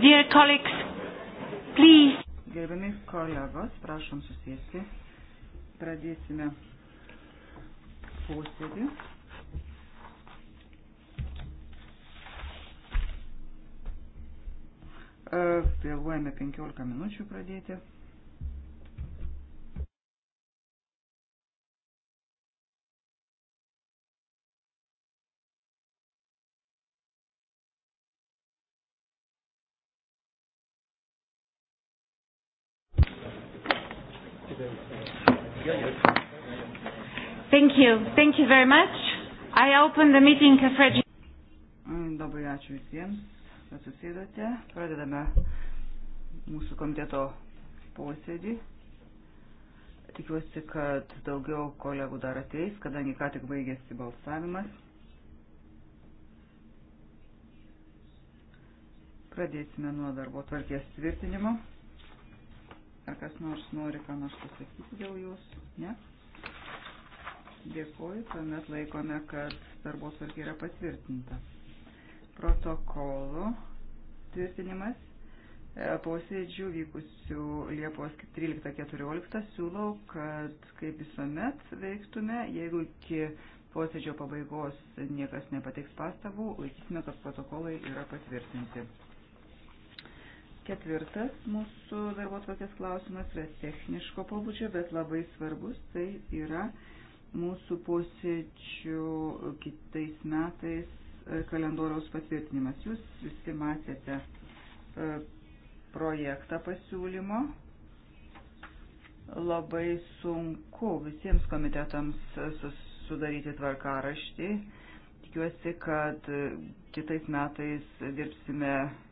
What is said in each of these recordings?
Dear colleagues, please. Gerbiami kolegos, prašom susėsti. Pradėsime posėdį. E, vėluojame 15 minučių pradėti. you. Thank you very much. I open the meeting, Fred. Mm, labai ačiū visiems, kad susėdote. Pradedame mūsų komiteto posėdį. Tikiuosi, kad daugiau kolegų dar ateis, kadangi ką tik baigėsi balsavimas. Pradėsime nuo darbo tvarkės tvirtinimo. Ar kas nors nori ką nors pasakyti dėl jūs? Ne? Dėkuoju, tuomet laikome, kad darbos vargiai yra patvirtinta. Protokolo tvirtinimas e, posėdžių vykusių Liepos 13-14 siūlau, kad kaip visuomet veiktume, jeigu iki posėdžio pabaigos niekas nepateiks pastabų, laikysime, kad protokolai yra patvirtinti. Ketvirtas mūsų darbo tokias klausimas yra techniško pobūdžio, bet labai svarbus, tai yra mūsų posėdžių kitais metais e, kalendoriaus patvirtinimas. Jūs visi matėte e, projektą pasiūlymo. Labai sunku visiems komitetams e, sudaryti tvarkaraštį. Tikiuosi, kad kitais metais dirbsime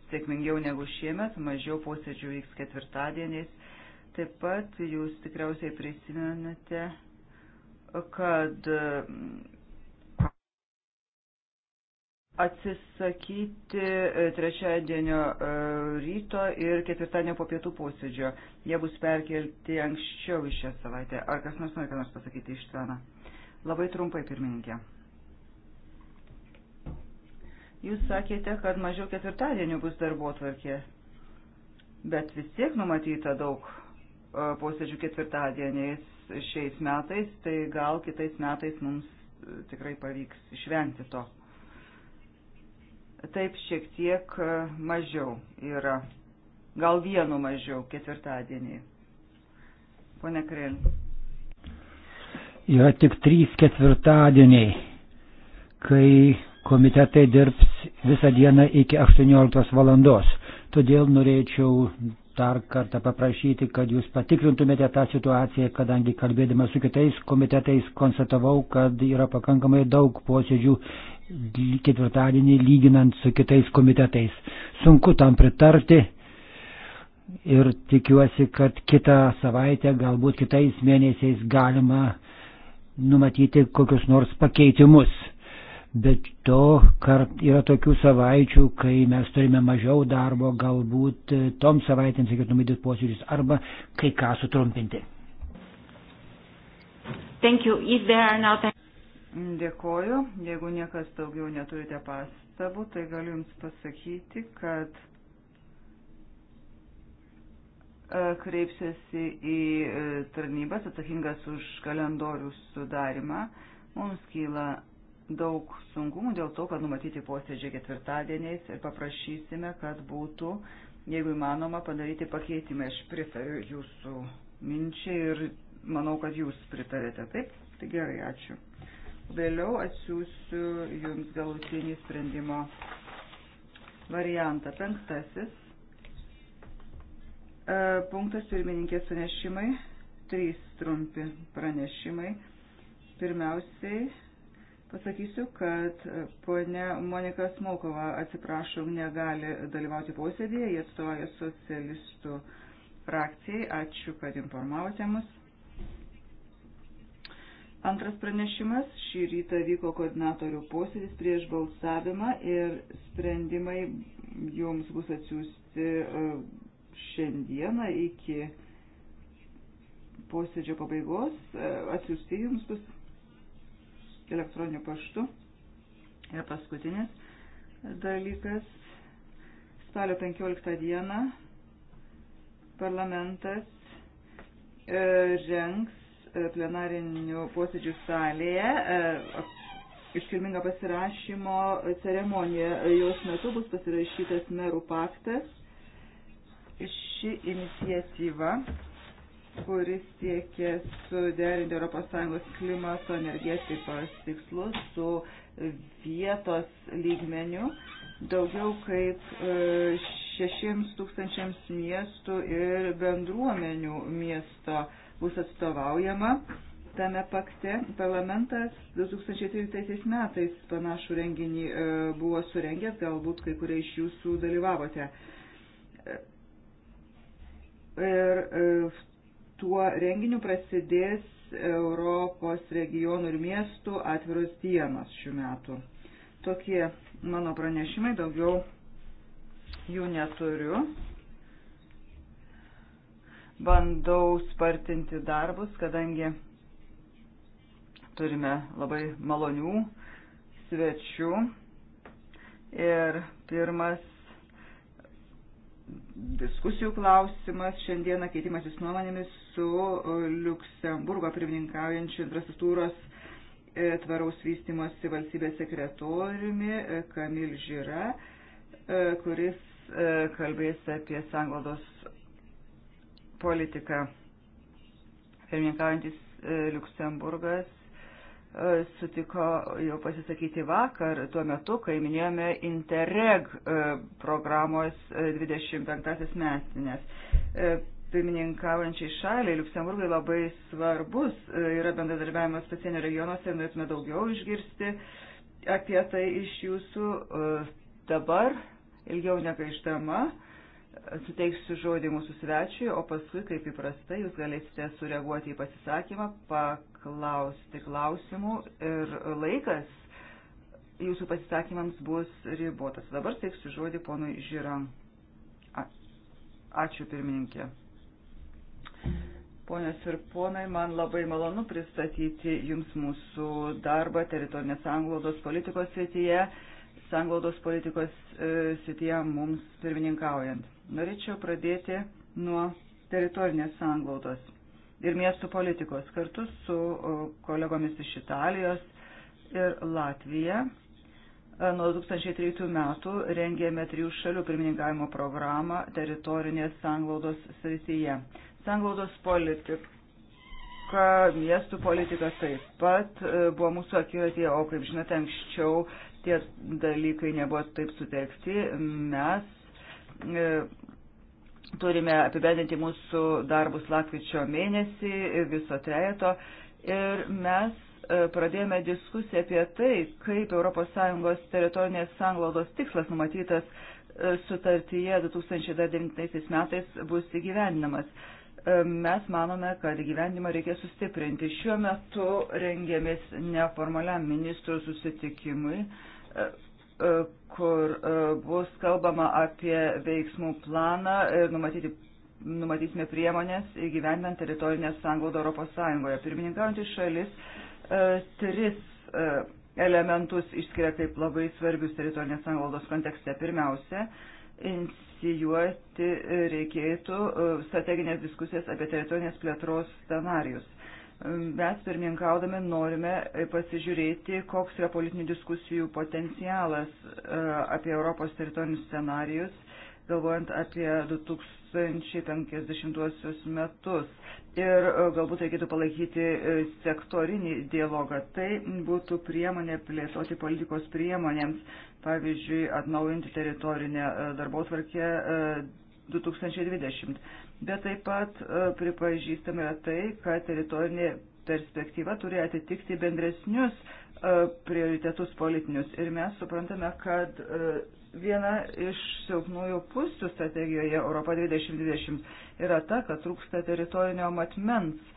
sėkmingiau negu šiemet, mažiau posėdžių vyks ketvirtadieniais. Taip pat jūs tikriausiai prisimenate kad mm, atsisakyti e, trečiadienio e, ryto ir ketvirtadienio po pietų posėdžio. Jie bus perkelti anksčiau iš šią savaitę. Ar kas nors nori ką nors pasakyti iš seną? Labai trumpai, pirmininkė. Jūs sakėte, kad mažiau ketvirtadienio bus darbo tvarkė, bet vis tiek numatyta daug e, posėdžių ketvirtadieniais šiais metais, tai gal kitais metais mums e, tikrai pavyks išvengti to. Taip šiek tiek e, mažiau yra, gal vienu mažiau ketvirtadienį. Pone Kril. Yra tik trys ketvirtadieniai, kai komitetai dirbs visą dieną iki 18 valandos. Todėl norėčiau dar kartą paprašyti, kad jūs patikrintumėte tą situaciją, kadangi kalbėdama su kitais komitetais konstatavau, kad yra pakankamai daug posėdžių ketvirtadienį lyginant su kitais komitetais. Sunku tam pritarti ir tikiuosi, kad kitą savaitę, galbūt kitais mėnesiais galima numatyti kokius nors pakeitimus bet to kart yra tokių savaičių, kai mes turime mažiau darbo, galbūt e, tom savaitėms reikėtų numatyti posėdžius arba kai ką sutrumpinti. Not... Dėkoju. Jeigu niekas daugiau neturite pastabų, tai galiu Jums pasakyti, kad e, kreipsiuosi į e, tarnybas atsakingas už kalendorių sudarimą. Mums kyla daug sunkumų dėl to, kad numatyti posėdžiai ketvirtadieniais ir paprašysime, kad būtų, jeigu įmanoma, padaryti pakeitimą. Aš pritariu jūsų minčiai ir manau, kad jūs pritarėte. Taip, tai gerai, ačiū. Vėliau atsiųsiu jums galutinį sprendimo variantą. Penktasis. E, punktas pirmininkės pranešimai. Trys trumpi pranešimai. Pirmiausiai Pasakysiu, kad ponia Monika Smolkova, atsiprašau, negali dalyvauti posėdėje, jie atstovauja socialistų frakcijai. Ačiū, kad informavote mus. Antras pranešimas. Šį rytą vyko koordinatorių posėdis prieš balsavimą ir sprendimai jums bus atsiųsti e, šiandieną iki posėdžio pabaigos. E, atsiųsti jums bus elektroniniu paštu. Ir paskutinis dalykas. Spalio 15 dieną parlamentas e, rengs e, plenarinių posėdžių salėje e, iškilmingą pasirašymo ceremoniją. Jos metu bus pasirašytas merų paktas. Ši iniciatyva kuris siekia suderinti ES klimato energetikos tikslus su vietos lygmeniu daugiau kaip 6 e, tūkstančiams miestų ir bendruomenių miesto bus atstovaujama. Tame pakte parlamentas 2013 metais panašų renginį e, buvo surengęs, galbūt kai kurie iš jūsų dalyvavote. E, ir tuo renginiu prasidės Europos regionų ir miestų atviros dienos šių metų. Tokie mano pranešimai, daugiau jų neturiu. Bandau spartinti darbus, kadangi turime labai malonių svečių. Ir pirmas diskusijų klausimas šiandieną keitimasis nuomonėmis su Luksemburgo pirmininkaujančiu infrastruktūros e, tvaraus vystimosi valstybės sekretoriumi e, Kamil Žira, e, kuris kalbės apie sanglaudos politiką. Pirmininkaujantis Luksemburgas sutiko jau pasisakyti vakar, tuo metu, kai minėjome Interreg e, programos 25-asis e, metinės. E, pirmininkaujančiai šaliai Luksemburgai labai svarbus yra bendradarbiavimas pasienio regionuose ir norėtume daugiau išgirsti apie tai iš jūsų dabar, ilgiau negaištama suteiksiu žodį mūsų svečiui, o paskui, kaip įprastai, jūs galėsite sureaguoti į pasisakymą, paklausti klausimų ir laikas jūsų pasisakymams bus ribotas. Dabar teiksiu žodį ponui Žiram. Ačiū pirmininkė. Ponios ir ponai, man labai malonu pristatyti Jums mūsų darbą teritorinės anglodos politikos srityje sanglaudos politikos e, sityje mums pirmininkaujant. Norėčiau pradėti nuo teritorinės sanglaudos ir miestų politikos kartu su kolegomis iš Italijos ir Latvija. E, nuo 2003 metų rengėme trijų šalių pirmininkavimo programą teritorinės sanglaudos srityje. Sanglaudos politika politika, miestų politika taip pat e, buvo mūsų akiratėje, o kaip žinote, anksčiau tie dalykai nebuvo taip sutelkti, mes e, turime apibendinti mūsų darbus lakvičio mėnesį viso trejeto ir mes e, pradėjome diskusiją apie tai, kaip ES teritorinės sanglaudos tikslas numatytas e, sutartyje 2009 metais bus įgyvendinamas e, mes manome, kad gyvenimą reikia sustiprinti. Šiuo metu rengiamės neformaliam ministrų susitikimui E, kur e, bus kalbama apie veiksmų planą ir e, numatyti, numatysime priemonės įgyvendant teritorinę sąnglaudą Europos Sąjungoje. Pirmininkaujantys šalis tris elementus išskiria kaip labai svarbius teritorinės sąnglaudos kontekste. Pirmiausia, inicijuoti reikėtų strateginės diskusijas apie teritorinės plėtros scenarius. Mes pirmininkaudami norime pasižiūrėti, koks yra politinių diskusijų potencialas e, apie Europos teritorinius scenarius, galvojant apie 2050 metus. Ir e, galbūt reikėtų palaikyti e, sektorinį dialogą. Tai būtų priemonė plėtoti politikos priemonėms, pavyzdžiui, atnaujinti teritorinę darbotvarkę 2020 bet taip pat e, pripažįstame yra tai, kad teritorinė perspektyva turi atitikti bendresnius e, prioritetus politinius. Ir mes suprantame, kad e, viena iš silpnųjų pusių strategijoje Europa 2020 yra ta, kad trūksta teritorinio matmens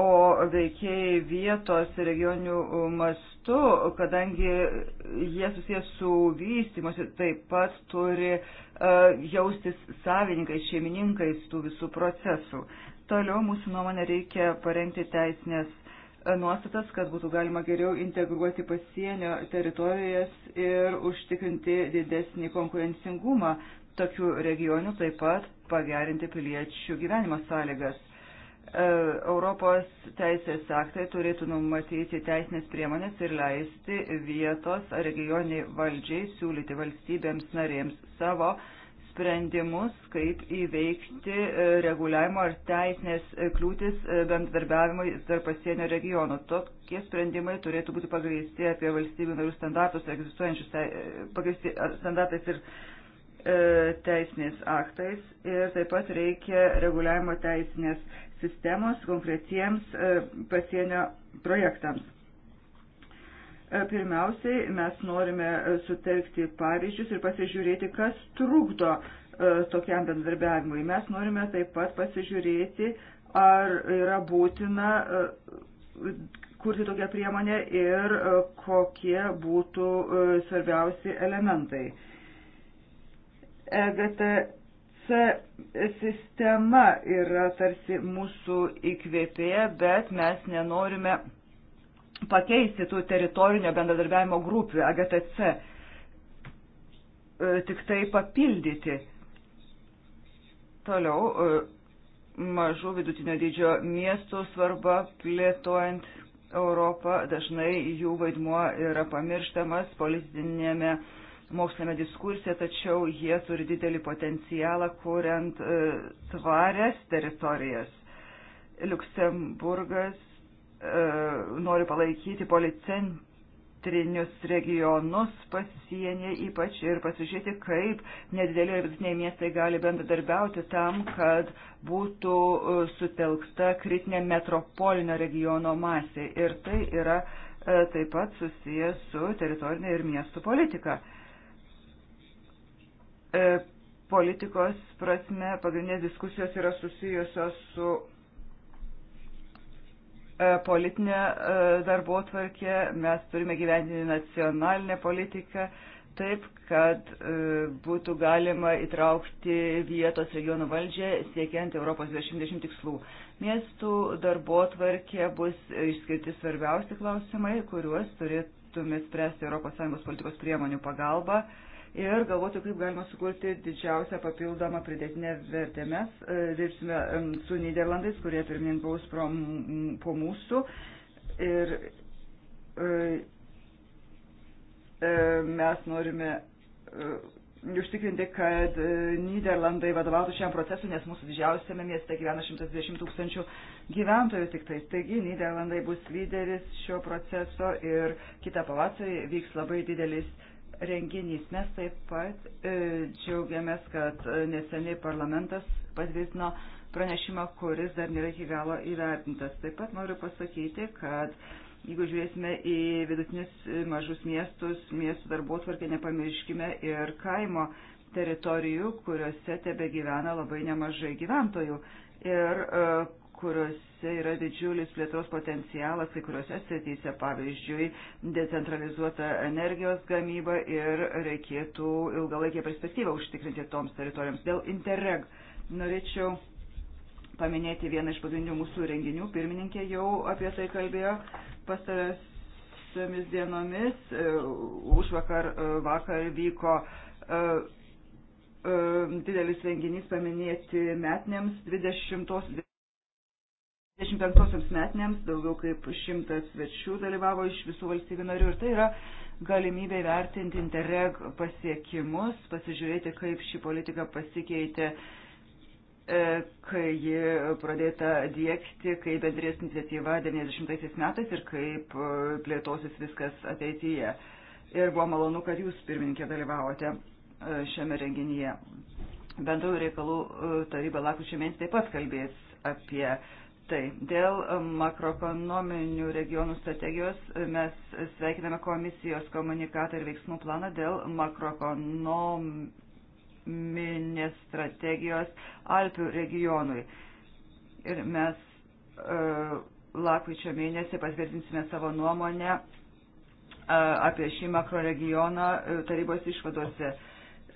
o veikėjai vietos ir regioninių mastų, kadangi jie susijęs su vystimosi, taip pat turi uh, jaustis savininkais, šeimininkais tų visų procesų. Toliau mūsų nuomonė reikia parengti teisinės e, nuostatas, kad būtų galima geriau integruoti pasienio teritorijas ir užtikrinti didesnį konkurencingumą tokių regionų, taip pat pagerinti piliečių gyvenimo sąlygas E, Europos teisės aktai turėtų numatyti teisinės priemonės ir leisti vietos ar regioniai valdžiai siūlyti valstybėms narėms savo sprendimus, kaip įveikti e, reguliavimo ar teisinės kliūtis e, bendradarbiavimui tarp pasienio regionų. Tokie sprendimai turėtų būti pagrįsti apie valstybių narių standartus, egzistuojančius pagrįsti standartais ir teisinės aktais ir taip pat reikia reguliavimo teisinės sistemos konkretiems e, pasienio projektams. E, pirmiausiai mes norime e, sutelkti pavyzdžius ir pasižiūrėti, kas trukdo tokiam bendradarbiavimui. Mes norime taip pat pasižiūrėti, ar yra būtina kurti tokią priemonę ir kokie būtų svarbiausi elementai. EGT sistema yra tarsi mūsų įkvėpėja, bet mes nenorime pakeisti tų teritorinio bendradarbiavimo grupių AGTC, e, tik tai papildyti. Toliau e, mažų vidutinio dydžio miestų svarba plėtojant Europą, dažnai jų vaidmuo yra pamirštamas politinėme mokslinėme diskurse, tačiau jie turi didelį potencialą, kuriant e, tvarias teritorijas. Luksemburgas e, nori palaikyti policentį centrinius regionus pasienyje ypač ir pasižiūrėti, kaip nedideli ir vidutiniai miestai gali bendradarbiauti tam, kad būtų e, sutelkta kritinė metropolinio regiono masė. Ir tai yra e, taip pat susijęs su teritorinė ir miestų politika. E, politikos prasme pagrindinės diskusijos yra susijusios su e, politinė e, darbo tvarkė, mes turime gyventi nacionalinę politiką taip, kad būtų galima įtraukti vietos regionų valdžią siekiant Europos 2020 tikslų. Miestų darbo tvarkė bus išskirti svarbiausi klausimai, kuriuos turėtume spręsti ES politikos priemonių pagalba ir galvoti, kaip galima sukurti didžiausią papildomą pridėtinę vertę. Mes e, dirbsime su Niderlandais, kurie pirmininkaus po mūsų. Ir e, e, mes norime užtikrinti, kad Niderlandai vadovautų šiam procesui, nes mūsų didžiausiame mieste gyvena 120 tūkstančių gyventojų tik tai. Taigi Niderlandai bus lyderis šio proceso ir kitą pavasarį vyks labai didelis renginys. Mes taip pat e, džiaugiamės, kad e, neseniai parlamentas patvirtino pranešimą, kuris dar nėra iki galo įvertintas. Taip pat noriu pasakyti, kad jeigu žiūrėsime į vidutinius e, mažus miestus, miestų darbotvarkę nepamirškime ir kaimo teritorijų, kuriuose tebe gyvena labai nemažai gyventojų. Ir kuriuose yra didžiulis plėtros potencialas, kai kuriuose srityse, pavyzdžiui, decentralizuota energijos gamyba ir reikėtų ilgalaikė perspektyvą užtikrinti toms teritorijoms. Dėl Interreg norėčiau paminėti vieną iš pagrindinių mūsų renginių. Pirmininkė jau apie tai kalbėjo pastarosiomis dienomis. E, už vakar, e, vakar vyko e, didelis renginys paminėti metnėms 20. 25 metinėms daugiau kaip šimtas svečių dalyvavo iš visų valstybių narių ir tai yra galimybė vertinti Interreg pasiekimus, pasižiūrėti, kaip ši politika pasikeitė, e, kai ji pradėta dėkti, kaip bendrės iniciatyva 90 metais ir kaip e, plėtosis viskas ateityje. Ir buvo malonu, kad jūs pirmininkė dalyvavote e, šiame renginyje. Bendrųjų reikalų taryba lakrūčio mėnesį taip pat kalbės apie štai. Dėl um, makroekonominių regionų strategijos e, mes sveikiname komisijos komunikatą ir veiksmų planą dėl makroekonominės strategijos Alpių regionui. Ir mes uh, lapkričio mėnesį patvirtinsime savo nuomonę uh, apie šį makroregioną uh, tarybos išvadose. Uh,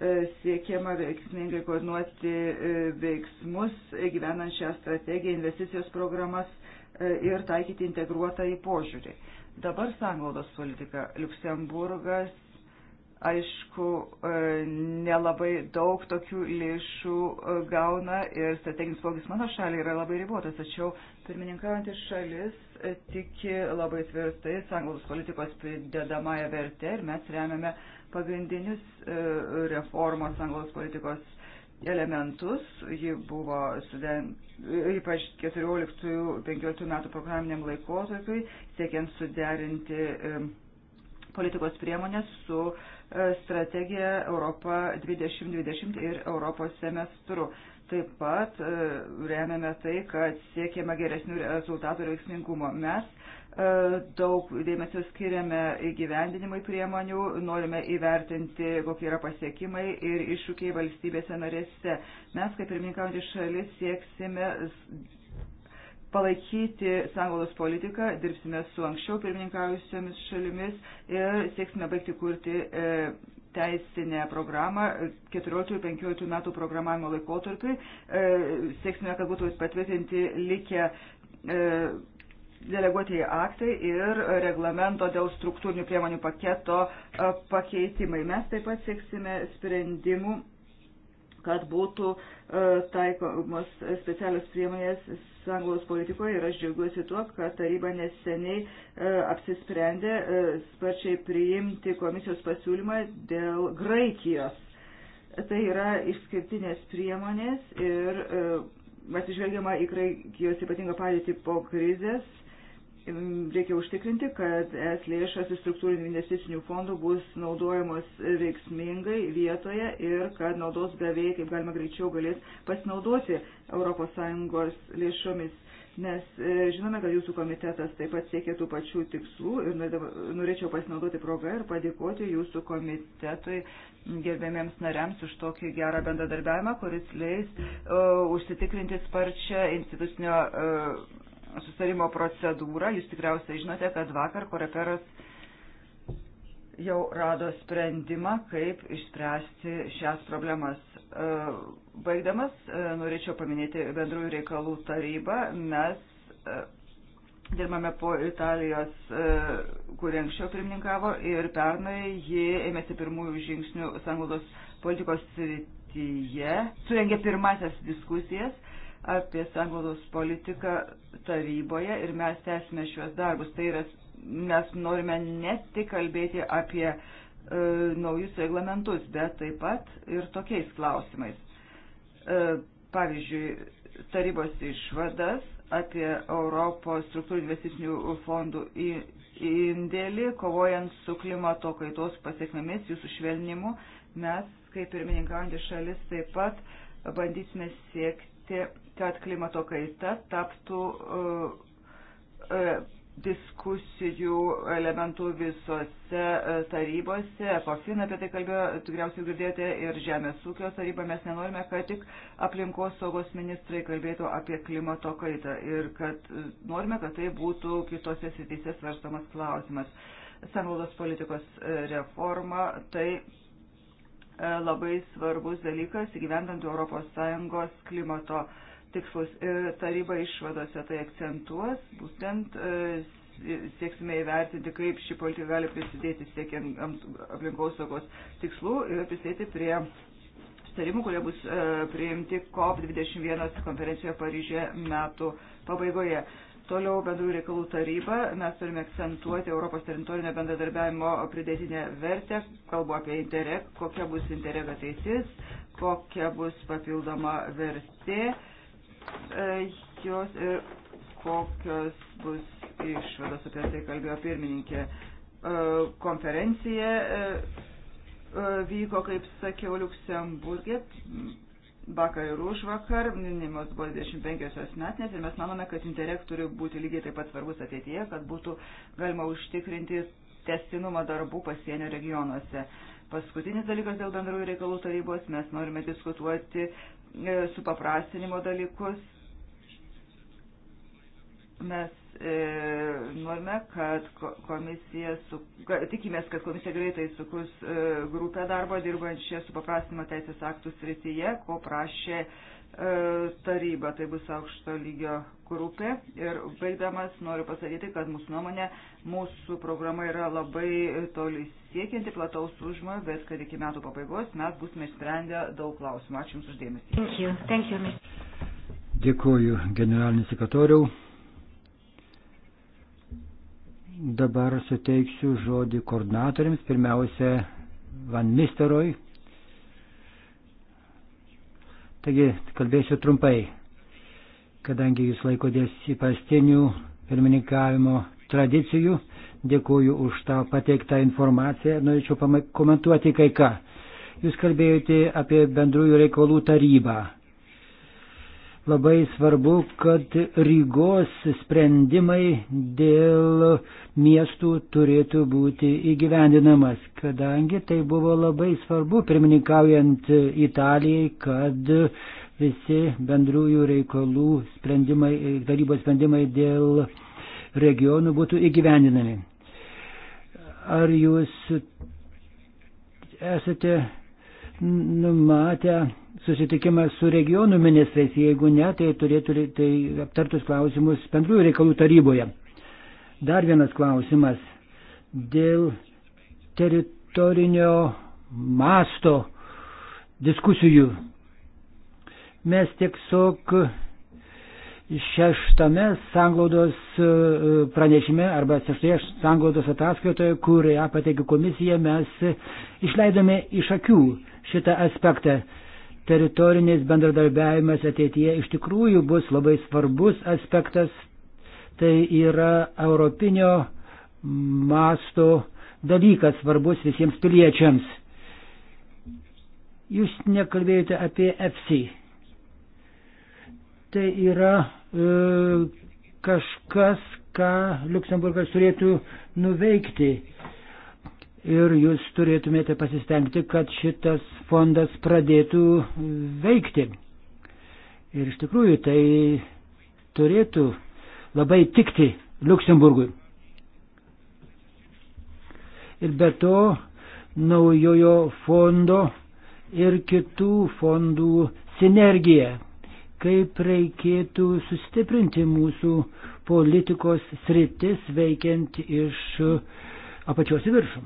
E, siekiama veiksmingai koordinuoti e, veiksmus, e, gyvenant šią strategiją, investicijos programas ir taikyti integruotą į požiūrį. Dabar sanglaudos politika. Luksemburgas, aišku, nelabai daug tokių lėšų gauna ir strateginis poveikis mano šaliai yra labai ribotas, tačiau pirmininkaujantis šalis tiki labai tvirtai sanglaudos politikos pridedamąją vertę ir mes remiame pagrindinius e, reformos anglos politikos elementus. Ji buvo suden, ypač 14-15 metų programiniam laikotarpiui, siekiant suderinti e, politikos priemonės su e, strategija Europa 2020 ir Europos semestru. Taip pat remiame tai, kad siekiame geresnių rezultatų ir veiksmingumo. Mes E, daug dėmesio skiriame įgyvendinimui priemonių, norime įvertinti, kokie yra pasiekimai ir iššūkiai valstybėse narėse. Mes, kaip pirmininkaujantį šalis, sieksime palaikyti sąnaudos politiką, dirbsime su anksčiau pirmininkaujusiomis šalimis ir sieksime baigti kurti. E, teisinę programą 14-15 metų programavimo laikotarpiui. E, sieksime, kad būtų patvirtinti likę e, deleguotieji aktai ir reglamento dėl struktūrinių priemonių paketo e, pakeitimai. Mes taip pat sieksime sprendimų kad būtų e, taikomos specialios priemonės sanglaus politikoje ir aš džiaugiuosi tuo, kad taryba neseniai e, apsisprendė sparčiai priimti komisijos pasiūlymą dėl Graikijos. Tai yra išskirtinės priemonės ir atsižvelgiama į Graikijos ypatingą padėtį po krizės reikia užtikrinti, kad es lėšas iš struktūrinių investicinių fondų bus naudojamos veiksmingai vietoje ir kad naudos gavėjai kaip galima greičiau galės pasinaudoti ES lėšomis. Nes e, žinome, kad jūsų komitetas taip pat siekia tų pačių tikslų ir norėčiau pasinaudoti progą ir padėkoti jūsų komitetui gerbėmiems nariams už tokį gerą bendradarbiavimą, kuris leis uh, užsitikrinti sparčią institucinio uh, sustarimo procedūrą. Jūs tikriausiai žinote, kad vakar koreperas jau rado sprendimą, kaip išspręsti šias problemas. E, baigdamas, e, norėčiau paminėti bendrųjų reikalų tarybą. Mes e, dirbame po Italijos, kuri anksčiau pirmininkavo ir pernai ji ėmėsi pirmųjų žingsnių sanglaudos politikos srityje, surengė pirmasias diskusijas apie sanglaudos politiką taryboje ir mes tęsime šiuos darbus. Tai yra, mes norime ne tik kalbėti apie e, naujus reglamentus, bet taip pat ir tokiais klausimais. E, pavyzdžiui, tarybos išvadas apie Europos struktūrų investicinių fondų į, indėlį, kovojant su klimato kaitos pasiekmėmis, jūsų švelnimu, mes, kaip pirmininkaujantys šalis, taip pat bandysime siekti kad klimato kaita taptų e, e, diskusijų elementų visose e, tarybose. Ekofin apie tai kalbėjo, tikriausiai girdėjote, ir Žemės ūkio taryba. Mes nenorime, kad tik aplinkos saugos ministrai kalbėtų apie klimato kaitą ir kad norime, kad tai būtų kitose srityse svarstamas klausimas. Sanglaudos politikos reforma tai labai svarbus dalykas įgyvendant ES klimato tikslus ir taryba išvadose tai akcentuos, būtent e, sieksime įvertinti, kaip ši politika gali prisidėti siekiant aplinkos saugos tikslų ir prisidėti prie sutarimų, kurie bus e, priimti COP21 konferencijoje Paryžė metų pabaigoje. Toliau bendrų reikalų taryba, mes turime akcentuoti Europos teritorinio bendradarbiavimo pridėtinę vertę, kalbu apie intereg, kokia bus intereg ateitis, kokia bus papildoma vertė E, jos ir e, kokios bus išvados apie tai kalbėjo pirmininkė. E, konferencija vyko, kaip sakiau, Luksemburgė vakar ir už vakar, minimos buvo 25-osios metinės ir mes manome, kad Interreg turi būti lygiai taip pat svarbus ateityje, kad būtų galima užtikrinti testinumą darbų pasienio regionuose. Paskutinis dalykas dėl bendrųjų reikalų tarybos, mes norime diskutuoti E, supaprastinimo dalykus. Mes e, norime, kad komisija, su, tikimės, kad komisija greitai sukurs e, grupę darbo dirbančią su paprastinimo teisės aktų srityje, ko prašė E, taryba, tai bus aukšto lygio grupė. Ir baigdamas noriu pasakyti, kad mūsų nuomonė, mūsų programa yra labai toli siekianti plataus užmojo, bet kad iki metų pabaigos mes būsime sprendę daug klausimų. Ačiū Jums uždėmesį. Thank you. Thank you, Dėkuoju generalinis sekretoriau. Dabar suteiksiu žodį koordinatoriams, pirmiausia Van Misteroj. Taigi kalbėsiu trumpai, kadangi jūs laikotės įprastinių pirmininkavimo tradicijų. Dėkuoju už tą pateiktą informaciją. Norėčiau komentuoti kai ką. Jūs kalbėjote apie bendrųjų reikalų tarybą. Labai svarbu, kad Rygos sprendimai dėl miestų turėtų būti įgyvendinamas, kadangi tai buvo labai svarbu, pirmininkaujant Italijai, kad visi bendrųjų reikalų sprendimai, tarybos sprendimai dėl regionų būtų įgyvendinami. Ar jūs esate numatę susitikimą su regionų ministrais, jeigu ne, tai turėtų tai aptartus klausimus bendrųjų reikalų taryboje. Dar vienas klausimas dėl teritorinio masto diskusijų. Mes tiesiog šeštame sanglaudos e, pranešime arba šeštoje sanglaudos ataskaitoje, kurią pateikė komisija, mes išleidome iš akių šitą aspektą teritorinis bendradarbiavimas ateityje iš tikrųjų bus labai svarbus aspektas. Tai yra europinio masto dalykas svarbus visiems piliečiams. Jūs nekalbėjote apie EFSI. Tai yra e, kažkas, ką Luksemburgas turėtų nuveikti. E, ir jūs turėtumėte pasistengti, kad šitas fondas pradėtų veikti. Ir iš tikrųjų tai turėtų labai tikti Luksemburgui. Ir be to naujojo fondo ir kitų fondų sinergija, kaip reikėtų sustiprinti mūsų politikos sritis veikiant iš apačios į viršų.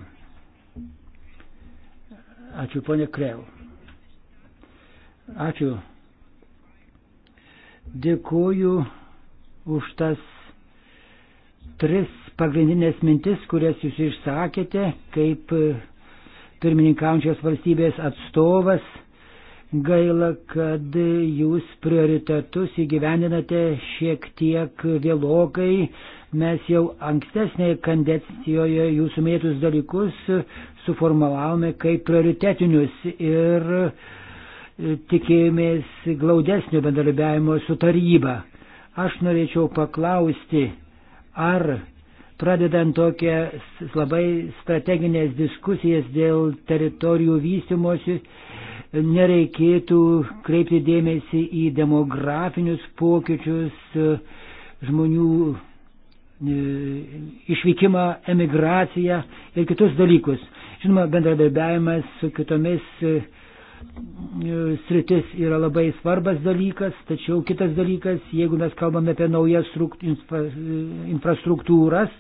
Ačiū, ponė Kreu. Ačiū. Dėkuoju už tas tris pagrindinės mintis, kurias jūs išsakėte, kaip pirmininkaujančios valstybės atstovas. Gaila, kad jūs prioritetus įgyvendinate šiek tiek vėlokai. Mes jau ankstesnėje kandencijoje jūsų mėtus dalykus suformalavome kaip prioritetinius ir e, tikėjomės glaudesnio bendradarbiavimo su taryba. Aš norėčiau paklausti, ar pradedant tokias labai strateginės diskusijas dėl teritorijų vystimosi, nereikėtų kreipti dėmesį į demografinius pokyčius, e, žmonių e, išvykimą, emigraciją ir kitus dalykus. Žinoma, bendradarbiavimas su kitomis e, e, sritis yra labai svarbas dalykas, tačiau kitas dalykas, jeigu mes kalbame apie naujas infrastruktūras,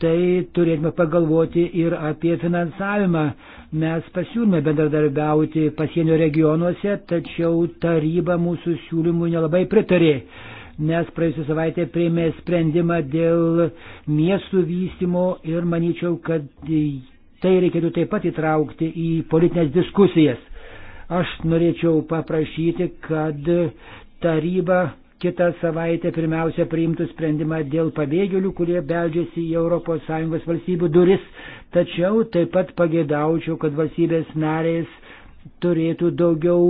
tai turėtume pagalvoti ir apie finansavimą. Mes pasiūlėme bendradarbiauti pasienio regionuose, tačiau taryba mūsų siūlymų nelabai pritarė, nes praėjusią savaitę prieimė sprendimą dėl miestų vystimo ir manyčiau, kad Tai reikėtų taip pat įtraukti į politinės diskusijas. Aš norėčiau paprašyti, kad taryba kitą savaitę pirmiausia priimtų sprendimą dėl pabėgėlių, kurie beldžiasi į ES valstybių duris, tačiau taip pat pagėdaučiau, kad valstybės narės turėtų daugiau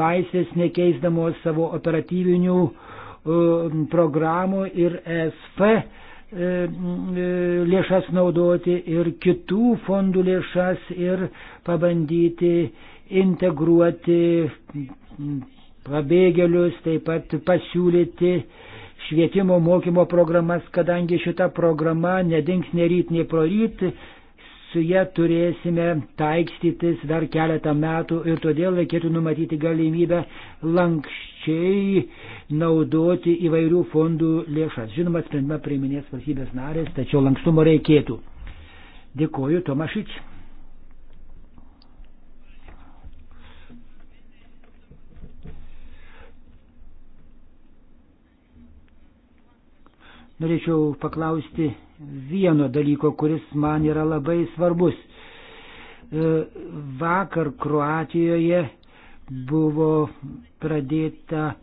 laisvės nekeisdamos savo operatyvinių uh, programų ir ESF E, e, lėšas naudoti ir kitų fondų lėšas ir pabandyti integruoti pabėgėlius, taip pat pasiūlyti švietimo mokymo programas, kadangi šita programa nedings neryt, nei proryt, su jie turėsime taikstytis dar keletą metų ir todėl reikėtų numatyti galimybę lankščiai plačiai naudoti įvairių fondų lėšas. Žinoma, sprendimą priiminės valstybės narės, tačiau lankstumo reikėtų. Dėkoju, Tomašič. Norėčiau paklausti vieno dalyko, kuris man yra labai svarbus. E, vakar Kroatijoje buvo pradėta.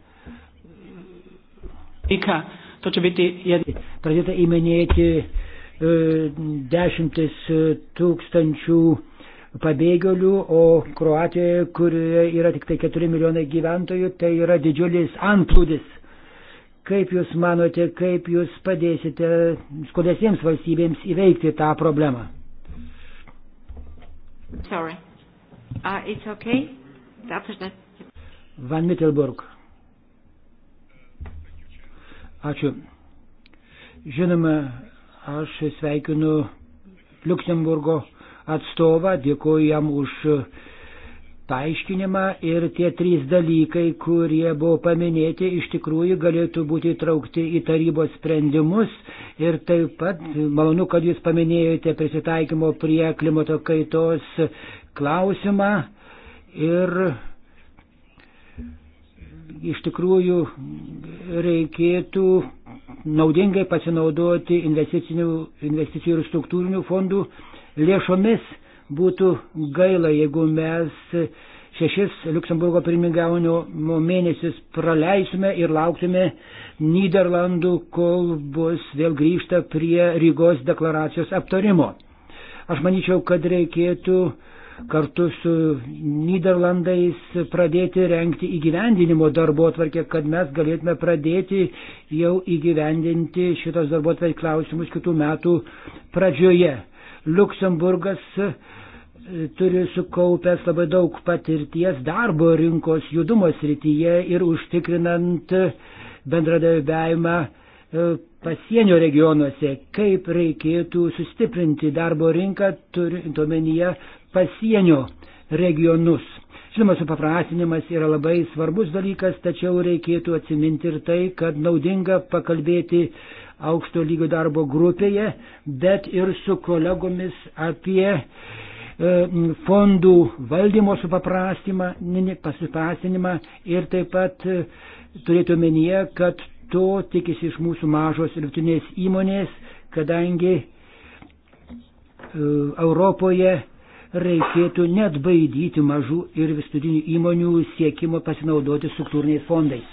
Pradėta įmenėti e, dešimtis tūkstančių pabėgėlių, o Kroatijoje, kurioje yra tik tai 4 milijonai gyventojų, tai yra didžiulis antplūdis. Kaip Jūs manote, kaip Jūs padėsite skolesiems valstybėms įveikti tą problemą? Sorry. Uh, it's okay. Van Mittelburg. Ačiū. Žinoma, aš sveikinu Luksemburgo atstovą, dėkuoju jam už paaiškinimą ir tie trys dalykai, kurie buvo paminėti, iš tikrųjų galėtų būti įtraukti į tarybos sprendimus. Ir taip pat malonu, kad jūs paminėjote prisitaikymo prie klimato kaitos klausimą ir iš tikrųjų reikėtų naudingai pasinaudoti investicijų ir struktūrinių fondų lėšomis. Būtų gaila, jeigu mes šešis Luksemburgo pirmingavimo mėnesius praleisime ir lauktume Niderlandų, kol bus vėl grįžta prie Rygos deklaracijos aptarimo. Aš manyčiau, kad reikėtų uh, kartu su Niderlandais pradėti renkti įgyvendinimo darbo atvarkę, kad mes galėtume pradėti jau įgyvendinti šitos darbo atvarkės klausimus kitų metų pradžioje. Luksemburgas e, turi sukaupęs labai daug patirties darbo rinkos judumo srityje ir užtikrinant bendradarbiavimą e, pasienio regionuose, kaip reikėtų sustiprinti darbo rinką, turint omenyje pasienio regionus. Žinoma, supaprastinimas yra labai svarbus dalykas, tačiau reikėtų atsiminti ir tai, kad naudinga pakalbėti aukšto lygio darbo grupėje, bet ir su kolegomis apie e, fondų valdymo supaprastinimą ir taip pat e, turėtų menyje, kad to tikisi iš mūsų mažos ir vidutinės įmonės, kadangi e, Europoje reikėtų net baidyti mažų ir vidutinių įmonių siekimo pasinaudoti struktūriniais fondais.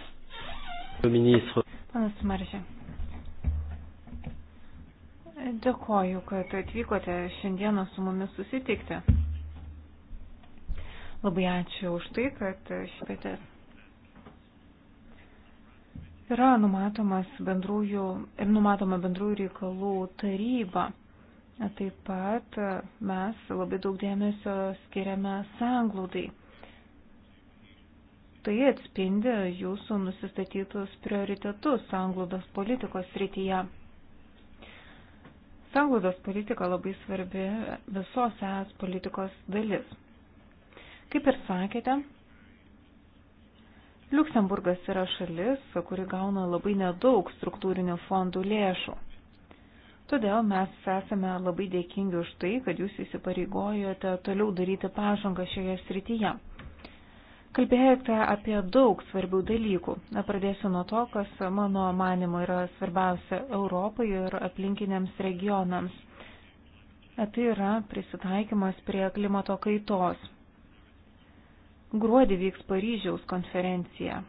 Panas Maržė. Dėkoju, kad atvykote šiandieną su mumis susitikti. Labai ačiū už tai, kad šipėtės. Yra numatomas bendrųjų, numatoma bendrųjų reikalų taryba. Taip pat mes labai daug dėmesio skiriame sanglaudai. Tai atspindi jūsų nusistatytus prioritetus sanglaudos politikos rytyje. Sanglaudos politika labai svarbi visos es politikos dalis. Kaip ir sakėte, Luksemburgas yra šalis, kuri gauna labai nedaug struktūrinių fondų lėšų. Todėl mes esame labai dėkingi už tai, kad jūs įsipareigojote toliau daryti pažangą šioje srityje. Kalbėjote apie daug svarbių dalykų. Pradėsiu nuo to, kas mano manimo yra svarbiausia Europai ir aplinkiniams regionams. Tai yra prisitaikymas prie klimato kaitos. Gruodį vyks Paryžiaus konferencija.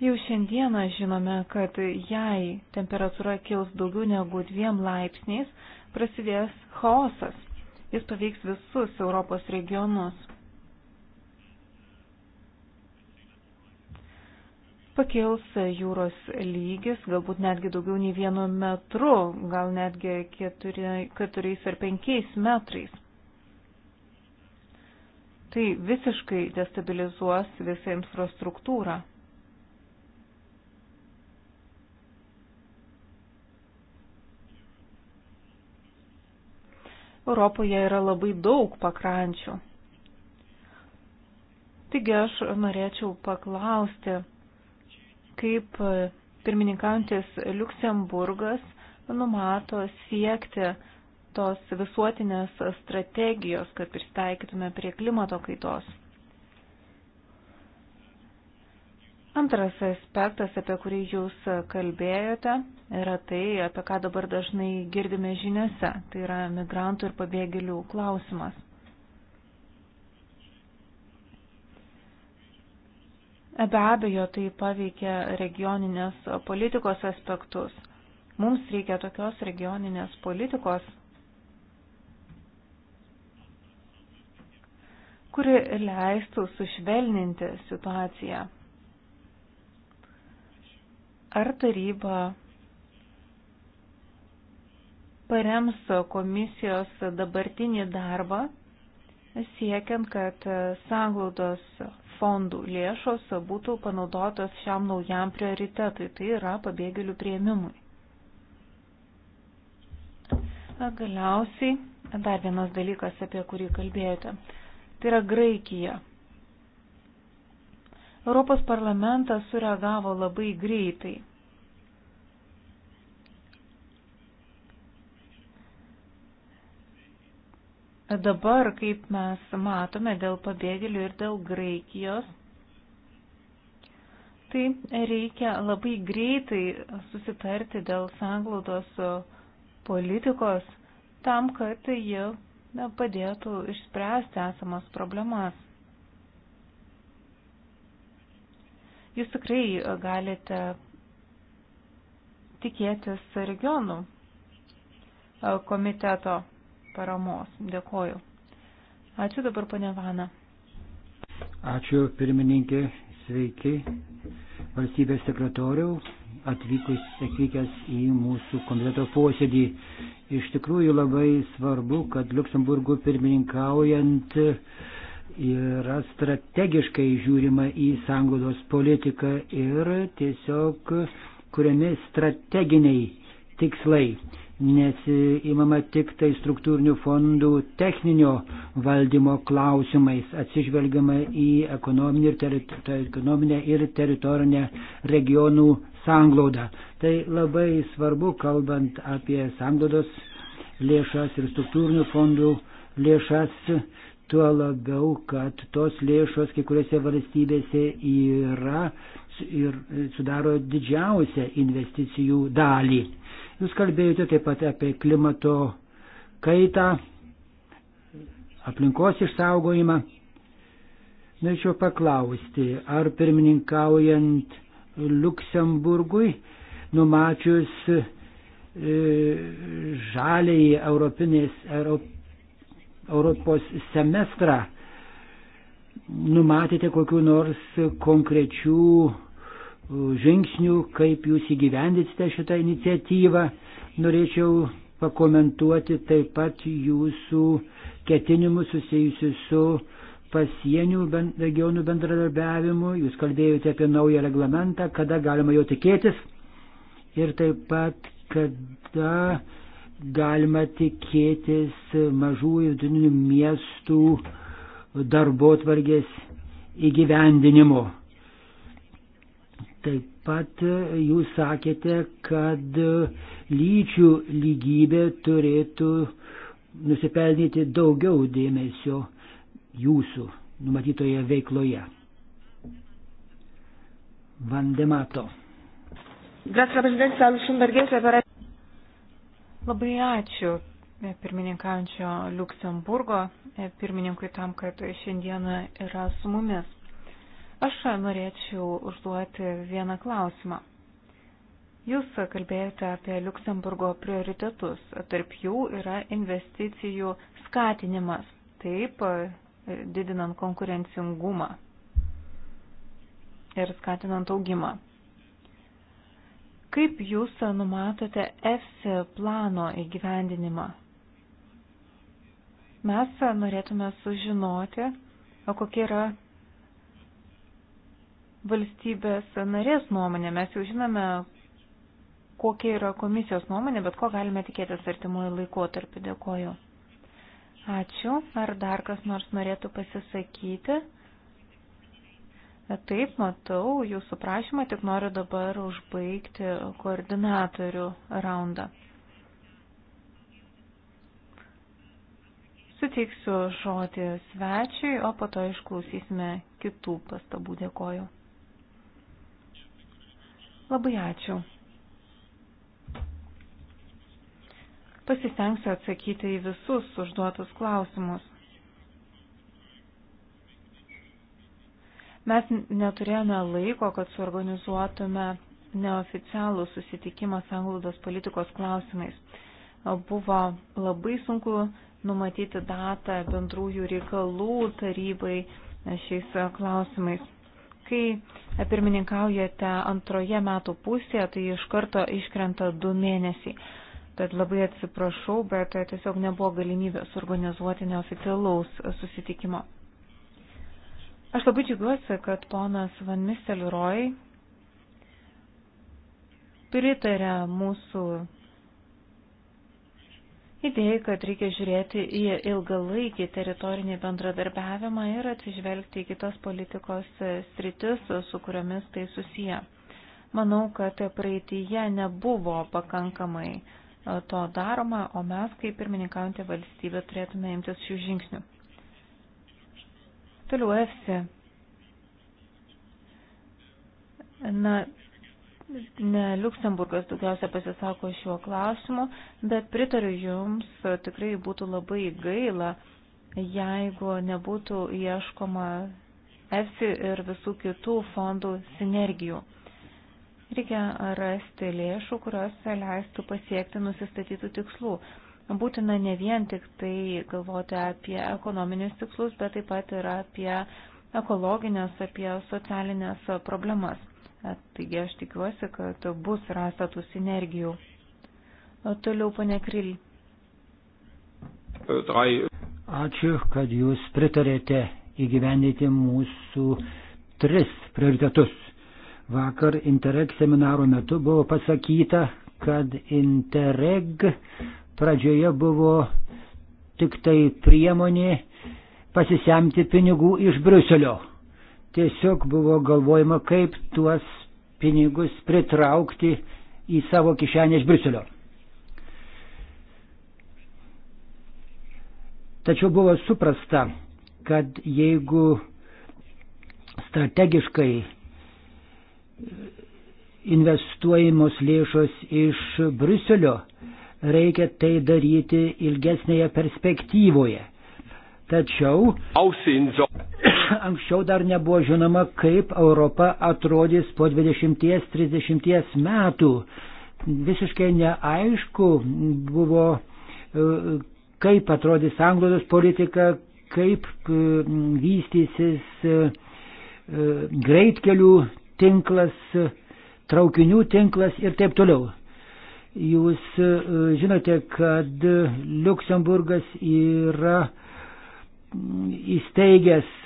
Jau šiandieną žinome, kad jei temperatūra kils daugiau negu dviem laipsniais, prasidės chaosas. Jis paveiks visus Europos regionus. pakils jūros lygis, galbūt netgi daugiau nei vienu metru, gal netgi keturi, keturiais ar penkiais metrais. Tai visiškai destabilizuos visą infrastruktūrą. Europoje yra labai daug pakrančių. Taigi aš norėčiau paklausti, kaip pirmininkantis Luksemburgas numato siekti tos visuotinės strategijos, kad pristaikytume prie klimato kaitos. Antras aspektas, apie kurį jūs kalbėjote, yra tai, apie ką dabar dažnai girdime žiniuose. Tai yra migrantų ir pabėgėlių klausimas. Be abejo, tai paveikia regioninės politikos aspektus. Mums reikia tokios regioninės politikos, kuri leistų sušvelninti situaciją. Ar taryba parems komisijos dabartinį darbą, siekiant, kad sanglaudos fondų lėšos būtų panaudotos šiam naujam prioritetui, tai yra pabėgėlių prieimimui. Galiausiai dar vienas dalykas, apie kurį kalbėjote, tai yra Graikija. Europos parlamentas sureagavo labai greitai. Dabar, kaip mes matome, dėl pabėgėlių ir dėl Graikijos, tai reikia labai greitai susitarti dėl sanglaudos politikos tam, kad ji padėtų išspręsti esamas problemas. jūs tikrai e, galite tikėtis regionų e, komiteto paramos. Dėkoju. Ačiū dabar, ponė Vana. Ačiū, pirmininkė. Sveiki, valstybės sekretoriau, atvykus, atvykęs į mūsų komiteto posėdį. Iš tikrųjų labai svarbu, kad Luksemburgų pirmininkaujant uh, yra strategiškai žiūrima į sanglaudos politiką ir tiesiog kuriami strateginiai tikslai, nes įmama tik tai struktūrinių fondų techninio valdymo klausimais, atsižvelgiama į ekonominę ir, terito, ekonominę ir teritorinę regionų sanglaudą. Tai labai svarbu, kalbant apie sanglaudos lėšas ir struktūrinių fondų lėšas, Tuo labiau, kad tos lėšos kai kuriuose valstybėse yra ir e, sudaro didžiausią investicijų dalį. Jūs kalbėjote taip pat apie klimato kaitą, aplinkos išsaugojimą. Norėčiau paklausti, ar pirmininkaujant Luksemburgui, numačius e, žaliai Europinės, Europ, Europos semestrą, numatėte kokiu nors konkrečių uh, žingsnių, kaip jūs įgyvendysite šitą iniciatyvą. Norėčiau pakomentuoti taip pat jūsų ketinimus susijusius su pasienių regionų bendradarbiavimu. Jūs kalbėjote apie naują reglamentą, kada galima jo tikėtis. Ir taip pat, kada galima tikėtis mažų ir vidutinių miestų darbo tvarkės įgyvendinimo. Taip pat jūs sakėte, kad lyčių lygybė turėtų nusipelnyti daugiau dėmesio jūsų numatytoje veikloje. Vandemato. Grazie alla Presidenza Lussemburghese per Labai ačiū e, pirmininkaujančio Luksemburgo e, pirmininkui tam, kad šiandieną yra su mumis. Aš norėčiau užduoti vieną klausimą. Jūs kalbėjote apie Luksemburgo prioritetus. Tarp jų yra investicijų skatinimas, taip e, didinant konkurencingumą ir skatinant augimą. Kaip jūs numatote EFSI plano įgyvendinimą? Mes norėtume sužinoti, kokia yra valstybės narės nuomonė. Mes jau žinome, kokia yra komisijos nuomonė, bet ko galime tikėtis artimuoju laikotarpiu. Dėkoju. Ačiū. Ar dar kas nors norėtų pasisakyti? Taip, matau jūsų prašymą, tik noriu dabar užbaigti koordinatorių raundą. Suteiksiu žodį svečiui, o po to išklausysime kitų pastabų. Dėkoju. Labai ačiū. Pasistengsiu atsakyti į visus užduotus klausimus. Mes neturėjome laiko, kad suorganizuotume neoficialų susitikimą sanglaudos politikos klausimais. Buvo labai sunku numatyti datą bendrųjų reikalų tarybai šiais klausimais. Kai pirmininkaujate antroje metų pusėje, tai iš karto iškrenta du mėnesiai. Tad labai atsiprašau, bet tiesiog nebuvo galimybės organizuoti neoficialaus susitikimo. Aš labai džiaugiuosi, kad ponas Van Mistelroj pritarė mūsų idėjai, kad reikia žiūrėti į ilgalaikį teritorinį bendradarbiavimą ir atsižvelgti į kitas politikos sritis, su kuriomis tai susiję. Manau, kad praeitįje nebuvo pakankamai e, to daroma, o mes kaip pirmininkaujantė valstybė turėtume imtis šių žingsnių. Toliau EFSI. Na, ne Luksemburgas daugiausia pasisako šiuo klausimu, bet pritariu Jums, tikrai būtų labai gaila, jeigu nebūtų ieškoma EFSI ir visų kitų fondų sinergijų. Reikia rasti lėšų, kurios leistų pasiekti nusistatytų tikslų būtina ne vien tik tai galvoti apie ekonominius tikslus, bet taip pat ir apie ekologinės, apie socialinės problemas. Taigi aš tikiuosi, kad bus rasta tų sinergijų. O toliau, pane Kril. E, Ačiū, kad jūs pritarėte įgyvendyti mūsų tris prioritetus. Vakar Interreg seminaro metu buvo pasakyta, kad Interreg Pradžioje buvo tik tai priemonė pasisemti pinigų iš Bruselio. Tiesiog buvo galvojama, kaip tuos pinigus pritraukti į savo kišenę iš Bruselio. Tačiau buvo suprasta, kad jeigu strategiškai investuojamos lėšos iš Bruselio, reikia tai daryti ilgesnėje perspektyvoje. Tačiau anksčiau dar nebuvo žinoma, kaip Europa atrodys po 20-30 metų. Visiškai neaišku buvo, e, kaip atrodys anglodos politika, kaip e, vystysis e, greitkelių tinklas, traukinių tinklas ir taip toliau. Jūs e, žinote, kad Luksemburgas yra mm, įsteigęs.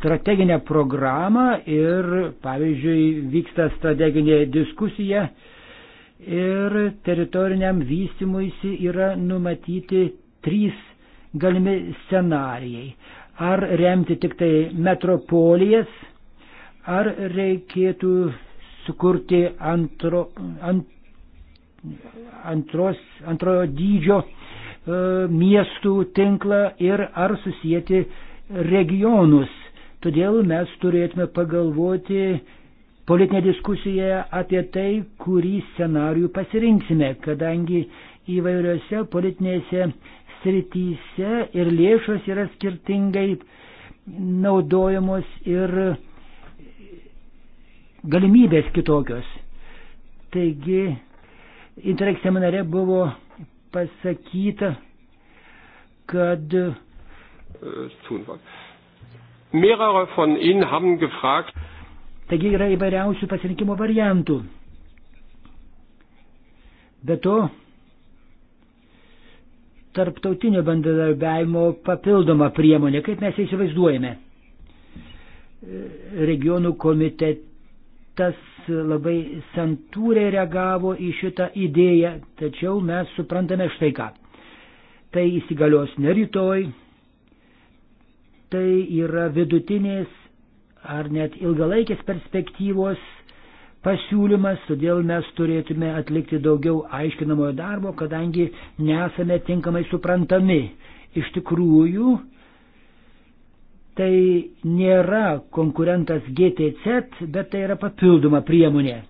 Strateginę programą ir, pavyzdžiui, vyksta strateginė diskusija ir teritoriniam vystimuisi yra numatyti trys galimi scenarijai. Ar remti tik tai metropolijas, Ar reikėtų sukurti antro, ant, antros, antrojo dydžio e, miestų tinklą ir ar susijęti regionus. Todėl mes turėtume pagalvoti politinę diskusiją apie tai, kurį scenarių pasirinksime, kadangi įvairiose politinėse srityse ir lėšos yra skirtingai naudojamos ir galimybės kitokios. Taigi, Interreg seminare buvo pasakyta, kad. E, Mehrere von Ihnen haben gefragt. Taigi yra įvairiausių pasirinkimo variantų. Be to, tarptautinio bendradarbiavimo papildoma priemonė, kaip mes įsivaizduojame. E, regionų komitete parlamentas labai santūriai reagavo į šitą idėją, tačiau mes suprantame štai ką. Tai įsigalios ne rytoj, tai yra vidutinės ar net ilgalaikės perspektyvos pasiūlymas, todėl mes turėtume atlikti daugiau aiškinamojo darbo, kadangi nesame tinkamai suprantami. Iš tikrųjų, tai nėra konkurentas GTC, bet tai yra papildoma priemonė.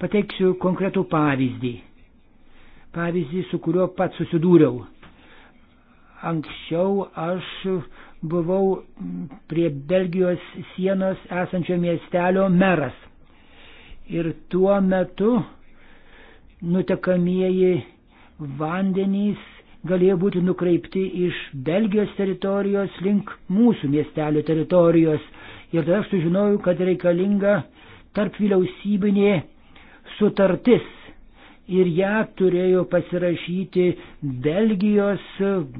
Pateiksiu konkretų pavyzdį. Pavyzdį, su kuriuo pats susidūriau. Anksčiau aš buvau prie Belgijos sienos esančio miestelio meras. Ir tuo metu nutekamieji vandenys galėjo būti nukreipti iš Belgijos teritorijos link mūsų miestelio teritorijos. Ir tada aš sužinojau, kad reikalinga tarp vyriausybinė sutartis. Ir ją turėjo pasirašyti Belgijos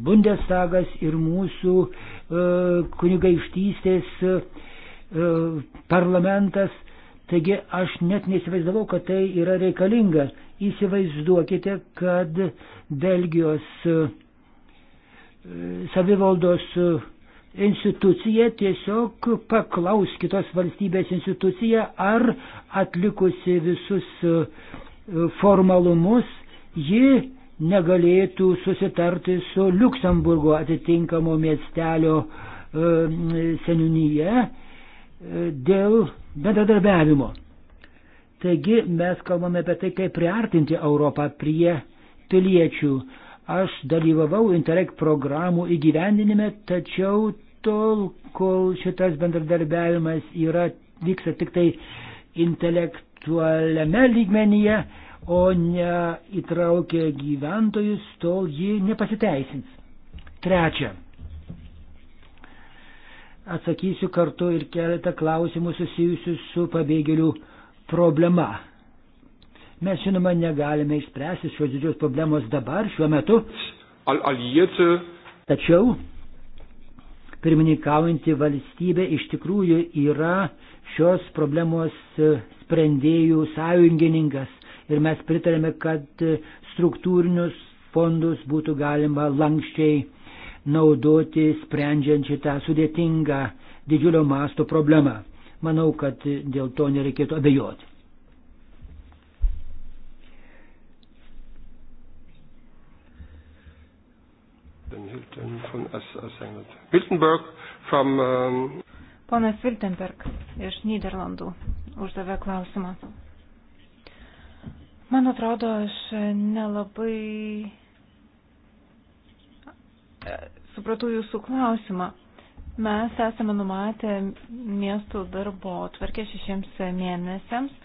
Bundestagas ir mūsų e, kunigaikštystės e, parlamentas. Taigi aš net neįsivaizdavau, kad tai yra reikalinga. Įsivaizduokite, kad Belgijos e, savivaldos e, institucija tiesiog paklaus kitos valstybės instituciją, ar atlikusi visus e, formalumus, ji negalėtų susitarti su Luksemburgo atitinkamo miestelio seniūnyje dėl bendradarbiavimo. Taigi mes kalbame apie tai, kaip priartinti Europą prie piliečių. Aš dalyvavau Interreg programų įgyvendinime, tačiau tol, kol šitas bendradarbiavimas yra, vyksta tik tai intelektualiame lygmenyje, o ne įtraukia gyventojus, tol ji nepasiteisins. Trečia. Atsakysiu kartu ir keletą klausimų susijusių su pabėgėlių problema. Mes žinoma negalime išspręsti šios didžios problemos dabar, šiuo metu. Al -aliete. Tačiau pirmininkaujanti valstybė iš tikrųjų yra šios problemos e, sprendėjų sąjungininkas ir mes pritarėme, kad e, struktūrinius fondus būtų galima lankščiai naudoti sprendžiant šitą sudėtingą didžiulio masto problemą. Manau, kad dėl to nereikėtų abejoti. Um, Ponas Viltenberg iš Niderlandų uždavė klausimą. Man atrodo, aš nelabai e, supratau jūsų klausimą. Mes esame numatę miestų darbo tvarkę šešiems mėnesiams,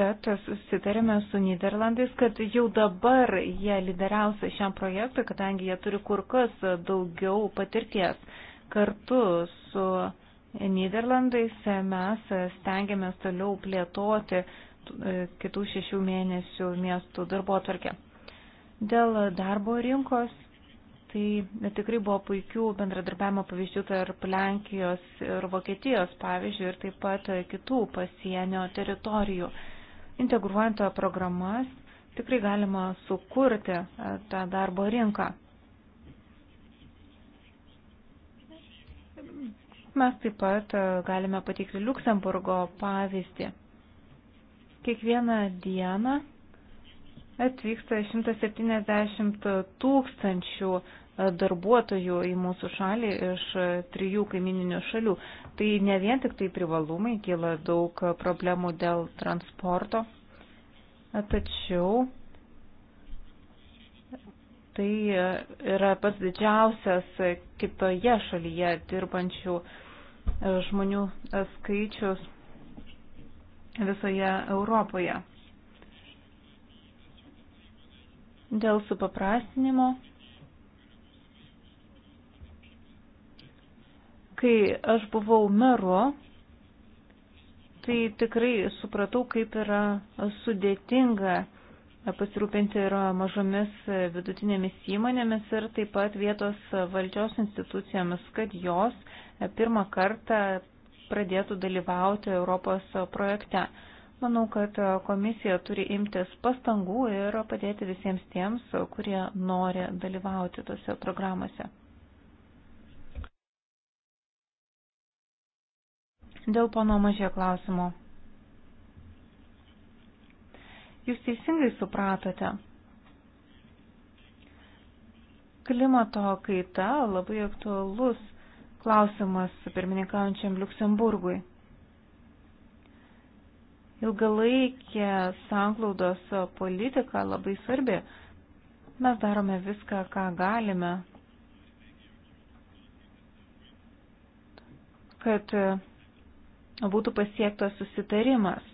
bet susitarėme su Niderlandais, kad jau dabar jie lyderiausia šiam projektui, kadangi jie turi kur kas daugiau patirties. Kartu su Niderlandais mes stengiamės toliau plėtoti kitų šešių mėnesių miestų darbo atvarkę. Dėl darbo rinkos Tai tikrai buvo puikių bendradarbiavimo pavyzdžių tarp Lenkijos ir Vokietijos pavyzdžių ir taip pat kitų pasienio teritorijų. Integruojant programas tikrai galima sukurti e, tą darbo rinką. Mes taip pat e, galime pateikti Luksemburgo pavyzdį. Kiekvieną dieną atvyksta 170 tūkstančių darbuotojų į mūsų šalį iš trijų kaimininių šalių. Tai ne vien tik tai privalumai, kyla daug problemų dėl transporto, tačiau tai yra pats didžiausias kitoje šalyje dirbančių žmonių skaičius visoje Europoje. Dėl supaprastinimo Kai aš buvau meru, tai tikrai supratau, kaip yra sudėtinga pasirūpinti ir mažomis vidutinėmis įmonėmis ir taip pat vietos valdžios institucijomis, kad jos pirmą kartą pradėtų dalyvauti Europos projekte. Manau, kad komisija turi imtis pastangų ir padėti visiems tiems, kurie nori dalyvauti tose programuose. Dėl pono mažė klausimo. Jūs teisingai supratote. Klimato kaita labai aktualus klausimas pirmininkaujančiam Luksemburgui. Ilgalaikė sanglaudos politika labai svarbi. Mes darome viską, ką galime, kad būtų pasiektas susitarimas.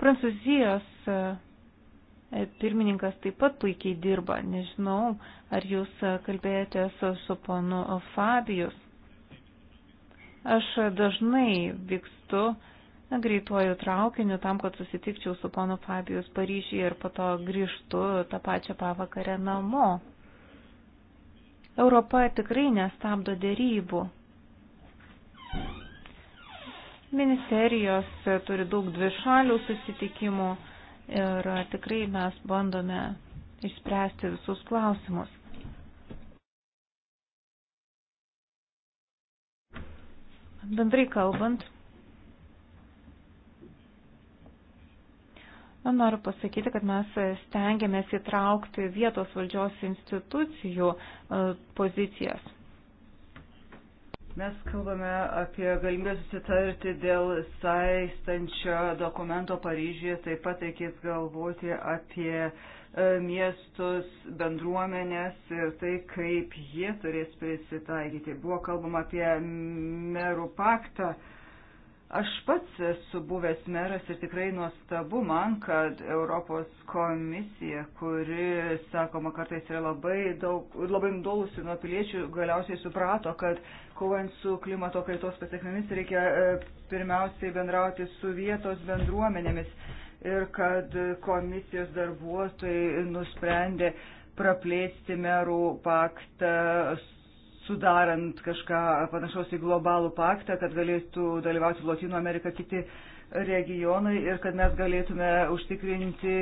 Prancūzijos e, pirmininkas taip pat puikiai dirba. Nežinau, ar jūs e, kalbėjote su, su ponu Fabijus. Aš dažnai vykstu greituoju traukiniu tam, kad susitikčiau su ponu Fabijus Paryžyje ir po to grįžtu tą pačią pavakarę namo. Europa tikrai nestabdo dėrybų. Ministerijos turi daug dvišalių susitikimų ir tikrai mes bandome išspręsti visus klausimus. Bendrai kalbant, Noriu pasakyti, kad mes stengiamės įtraukti vietos valdžios institucijų e, pozicijas. Mes kalbame apie galimybę susitarti dėl saistančio dokumento Paryžyje, taip pat reikės galvoti apie e, miestus, bendruomenės ir tai, kaip jie turės prisitaikyti. Buvo kalbama apie merų paktą Aš pats esu buvęs meras ir tikrai nuostabu man, kad Europos komisija, kuri, sakoma, kartais yra labai daug, labai nudolusi nuo piliečių, galiausiai suprato, kad kovant su klimato kaitos pasiekmėmis reikia e, pirmiausiai bendrauti su vietos bendruomenėmis ir kad komisijos darbuotojai nusprendė praplėsti merų paktą sudarant kažką panašaus į globalų paktą, kad galėtų dalyvauti Latino Amerika kiti regionai ir kad mes galėtume užtikrinti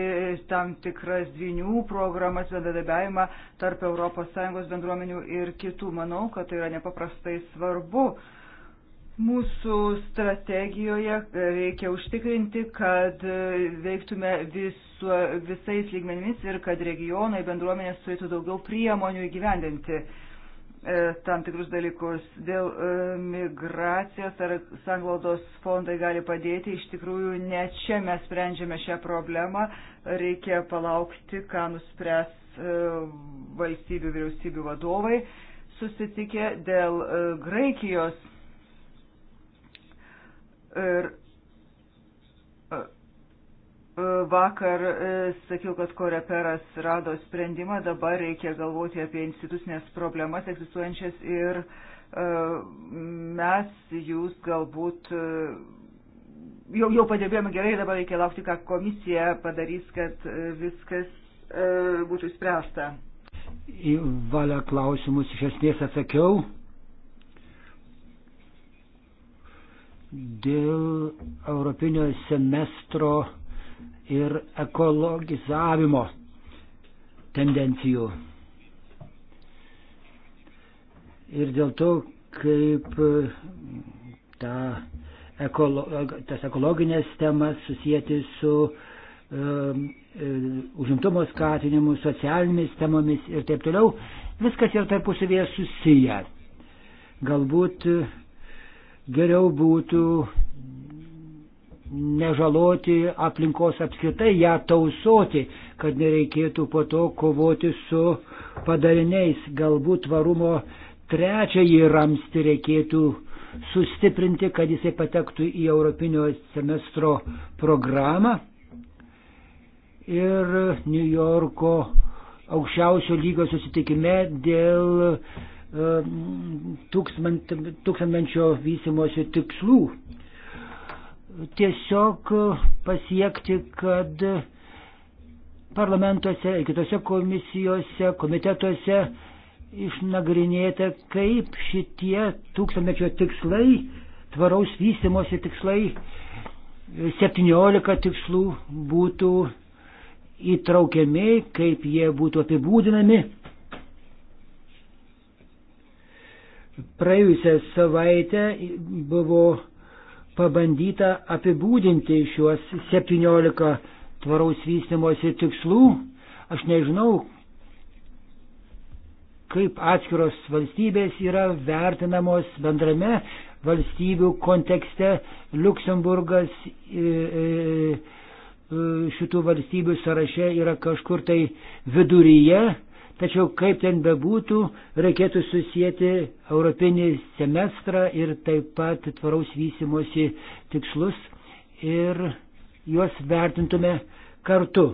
tam tikras dvinių programas, bendradarbiavimą tarp ES bendruomenių ir kitų. Manau, kad tai yra nepaprastai svarbu. Mūsų strategijoje reikia užtikrinti, kad veiktume visu, visais lygmenimis ir kad regionai bendruomenės turėtų daugiau priemonių įgyvendinti uh, E, tam tikrus dalykus. Dėl e, migracijos ar sanglaudos fondai gali padėti, iš tikrųjų ne čia mes sprendžiame šią problemą, reikia palaukti, ką nuspręs e, valstybių vyriausybių vadovai susitikę dėl Graikijos ir Vakar e, sakiau, kad koreperas rado sprendimą, dabar reikia galvoti apie institucinės problemas egzistuojančias ir e, mes jūs galbūt e, jau, jau padėbėjome gerai, dabar reikia laukti, ką komisija padarys, kad viskas būtų spręsta. Į valią klausimus iš esmės atsakiau. Dėl europinio semestro ir ekologizavimo tendencijų. Ir dėl to, kaip mm, ta ekolo, tas ekologinės temas susijęti su um, užimtumo skatinimu, socialinėmis temomis ir taip toliau, viskas yra tarpusavėje susiję. Galbūt e, geriau būtų nežaloti aplinkos apskritai, ją tausoti, kad nereikėtų po to kovoti su padariniais. Galbūt tvarumo trečiąjį ramstį reikėtų sustiprinti, kad jisai patektų į Europinio semestro programą. Ir New Yorko aukščiausio lygio susitikime dėl e, tūkstantmečio vystimosi tikslų tiesiog pasiekti, kad parlamentuose ir kitose komisijose, komitetuose išnagrinėta, kaip šitie tūkstantmečio tikslai, tvaraus vystimosi tikslai, 17 tikslų būtų įtraukiami, kaip jie būtų apibūdinami. Praėjusią savaitę buvo pabandyta apibūdinti šiuos 17 tvaraus vystimosi tikslų. Aš nežinau, kaip atskiros valstybės yra vertinamos bendrame valstybių kontekste. Luksemburgas šitų valstybių sąraše yra kažkur tai viduryje, Tačiau kaip ten bebūtų, reikėtų susijęti europinį semestrą ir taip pat tvaraus vystimosi tikslus ir juos vertintume kartu.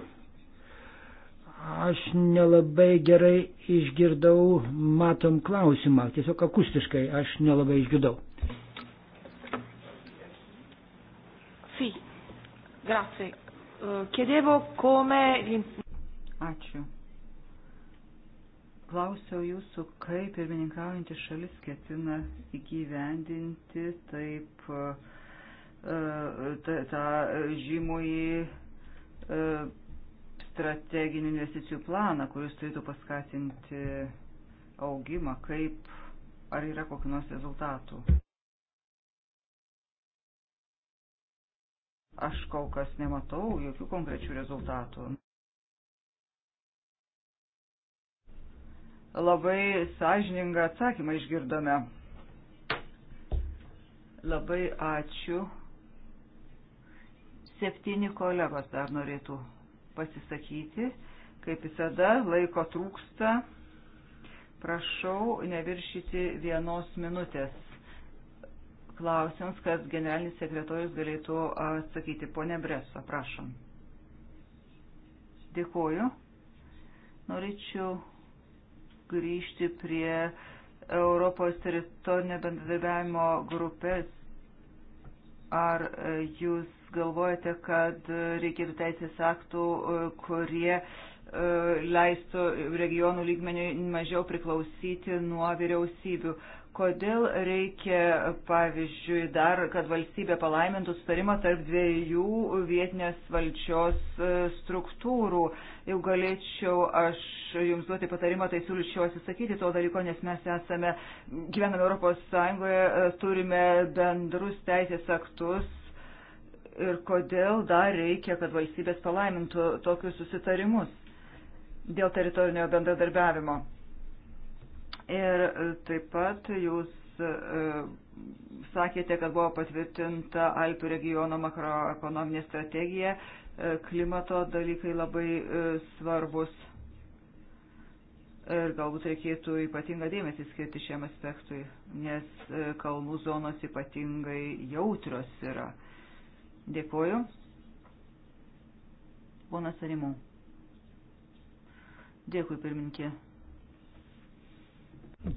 Aš nelabai gerai išgirdau, matom klausimą, tiesiog akustiškai aš nelabai išgirdau. Sì, grazie. Uh, chiedevo come... Ačiū Klausiau jūsų, kaip pirmininkaujantis šalis ketina įgyvendinti taip e, tą žymųjį e, strateginių investicijų planą, kuris turėtų paskatinti augimą, kaip ar yra kokių nors rezultatų. Aš kol kas nematau jokių konkrečių rezultatų. Labai sąžiningą atsakymą išgirdome. Labai ačiū. Septyni kolegos dar norėtų pasisakyti. Kaip visada, laiko trūksta. Prašau neviršyti vienos minutės klausimus, kad generalinis sekretorius galėtų atsakyti. Pone Breso, prašom. Dėkuoju. Norėčiau grįžti prie Europos teritorinio bendradarbiavimo grupės. Ar e, jūs galvojate, kad e, reikėtų teisės aktų, e, kurie E, leistų regionų lygmeniui mažiau priklausyti nuo vyriausybių. Kodėl reikia, pavyzdžiui, dar, kad valstybė palaimintų sutarimą tarp dviejų vietinės valdžios e, struktūrų? Jau galėčiau aš jums duoti patarimą, tai siūlyčiau atsisakyti to dalyko, nes mes esame, gyvename Europos Sąjungoje, e, turime bendrus teisės aktus ir kodėl dar reikia, kad valstybės palaimintų tokius susitarimus? dėl teritorinio bendradarbiavimo. Ir e, taip pat jūs e, sakėte, kad buvo patvirtinta Alpių regiono makroekonominė strategija, e, klimato dalykai labai svarbus ir galbūt reikėtų ypatingą dėmesį skirti šiam aspektui, nes kalnų zonos ypatingai jautrios yra. Dėkuoju. Ponas Arimau. Dėkui, pirminkė.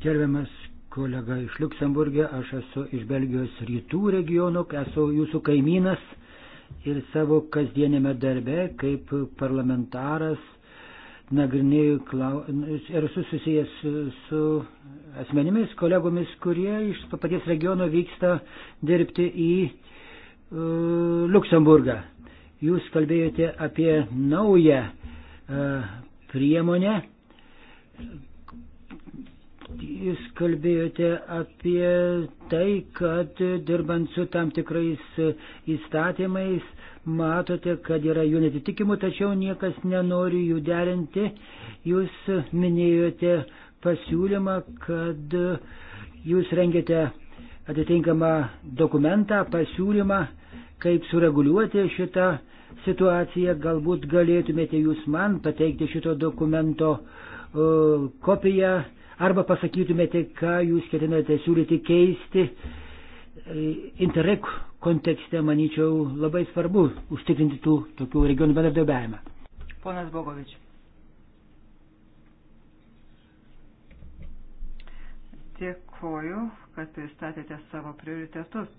Gerbiamas kolega iš Luksemburgė, aš esu iš Belgijos rytų regionų, esu jūsų kaimynas ir savo kasdienėme darbe kaip parlamentaras nagrinėjau klausimus ir esu susijęs su, su asmenimis kolegomis, kurie iš to paties regiono vyksta dirbti į uh, Luksemburgą. Jūs kalbėjote apie naują uh, priemonę. Jūs kalbėjote apie tai, kad dirbant su tam tikrais įstatymais, matote, kad yra jų netitikimų, tačiau niekas nenori jų derinti. Jūs minėjote pasiūlymą, kad jūs rengiate atitinkamą dokumentą, pasiūlymą, kaip sureguliuoti šitą uh, situaciją, galbūt galėtumėte jūs man pateikti šito dokumento uh, kopiją arba pasakytumėte, ką jūs ketinate siūlyti keisti. E, Interreg kontekste, manyčiau, labai svarbu užtikrinti tų tokių regionų bendradarbiavimą. Ponas Bogovič. Dėkoju, kad pristatėte savo prioritetus.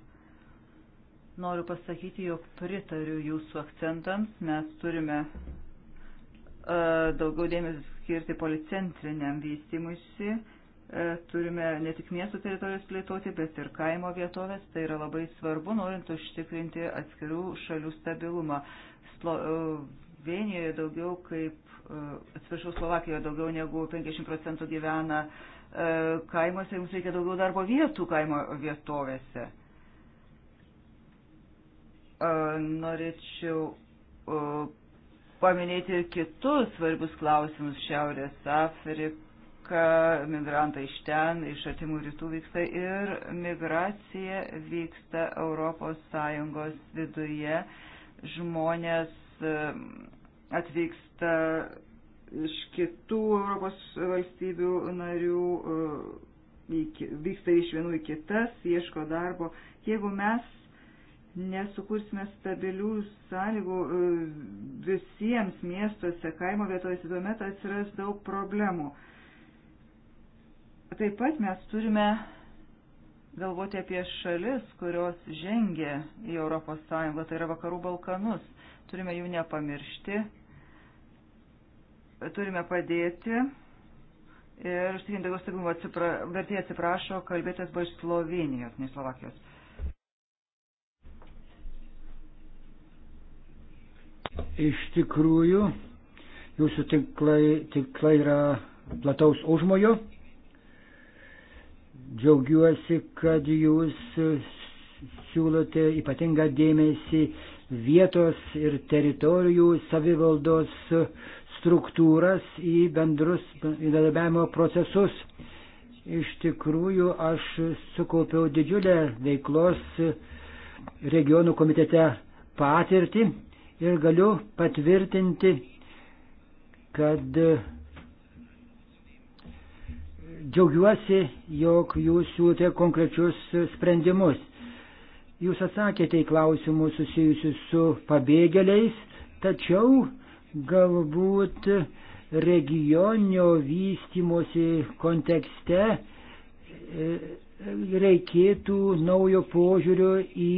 Noriu pasakyti, jog pritariu jūsų akcentams. Mes turime uh, daugiau dėmesio skirti policentriniam vystimuisi. Uh, turime ne tik miestų teritorijos plėtoti, bet ir kaimo vietovės. Tai yra labai svarbu, norint užtikrinti atskirų šalių stabilumą. Slo, uh, Vienijoje daugiau kaip, uh, atsiprašau, Slovakijoje daugiau negu 50 procentų gyvena uh, kaimuose ir mums reikia daugiau darbo vietų kaimo vietovėse. Uh, norėčiau paminėti ir kitus svarbus klausimus Šiaurės Afrika, migrantai iš ten, iš atimų rytų vyksta ir migracija vyksta Europos Sąjungos viduje. Žmonės atvyksta iš kitų Europos valstybių narių, vyksta iš vienų į kitas, ieško darbo. Jeigu mes nesukursime stabilių sąlygų e, visiems miestuose, kaimo vietovėse, tuomet atsiras daug problemų. Taip pat mes turime galvoti apie šalis, kurios žengia į Europos Sąjungą, tai yra vakarų Balkanus. Turime jų nepamiršti, turime padėti ir užtikrinti daugiau stabilumo. Vertėjai atsiprašo, kalbėtės buvo iš Slovenijos, ne Slovakijos. Iš tikrųjų, jūsų tinklai, tinklai yra plataus užmojo. Džiaugiuosi, kad jūs siūlote ypatingą dėmesį vietos ir teritorijų savivaldos struktūras į bendrus bendradarbiavimo procesus. Iš tikrųjų, aš sukaupiau didžiulę veiklos regionų komitete patirtį ir galiu patvirtinti, kad džiaugiuosi, jog jūs siūlote konkrečius sprendimus. Jūs atsakėte į klausimus susijusius su pabėgėliais, tačiau galbūt regioninio vystimosi kontekste e, reikėtų naujo požiūrio į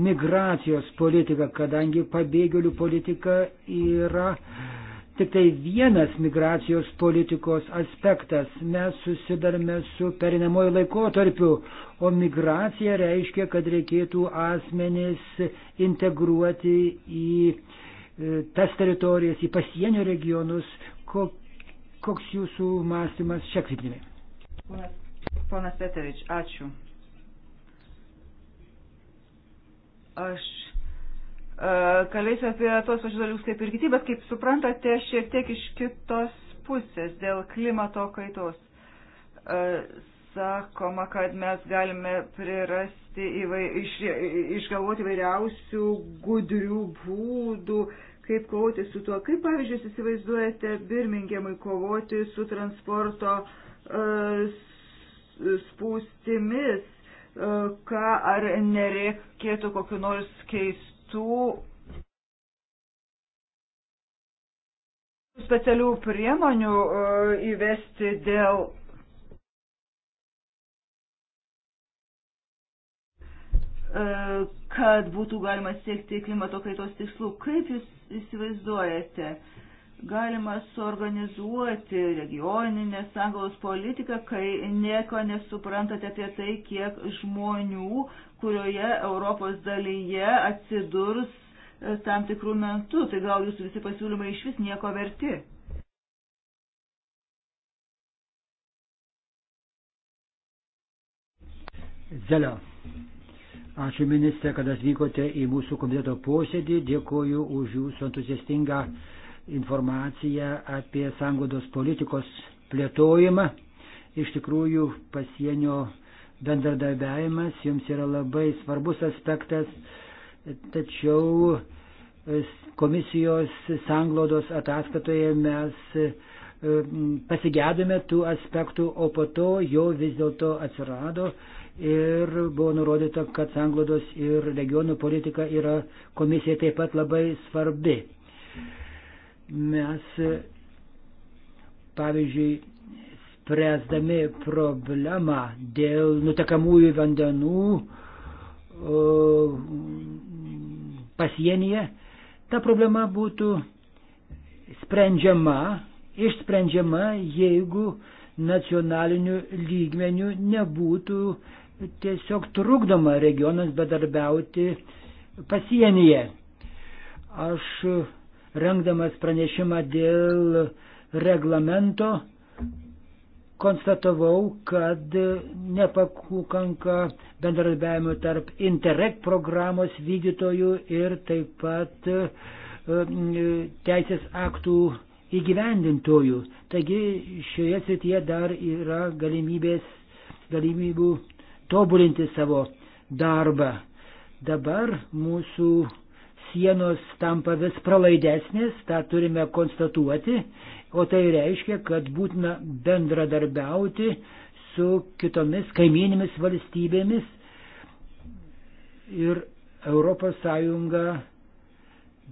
migracijos politiką, kadangi pabėgėlių politika yra tik tai vienas migracijos politikos aspektas. Mes susidarme su perinamojo laikotarpiu, o migracija reiškia, kad reikėtų asmenis integruoti į e, tas teritorijas, į pasienio regionus. Koks jūsų mąstymas šią kryptimį? Ponas Ponas Eterič, ačiū. Aš e, kalbėsiu apie tos pačius dalykus kaip ir kiti, bet kaip suprantate, šiek tiek iš kitos pusės dėl klimato kaitos. E, sakoma, kad mes galime prirasti, įvai, iš, išgalvoti vairiausių gudrių būdų, kaip kovoti su tuo. Kaip, pavyzdžiui, įsivaizduojate Birmingemui kovoti su transporto uh, spūstimis, e, ką ar nereikėtų kokiu nors keistų specialių priemonių e, įvesti dėl e, kad būtų galima siekti klimato kaitos tikslų. Kaip Jūs įsivaizduojate, galima suorganizuoti regioninę sąjungos politiką, kai nieko nesuprantate apie tai, kiek žmonių, kurioje Europos dalyje atsidurs e, tam tikrų metų. Tai gal jūsų visi pasiūlymai iš vis nieko verti. Zelio. Ačiū ministrė, kad atvykote į mūsų komiteto posėdį. Dėkuoju už jūsų entuziastingą informaciją apie sangodos politikos plėtojimą. Iš tikrųjų, pasienio bendradarbiavimas jums yra labai svarbus aspektas, tačiau e, komisijos sanglodos ataskatoje mes e, pasigėdome tų aspektų, o po to jo vis dėlto atsirado ir buvo nurodyta, kad sanglodos ir regionų politika yra komisijai taip pat labai svarbi mes, pavyzdžiui, spręsdami problemą dėl nutekamųjų vandenų pasienyje, ta problema būtų sprendžiama, išsprendžiama, jeigu nacionaliniu lygmeniu nebūtų tiesiog trukdoma regionams bedarbiauti pasienyje. Aš rengdamas pranešimą dėl reglamento, konstatavau, kad nepakanka bendradarbiavimo tarp Interreg programos vykdytojų ir taip pat e, teisės aktų įgyvendintojų. Taigi šioje srityje dar yra galimybės, galimybių tobulinti savo darbą. Dabar mūsų sienos tampa vis pralaidesnės, tą turime konstatuoti, o tai reiškia, kad būtina bendradarbiauti su kitomis kaiminimis valstybėmis ir ES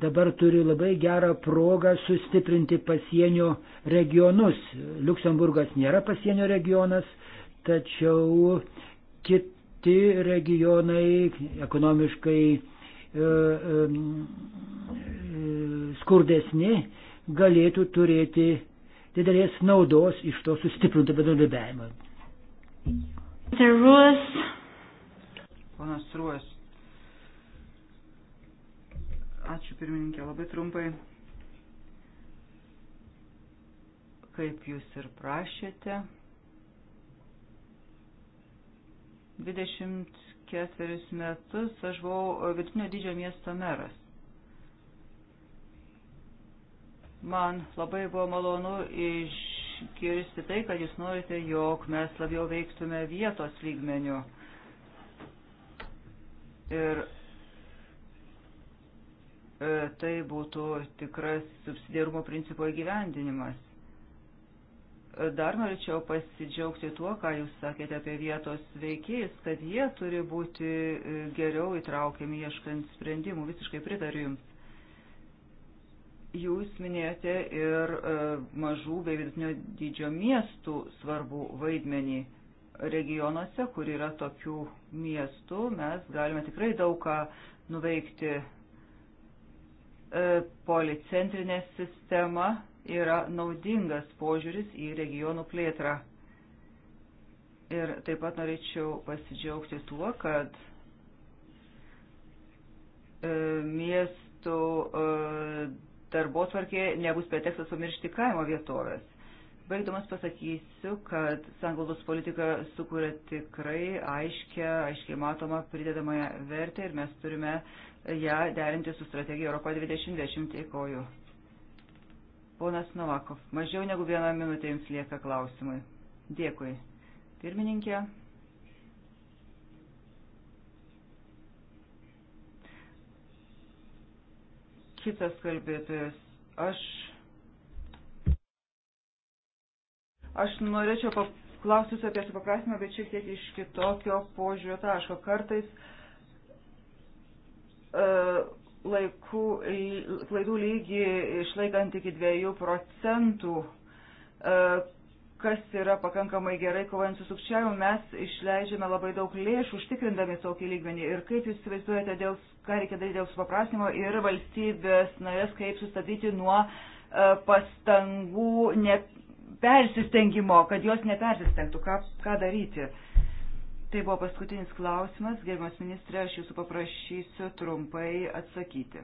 dabar turi labai gerą progą sustiprinti pasienio regionus. Luksemburgas nėra pasienio regionas, tačiau kiti regionai ekonomiškai E, e, e, skurdesni galėtų turėti didelės naudos iš to sustiprinto bendradarbiavimo. Ponas Ruos. Ačiū pirmininkė, labai trumpai. Kaip jūs ir prašėte, 20 ketverius metus aš buvau vidutinio dydžio miesto meras. Man labai buvo malonu išgirsti tai, kad jūs norite, jog mes labiau veiktume vietos lygmenių. Ir e, tai būtų tikras subsidiarumo principo įgyvendinimas. Dar norėčiau pasidžiaugti tuo, ką Jūs sakėte apie vietos veikėjus, kad jie turi būti e, geriau įtraukiami ieškant sprendimų. Visiškai pritariu Jums. Jūs minėjote ir e, mažų bei vidutinio dydžio miestų svarbų vaidmenį regionuose, kur yra tokių miestų. Mes galime tikrai daug ką nuveikti e, policentrinė sistema yra naudingas požiūris į regionų plėtrą. Ir taip pat norėčiau pasidžiaugti tuo, kad e, miestų e, darbo tvarkė nebus pretekstas pamiršti kaimo vietovės. Baigdamas pasakysiu, kad sanglaudos politika sukuria tikrai aiškę, aiškiai matomą pridedamąją vertę ir mes turime ją derinti su strategija Europa 2020. Dėkoju. Ponas Novakov, mažiau negu vieną minutę jums lieka klausimui. Dėkui. Pirmininkė. Kitas kalbėtojas. Aš. Aš norėčiau paklausti apie supaprastimą, bet šiek tiek iš kitokio požiūrio taško. Kartais uh, laikų, klaidų lygį išlaikant iki 2 procentų, e, kas yra pakankamai gerai kovojant su sukčiavimu, mes išleidžiame labai daug lėšų užtikrindami tokį lygmenį. Ir kaip jūs įsivaizduojate, dėl, ką reikia daryti dėl supaprastinimo ir valstybės narės, kaip sustabdyti nuo e, pastangų ne, persistengimo, kad jos nepersistengtų, ką, ką daryti. Uh, Tai buvo paskutinis klausimas. Gerbiamas ministrė, aš jūsų paprašysiu trumpai atsakyti.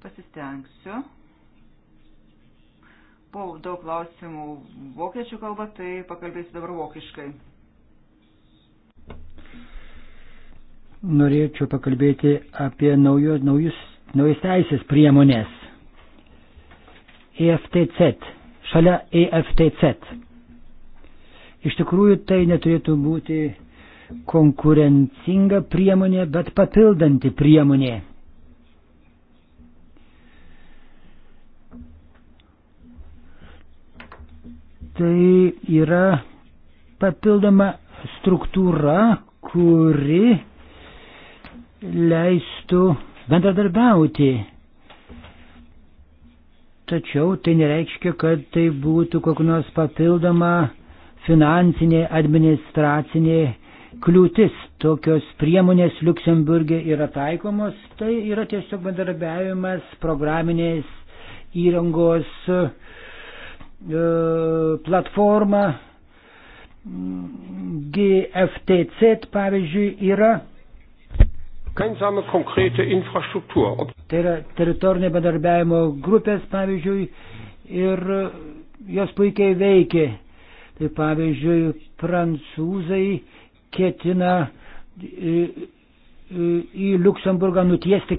Pasistengsiu. Po daug klausimų vokiečių kalba, tai pakalbėsiu dabar vokiškai. Norėčiau pakalbėti apie naujus naujas teisės priemonės. EFTC, šalia EFTC. Iš tikrųjų tai neturėtų būti konkurencinga priemonė, bet papildanti priemonė. Tai yra papildoma struktūra, kuri leistų bendradarbiauti. Tačiau tai nereiškia, kad tai būtų kokia nors papildoma finansinė, administracinė kliūtis. Tokios priemonės Luksemburgė yra taikomos, tai yra tiesiog bendarbiavimas programinės įrangos e, platforma. GFTC pavyzdžiui yra Kainsame konkrete infrastruktūra. Tai yra teritorinė bendarbiavimo grupės, pavyzdžiui, ir e, jos puikiai veikia. Tai pavyzdžiui, prancūzai ketina e, e, į Luxemburgą nutiesti.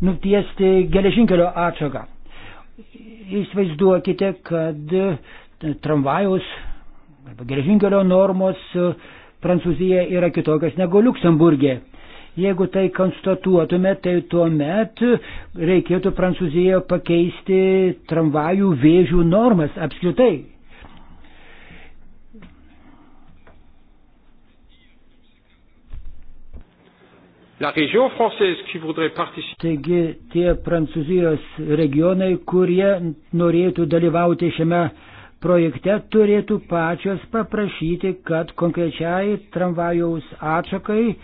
Nutiesti geležinkelio atšaką. Įsivaizduokite, kad tramvajaus arba geležinkelio normos e, Prancūzija yra kitokios negu Luksemburgė. Jeigu tai konstatuotume, tai tuomet reikėtų Prancūzijoje pakeisti tramvajų vėžių normas apskritai. Taigi tie Prancūzijos regionai, kurie norėtų dalyvauti šiame projekte turėtų pačios paprašyti, kad konkrečiai tramvajaus atšakai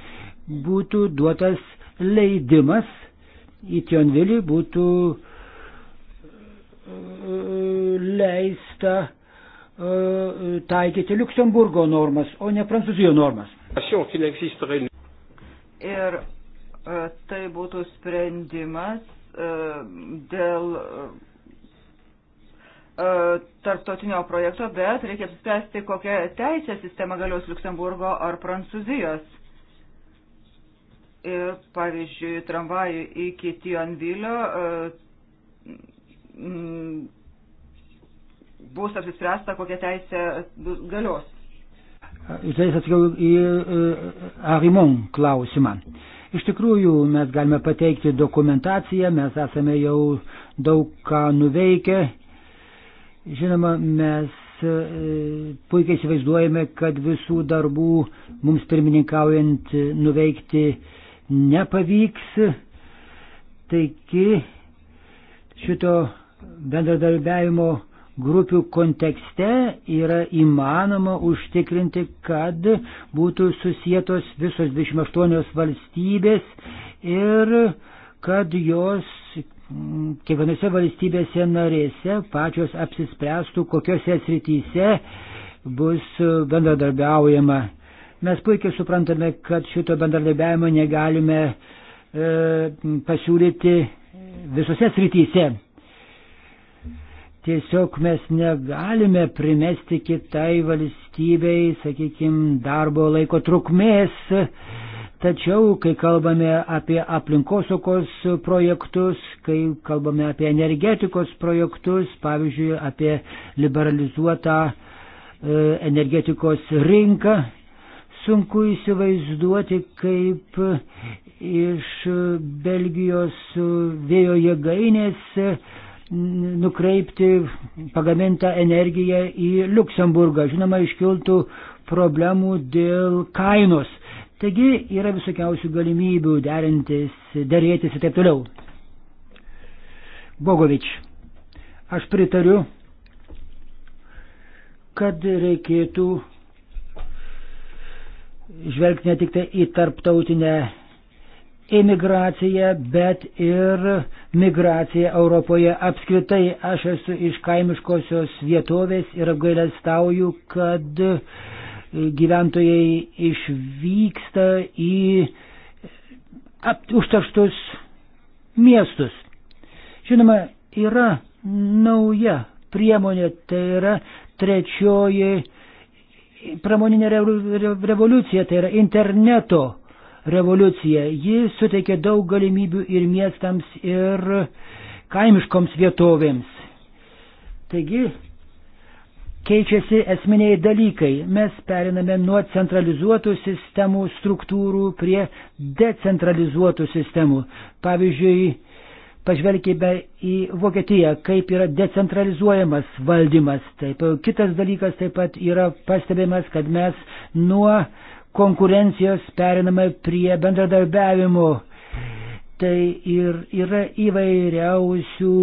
būtų duotas leidimas į Tionvilį, būtų e, leista e, taikyti Luxemburgo normas, o ne Prancūzijos normas. Ir e, tai būtų sprendimas dėl E, tarptautinio projekto, bet reikia apspręsti, kokią teisę sistema galios Luksemburgo ar Prancūzijos. Ir pavyzdžiui, tramvajų iki Tionvilio e, bus apsispręsta, kokią teisę galios. Tai atsakiau į e, Arimon klausimą. Iš tikrųjų, mes galime pateikti dokumentaciją, mes esame jau daug ką nuveikę, Žinoma, mes e, puikiai įsivaizduojame, kad visų darbų mums pirmininkaujant e, nuveikti nepavyks. Taigi šito bendradarbiavimo grupių kontekste yra įmanoma užtikrinti, kad būtų susijėtos visos 28 valstybės ir kad jos kiekvienose valstybėse narėse pačios apsispręstų, kokiose srityse bus bendradarbiaujama. Mes puikiai suprantame, kad šito bendradarbiavimo negalime e, pasiūlyti visose srityse. Tiesiog mes negalime primesti kitai valstybei, sakykime, darbo laiko trukmės. E, Tačiau, kai kalbame apie aplinkosaugos projektus, kai kalbame apie energetikos projektus, pavyzdžiui, apie liberalizuotą e, energetikos rinką, sunku įsivaizduoti, kaip iš Belgijos vėjo jėgainės nukreipti pagamintą energiją į Luksemburgą. Žinoma, iškiltų problemų dėl kainos. Taigi yra visokiausių galimybių derintis, dėrėtis ir taip toliau. Bogovič, aš pritariu, kad reikėtų žvelgti ne tik tai į tarptautinę imigraciją, bet ir migraciją Europoje apskritai. Aš esu iš kaimiškosios vietovės ir apgailestauju, kad uh, gyventojai išvyksta į užterštus miestus. Žinoma, yra nauja priemonė, tai yra trečioji pramoninė revoliucija, tai yra interneto revoliucija. Ji suteikė daug galimybių ir miestams, ir kaimiškoms vietovėms. Taigi keičiasi esminiai dalykai. Mes periname nuo centralizuotų sistemų struktūrų prie decentralizuotų sistemų. Pavyzdžiui, pažvelkime į Vokietiją, kaip yra decentralizuojamas valdymas. Taip, kitas dalykas taip pat yra pastebimas, kad mes nuo konkurencijos periname prie bendradarbiavimo. Tai ir yra įvairiausių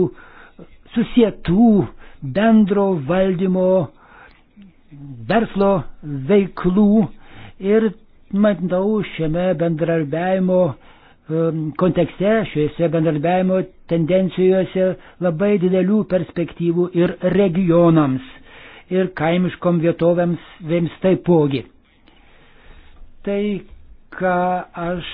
susietų uh, bendro valdymo verslo veiklų ir matau šiame bendradarbiavimo kontekste, šiuose bendradarbiavimo tendencijose labai didelių perspektyvų ir regionams, ir kaimiškom vietovėms vėms taipogi. Tai, ką aš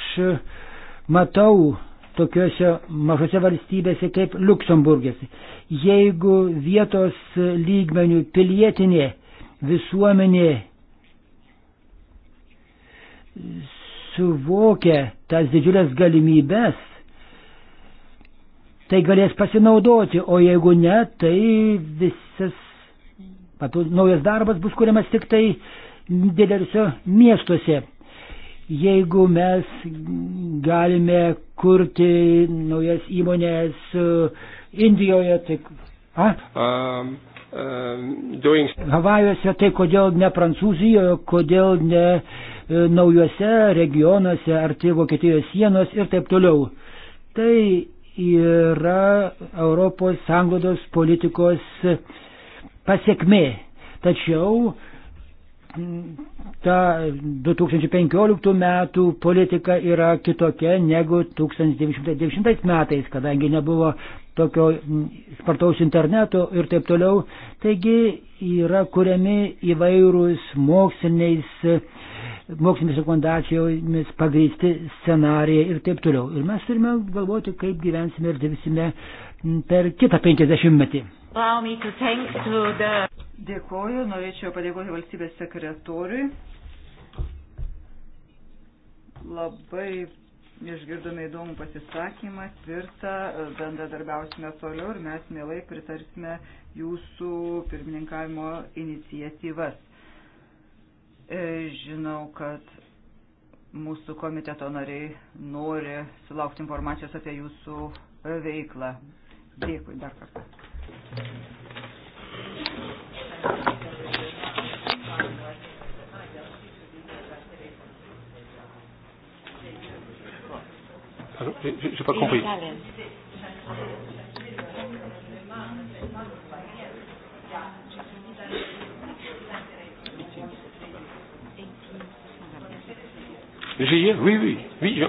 matau tokiuose mažose valstybėse kaip Luksemburgės jeigu vietos lygmenių pilietinė visuomenė suvokia tas didžiulės galimybės, tai galės pasinaudoti, o jeigu ne, tai visas patu, naujas darbas bus kuriamas tik tai dideliuose miestuose. Jeigu mes galime kurti naujas įmonės, uh, Indijoje, tai... A? Um, um, doing... Havajuose, tai kodėl ne Prancūzijoje, kodėl ne e, naujuose regionuose, arti Vokietijos sienos ir taip toliau. Tai yra Europos sanglodos politikos pasiekmė. Tačiau ta 2015 metų politika yra kitokia negu 1990 metais, kadangi nebuvo tokio spartaus interneto ir taip toliau. Taigi yra kuriami įvairūs moksliniais, mokslinėmis rekomendacijomis pagrysti scenarijai ir taip toliau. Ir mes turime galvoti, kaip gyvensime ir gyvensime per kitą penkisdešimtmetį. Dėkoju, norėčiau padėkoti valstybės sekretoriui. Labai Išgirdome įdomų pasisakymą, tvirtą, e, bendradarbiausime toliau ir mes mielai pritarsime jūsų pirmininkavimo inicijatyvas. E, žinau, kad mūsų komiteto nariai nori sulaukti informacijos apie jūsų e, veiklą. Dėkui dar kartą. J'ai pas compris. J'ai oui, oui, oui. Je...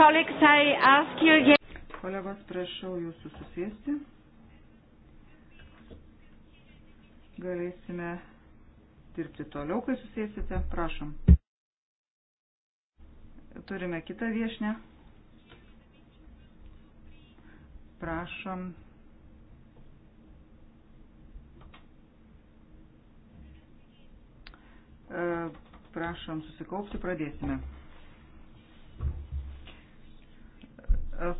Colleagues, I ask you again. Kolegos, prašau jūsų susėsti. Galėsime dirbti toliau, kai susėsite. Prašom. Turime kitą viešnę. Prašom. E, prašom susikaupti, pradėsime.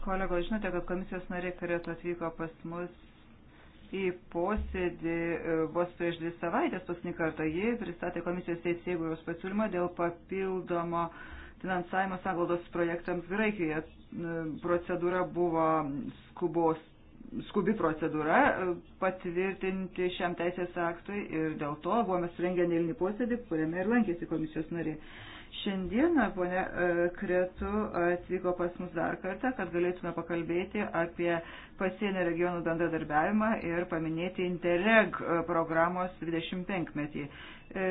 Kolego, žinote, kad komisijos nariai karėtų atvyko pas mus į posėdį e, vos prieš dvi savaitės paskutinį kartą. Ji pristatė komisijos teisėgūros pasiūlymą dėl papildomo finansavimo sąvaldos projektams Graikijoje. E, procedūra buvo skubos, skubi procedūra e, patvirtinti šiam teisės aktui ir dėl to buvome surengę nelinį posėdį, kuriame ir lankėsi komisijos nariai. Šiandieną ponė e, Kretu atvyko pas mus dar kartą, kad galėtume pakalbėti apie pasienio regionų bendradarbiavimą ir paminėti Interreg e, programos 25-metį. E,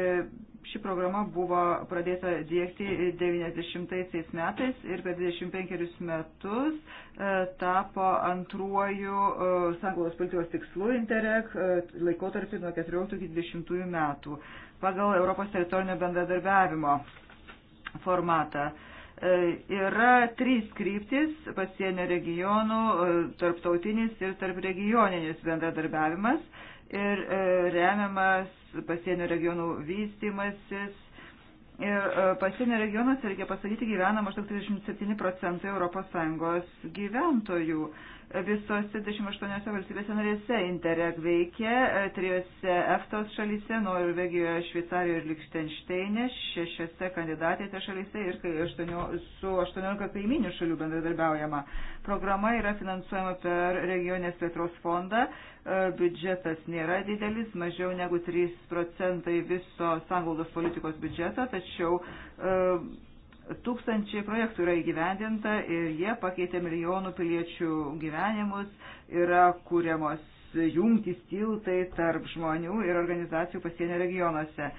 ši programa buvo pradėta dėkti 90-aisiais metais ir per 25 metus tapo antruoju sanglos politikos tikslu Interreg laikotarpį nuo 14 iki 20 metų pagal Europos teritorinio bendradarbiavimo formatą. E, yra trys kryptis - pasienio regionų, e, tarptautinis ir tarp regioninis bendradarbiavimas ir e, remiamas pasienio regionų vystimasis. Ir pasienio regionuose, reikia pasakyti, gyvena maždaug 37 procentai ES gyventojų visose 28 valstybėse narėse Interreg veikia, e, trijose EFTOS šalyse, Norvegijoje, Šveicarijoje ir Likštenšteinė, šešiose kandidatėse šalyse ir kai 8, su 18 kaiminių šalių bendradarbiaujama. Programa yra finansuojama per regionės plėtros fondą, e, biudžetas nėra didelis, mažiau negu 3 procentai viso sanglaudos politikos biudžeto, tačiau uh, Tūkstančiai projektų yra įgyvendinta ir jie pakeitė milijonų piliečių gyvenimus, yra kūriamos jungtys tiltai tarp žmonių ir organizacijų pasienio regionuose.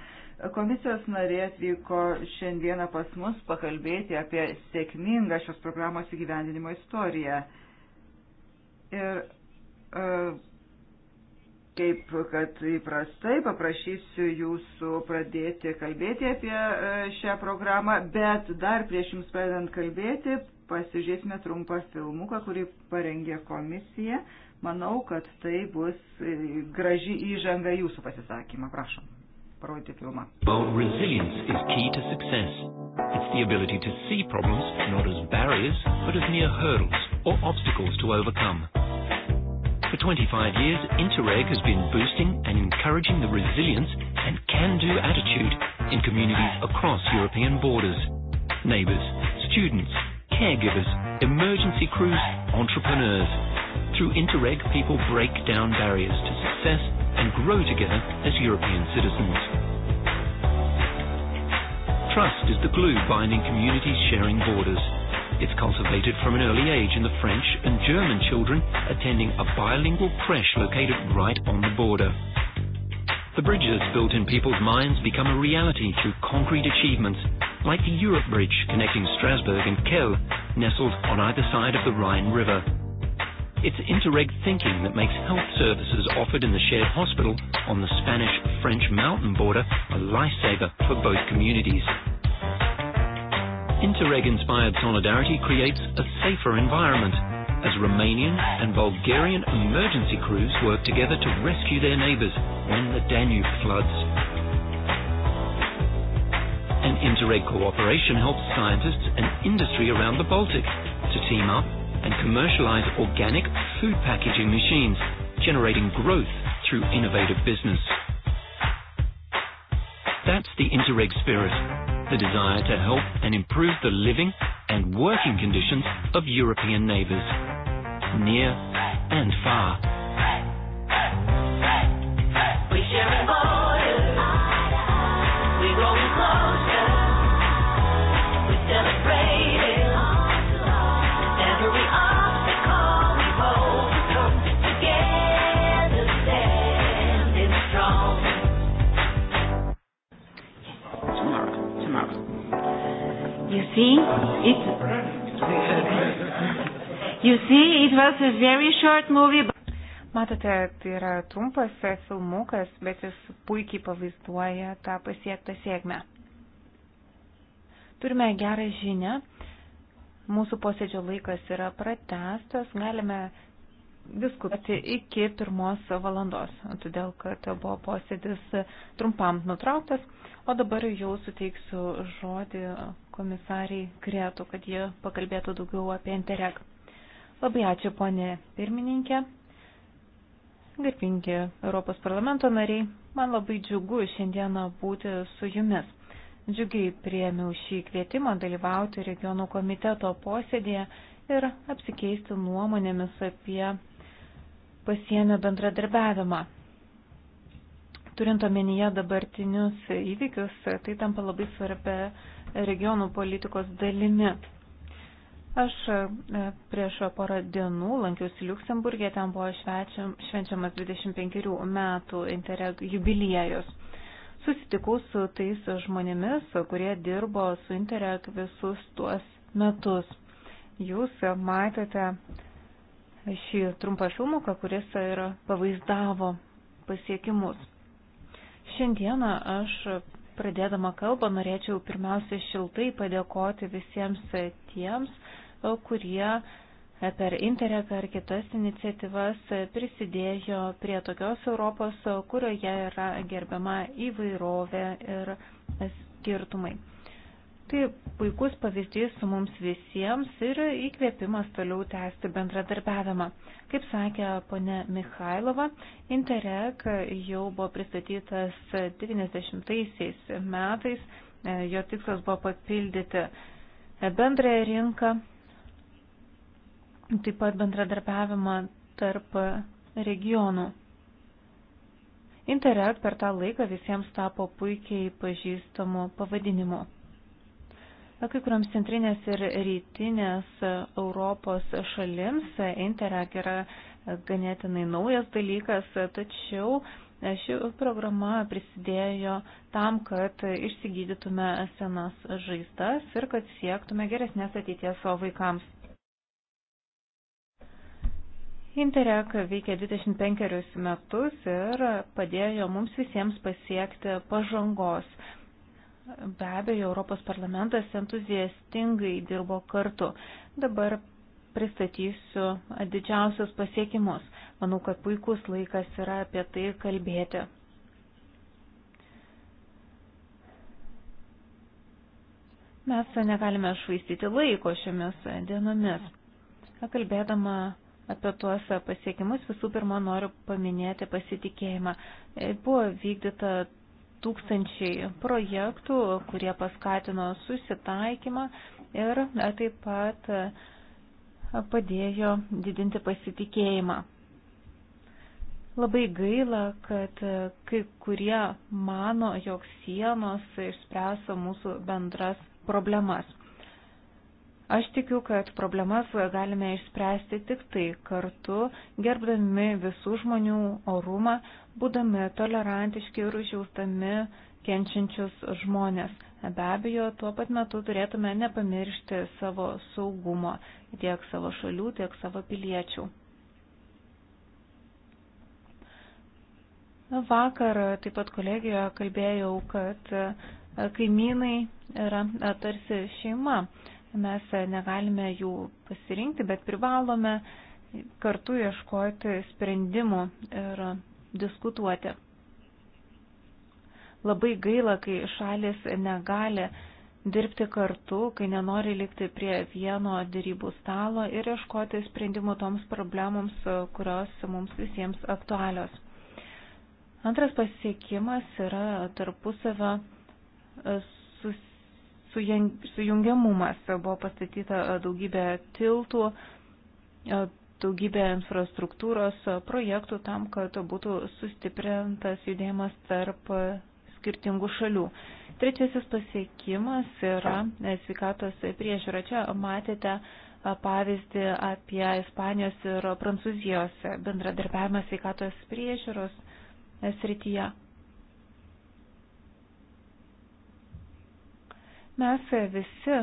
Komisijos narė atvyko šiandieną pas mus pakalbėti apie sėkmingą šios programos įgyvendinimo istoriją. Ir uh, kaip kad įprastai paprašysiu jūsų pradėti kalbėti apie e, šią programą, bet dar prieš jums pradedant kalbėti pasižiūrėsime trumpą filmuką, kurį parengė komisija. Manau, kad tai bus e, graži įžanga jūsų pasisakymą. Prašom, parodyti filmą. Well, resilience is key to success. It's the ability to see problems not as barriers, but as mere hurdles or obstacles to overcome. For 25 years, Interreg has been boosting and encouraging the resilience and can-do attitude in communities across European borders. Neighbors, students, caregivers, emergency crews, entrepreneurs. Through Interreg, people break down barriers to success and grow together as European citizens. Trust is the glue binding communities sharing borders It's cultivated from an early age in the French and German children attending a bilingual creche located right on the border. The bridges built in people's minds become a reality through concrete achievements, like the Europe Bridge connecting Strasbourg and Kiel, nestled on either side of the Rhine River. It's Interreg thinking that makes health services offered in the shared hospital on the Spanish-French mountain border a lifesaver for both communities. Interreg-inspired solidarity creates a safer environment as Romanian and Bulgarian emergency crews work together to rescue their neighbours when the Danube floods. And Interreg cooperation helps scientists and industry around the Baltic to team up and commercialise organic food packaging machines, generating growth through innovative business. That's the Interreg spirit the desire to help and improve the living and working conditions of European neighbours, near and far. see, it, you see, it was a very short movie. But... Matote, tai yra trumpas filmukas, bet jis puikiai pavaizduoja tą pasiektą sėkmę. Turime gerą žinę. Mūsų posėdžio laikas yra pratestas. Galime diskutuoti iki pirmos valandos, todėl kad buvo posėdis trumpam nutrauktas, o dabar jau suteiksiu žodį komisariai Kretų, kad jie pakalbėtų daugiau apie Interreg. Labai ačiū, ponė pirmininkė. Garbingi Europos parlamento nariai, man labai džiugu šiandieną būti su jumis. Džiugiai priemiau šį kvietimą dalyvauti regionų komiteto posėdėje ir apsikeisti nuomonėmis apie pasienio bendradarbiavimą. Turint omenyje dabartinius įvykius, tai tampa labai svarbia regionų politikos dalimi. Aš e, prieš porą dienų lankiausi Luksemburgė, ten buvo švenčiamas 25 metų intereg jubiliejus. Susitikau su tais žmonėmis, kurie dirbo su intereg visus tuos metus. Jūs matėte šį trumpą filmuką, kuris yra pavaizdavo pasiekimus. Šiandieną aš Pradėdama kalbą norėčiau pirmiausia šiltai padėkoti visiems tiems, kurie per Interreg ar kitas iniciatyvas prisidėjo prie tokios Europos, kurioje yra gerbiama įvairovė ir skirtumai. Tai puikus pavyzdys mums visiems ir įkvėpimas toliau tęsti bendradarbiavimą. Kaip sakė ponė Mikhailova, Interreg jau buvo pristatytas 90-aisiais metais, e, jo tikslas buvo papildyti bendrąją rinką, taip pat bendradarbiavimą tarp regionų. Interreg per tą laiką visiems tapo puikiai pažįstamu pavadinimu. Kai kuriams centrinės ir rytinės Europos šalims Interreg yra ganėtinai naujas dalykas, tačiau ši programa prisidėjo tam, kad išsigydytume senas žaizdas ir kad siektume geresnės ateities savo vaikams. Interreg veikia 25 metus ir padėjo mums visiems pasiekti pažangos Be abejo, Europos parlamentas entuziastingai dirbo kartu. Dabar pristatysiu didžiausius pasiekimus. Manau, kad puikus laikas yra apie tai kalbėti. Mes negalime švaistyti laiko šiomis dienomis. Kalbėdama apie tuos pasiekimus, visų pirma, noriu paminėti pasitikėjimą. Buvo vykdyta tūkstančiai projektų, kurie paskatino susitaikymą ir taip pat padėjo didinti pasitikėjimą. Labai gaila, kad kai kurie mano, jog sienos išspręso mūsų bendras problemas. Aš tikiu, kad problemas galime išspręsti tik tai kartu, gerbdami visų žmonių orumą, būdami tolerantiški ir užjaustami kenčiančius žmonės. Be abejo, tuo pat metu turėtume nepamiršti savo saugumo tiek savo šalių, tiek savo piliečių. Vakar taip pat kolegijoje kalbėjau, kad kaimynai yra tarsi šeima. Mes negalime jų pasirinkti, bet privalome kartu ieškoti sprendimų ir diskutuoti. Labai gaila, kai šalis negali dirbti kartu, kai nenori likti prie vieno dėrybų stalo ir ieškoti sprendimų toms problemoms, kurios mums visiems aktualios. Antras pasiekimas yra tarpusavio e, sujungiamumas. Buvo pastatyta daugybė tiltų, e, daugybę infrastruktūros projektų tam, kad būtų sustiprintas judėjimas tarp skirtingų šalių. Trečiasis pasiekimas yra e, sveikatos priežiūra. Čia matėte pavyzdį apie Ispanijos ir Prancūzijos bendradarbiavimą sveikatos priežiūros e, srityje. Mes e, visi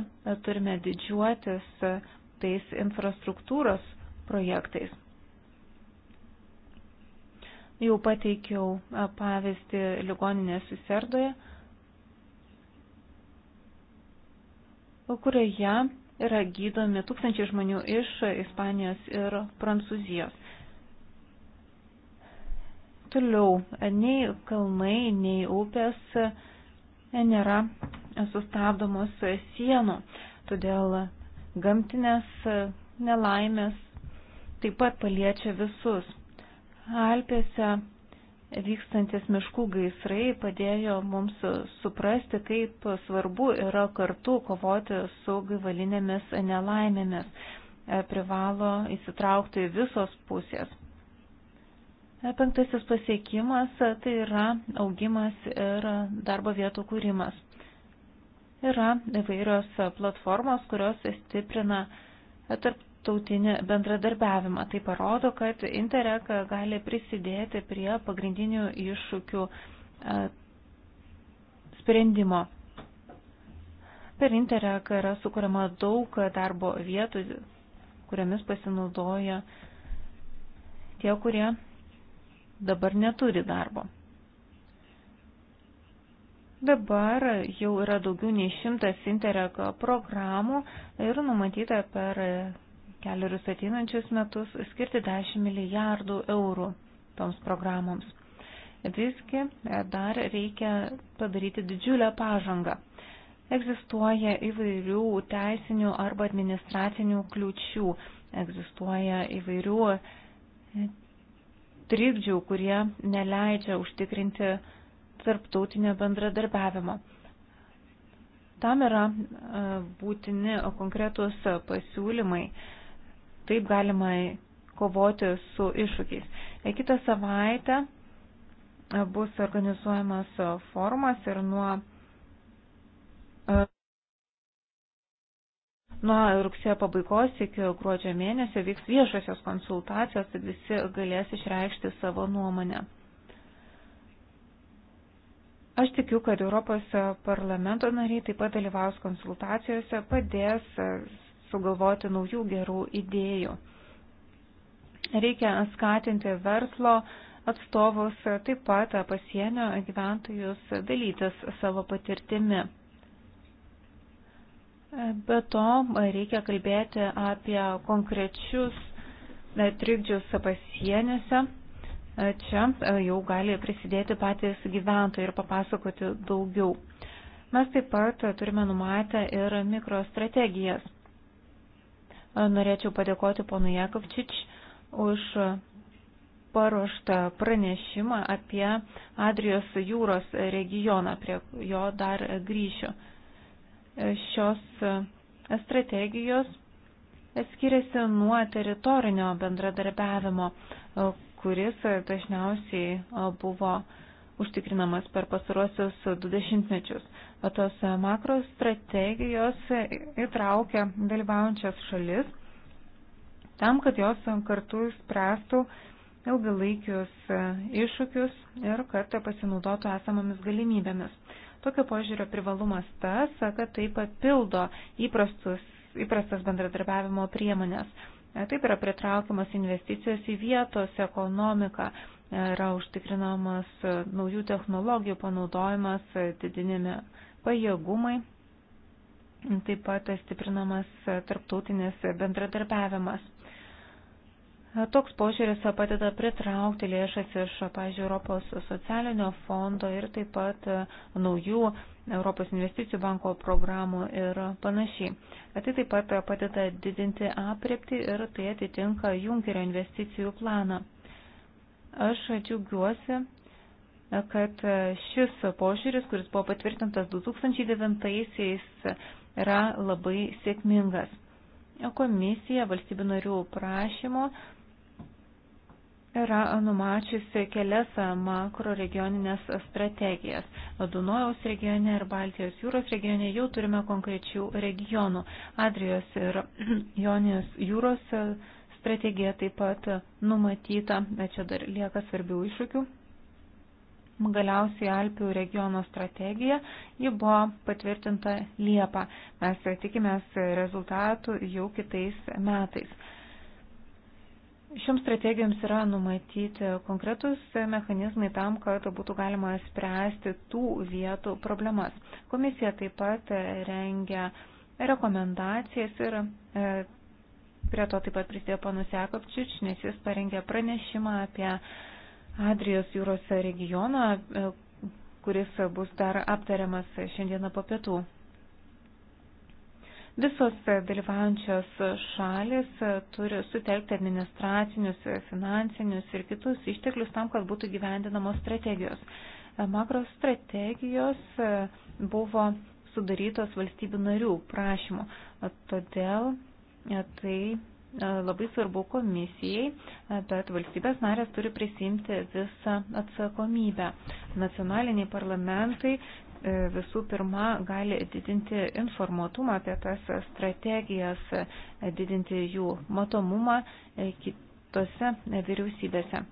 turime didžiuotis tais infrastruktūros projektais. Jau pateikiau pavyzdį ligoninės Serdoje, kurioje yra gydomi tūkstančiai žmonių iš Ispanijos ir Prancūzijos. Toliau, nei kalnai, nei upės e, nėra sustabdomos sienų, todėl gamtinės e, nelaimės taip pat paliečia visus. Alpėse vykstantis miškų gaisrai padėjo mums suprasti, kaip svarbu yra kartu kovoti su gaivalinėmis nelaimėmis. E, privalo įsitraukti visos pusės. E, penktasis pasiekimas e, tai yra augimas ir darbo vietų kūrimas. Yra įvairios platformos, kurios stiprina tarp tarptautinį bendradarbiavimą. Tai parodo, kad Interreg gali prisidėti prie pagrindinių iššūkių e, sprendimo. Per Interreg yra sukuriama daug darbo vietų, kuriamis pasinaudoja tie, kurie dabar neturi darbo. Dabar jau yra daugiau nei šimtas Interreg programų ir numatyta per keliarius ateinančius metus skirti 10 milijardų eurų toms programoms. Visgi e, dar reikia padaryti didžiulę pažangą. Egzistuoja įvairių teisinių arba administracinių kliučių, egzistuoja įvairių e, trikdžių, kurie neleidžia užtikrinti tarptautinio bendradarbiavimo. Tam yra e, būtini konkretus pasiūlymai Taip galima kovoti su iššūkiais. E, kitą savaitę e, bus organizuojamas e, forumas ir nuo, nuo rugsėjo pabaigos iki gruodžio mėnesio vyks viešosios konsultacijos, tad visi galės išreikšti savo nuomonę. Aš tikiu, kad Europos parlamento nariai taip pat dalyvaus konsultacijose, padės sugalvoti naujų gerų idėjų. Reikia skatinti verslo atstovus, taip pat pasienio gyventojus dalytis savo patirtimi. Be to, reikia kalbėti apie konkrečius e, trikdžius pasieniuose. E, čia e, jau gali prisidėti patys gyventojai ir papasakoti daugiau. Mes taip pat turime numatę ir mikrostrategijas. Norėčiau padėkoti ponui Jakovčič už paruoštą pranešimą apie Adrijos jūros regioną, prie jo dar grįšiu. Šios strategijos skiriasi nuo teritorinio bendradarbiavimo, kuris dažniausiai buvo užtikrinamas per pasaruosius du dešimtmečius. O tos e, makro strategijos įtraukia dalyvaujančias šalis tam, kad jos kartu spręstų ilgalaikius e, iššūkius ir kad pasinaudotų esamomis galimybėmis. Tokio požiūrio privalumas tas, kad tai papildo įprastus, įprastas bendradarbiavimo priemonės. E, taip yra pritraukiamas investicijos į vietos ekonomiką, yra užtikrinamas naujų technologijų panaudojimas, didinami pajėgumai, taip pat stiprinamas tarptautinis bendradarbiavimas. Toks požiūris padeda pritraukti lėšas iš, pažiūrėjau, Europos socialinio fondo ir taip pat naujų Europos investicijų banko programų ir panašiai. Tai taip pat padeda didinti apriepti ir tai atitinka Junkerio investicijų planą. Aš džiaugiuosi, kad šis požiūris, kuris buvo patvirtintas 2009-aisiais, yra labai sėkmingas. Komisija valstybių narių prašymo yra numačiusi kelias makro regioninės strategijas. Dunojaus regione ir Baltijos jūros regione jau turime konkrečių regionų. Adrijos ir Jonijos jūros strategija taip pat numatyta, bet čia dar lieka svarbių iššūkių galiausiai Alpių regiono strategija. Ji buvo patvirtinta Liepą. Mes tikimės rezultatų jau kitais metais. Šioms strategijoms yra numatyti konkretus mechanizmai tam, kad būtų galima spręsti tų vietų problemas. Komisija taip pat rengia rekomendacijas ir e, prie to taip pat prisidėjo panusekovčič, nes jis parengė pranešimą apie Adrijos jūros regioną, e, kuris bus dar aptariamas šiandieną po pietų. Visos dalyvaujančios šalis e, turi sutelkti administracinius, e, finansinius ir kitus išteklius tam, kad būtų gyvendinamos strategijos. Makrostrategijos buvo sudarytos valstybių narių prašymų, todėl tai E, labai svarbu komisijai, e, bet valstybės narės turi prisimti visą atsakomybę. Nacionaliniai parlamentai e, visų pirma gali didinti informuotumą apie tas strategijas, didinti jų matomumą kitose vyriausybėse.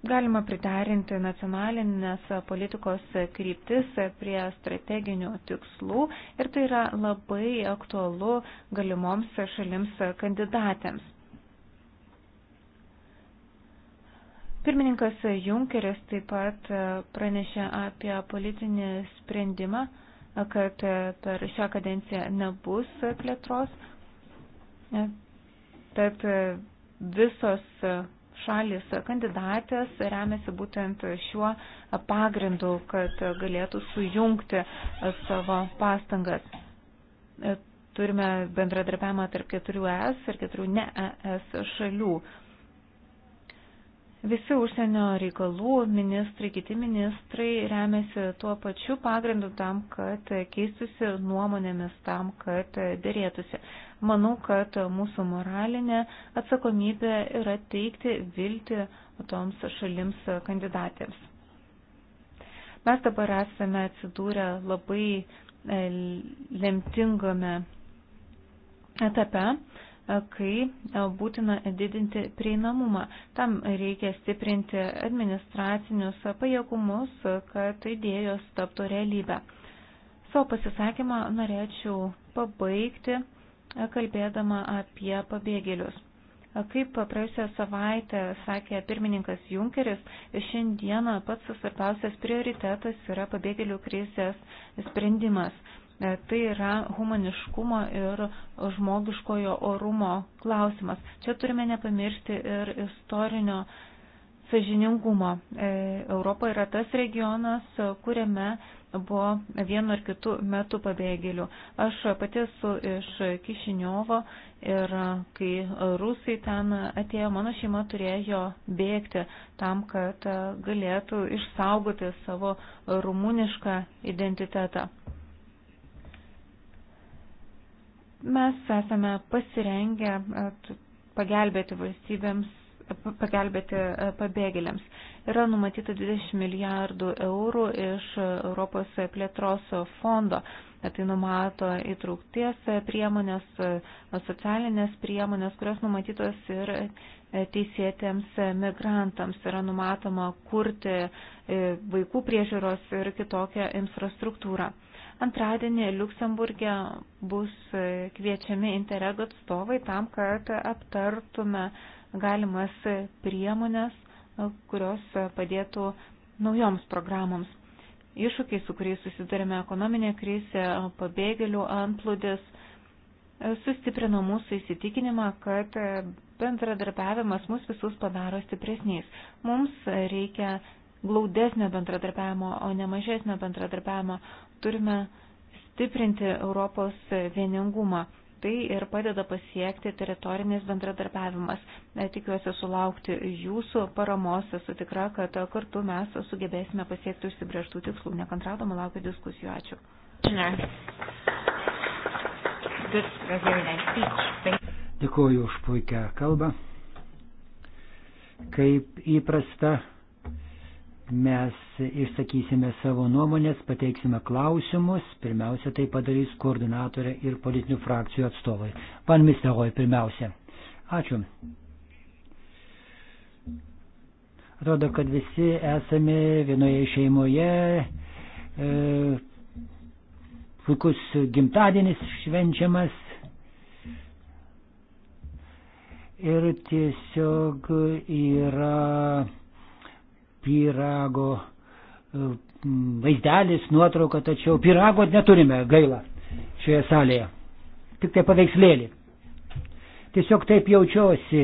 Galima pritarinti nacionalinės politikos kryptis prie strateginių tikslų ir tai yra labai aktualu galimoms šalims kandidatėms. Pirmininkas Junkeris taip pat pranešė apie politinį sprendimą, kad per šią kadenciją nebus plėtros, tad visos šalis kandidatės remiasi būtent šiuo pagrindu, kad galėtų sujungti savo pastangas. Turime bendradarbiavimą tarp keturių ES ir keturių ne ES šalių. Visi užsienio reikalų ministrai, kiti ministrai remiasi tuo pačiu pagrindu tam, kad keistusi nuomonėmis, tam, kad dėrėtųsi. Manau, kad mūsų moralinė atsakomybė yra teikti viltį toms šalims kandidatėms. Mes dabar esame atsidūrę labai e, lemtingame etape, e, kai e, būtina didinti prieinamumą. Tam reikia stiprinti administracinius pajėgumus, kad idėjos taptų realybę. Savo pasisakymą norėčiau pabaigti kalbėdama apie pabėgėlius. Kaip praėjusią savaitę sakė pirmininkas Junkeris, šiandieną pats svarbiausias prioritetas yra pabėgėlių krizės sprendimas. Tai yra humaniškumo ir žmogiškojo orumo klausimas. Čia turime nepamiršti ir istorinio sažiningumo. E, Europa yra tas regionas, kuriame buvo vienu ar kitu metu pabėgėlių. Aš pati esu iš Kišiniovo ir kai rusai ten atėjo, mano šeima turėjo bėgti tam, kad galėtų išsaugoti savo rumunišką identitetą. Mes esame pasirengę e, pagelbėti valstybėms pagelbėti e, pabėgėliams. Yra numatyta 20 milijardų eurų iš Europos plėtros fondo. Tai numato įtraukties priemonės, e, socialinės priemonės, kurios numatytos ir e, teisėtiems migrantams. Yra numatoma kurti vaikų priežiūros ir kitokią infrastruktūrą. Antradienį Luksemburgė bus kviečiami Interreg atstovai tam, kad aptartume uh, galimas priemonės, e, kurios padėtų naujoms programoms. Iššūkiai, su kuriais susidarėme ekonominė krizė, pabėgėlių antplūdis, e, sustiprino mūsų įsitikinimą, kad bendradarbiavimas mus visus padaro stipresniais. Mums reikia glaudesnio bendradarbiavimo, o ne mažesnio bendradarbiavimo. Turime stiprinti Europos vieningumą tai ir padeda pasiekti teritorinis bendradarbiavimas. E, tikiuosi sulaukti jūsų paramos, esu tikra, kad kartu mes sugebėsime pasiekti užsibrieštų tikslų. Nekantraudama laukiu diskusijų. Ačiū. Dėkuoju už puikią kalbą. Kaip įprasta, Mes išsakysime savo nuomonės, pateiksime klausimus, pirmiausia tai padarys koordinatorė ir politinių frakcijų atstovai. Pan Misteroj pirmiausia. Ačiū. Atrodo, kad visi esame vienoje šeimoje. E, puikus gimtadienis švenčiamas. Ir tiesiog yra pyrago e, vaizdelis, nuotrauka, tačiau pyrago neturime gaila šioje salėje. Tik tai paveikslėlį. Tiesiog taip jaučiuosi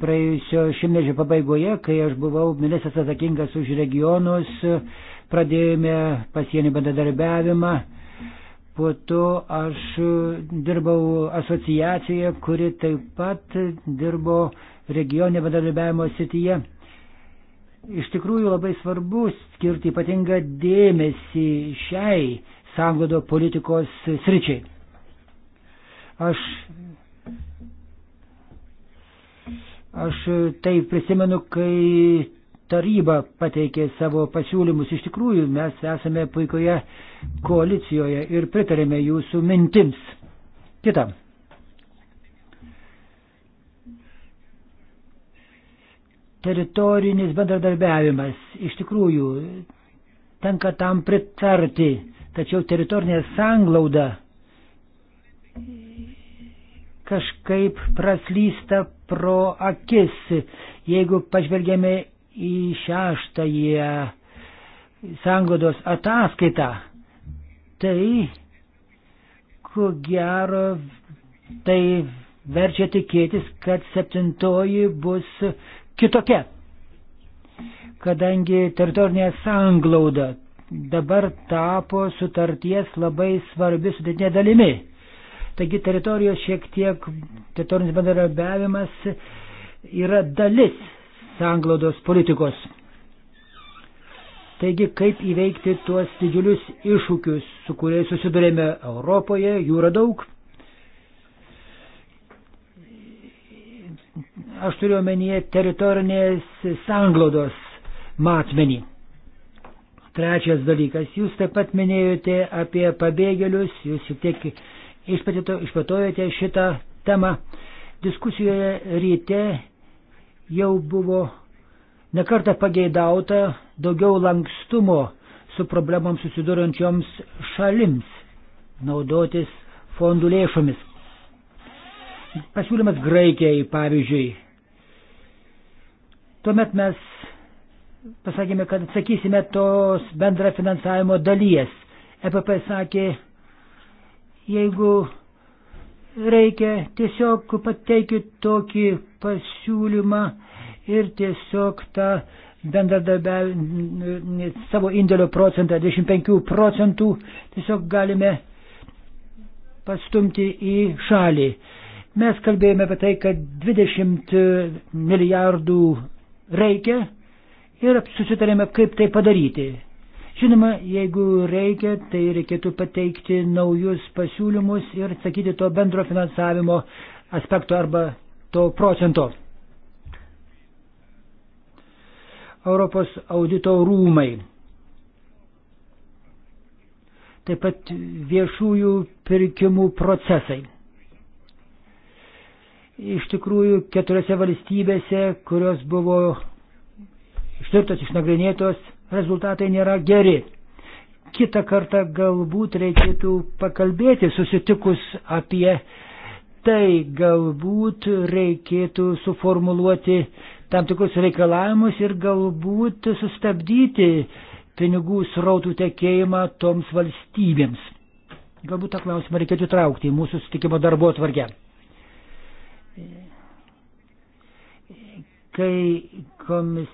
praėjusio šimtmečio pabaigoje, kai aš buvau ministras atsakingas už regionus, pradėjome pasienį bendradarbiavimą. Po to aš dirbau asociacijoje, kuri taip pat dirbo regioninio bendradarbiavimo sityje. Iš tikrųjų labai svarbu skirti ypatingą dėmesį šiai sanglodo politikos sričiai. Aš, aš tai prisimenu, kai taryba pateikė savo pasiūlymus. Iš tikrųjų, mes esame puikoje koalicijoje ir pritarėme jūsų mintims. Kitam. teritorinis bendradarbiavimas. Iš tikrųjų, tenka tam pritarti, tačiau teritorinė sanglauda kažkaip praslysta pro akis. Jeigu pažvelgėme į šeštąją sanglaudos ataskaitą, tai ko gero tai verčia tikėtis, kad septintoji bus kitokia. Kadangi teritorinė sanglauda dabar tapo sutarties labai svarbi sudėtinė dalimi. Taigi teritorijos šiek tiek, teritorinis bendradarbiavimas yra dalis sanglaudos politikos. Taigi, kaip įveikti tuos didžiulius iššūkius, su kuriais susidurėme Europoje, jų yra daug. Aš turiu omenyje teritorinės sanglaudos matmenį. Trečias dalykas, jūs taip pat minėjote apie pabėgėlius, jūs šiek tiek išpatojote šitą temą. Diskusijoje ryte jau buvo nekarta pageidauta daugiau lankstumo su problemams susidurančioms šalims naudotis fondų lėšomis. Pasiūlymas Graikijai, pavyzdžiui, Tuomet mes pasakėme, kad atsakysime tos bendra finansavimo dalies. EPP sakė, jeigu reikia, tiesiog pateikit tokį pasiūlymą ir tiesiog tą bendradarbiavimą savo indėlio procentą, 25 procentų, tiesiog galime pastumti į šalį. Mes kalbėjome apie tai, kad 20 milijardų reikia ir susitarėme, kaip tai padaryti. Žinoma, jeigu reikia, tai reikėtų pateikti naujus pasiūlymus ir sakyti to bendro finansavimo aspekto arba to procento. Europos audito rūmai. Taip pat viešųjų pirkimų procesai. Iš tikrųjų, keturiose valstybėse, kurios buvo ištirtos, išnagrinėtos, rezultatai nėra geri. Kita kartą galbūt reikėtų pakalbėti susitikus apie tai, galbūt reikėtų suformuluoti tam tikrus reikalavimus ir galbūt sustabdyti pinigų srautų tekėjimą toms valstybėms. Galbūt tą klausimą reikėtų traukti į mūsų sutikimo darbo atvargę. Kai komis,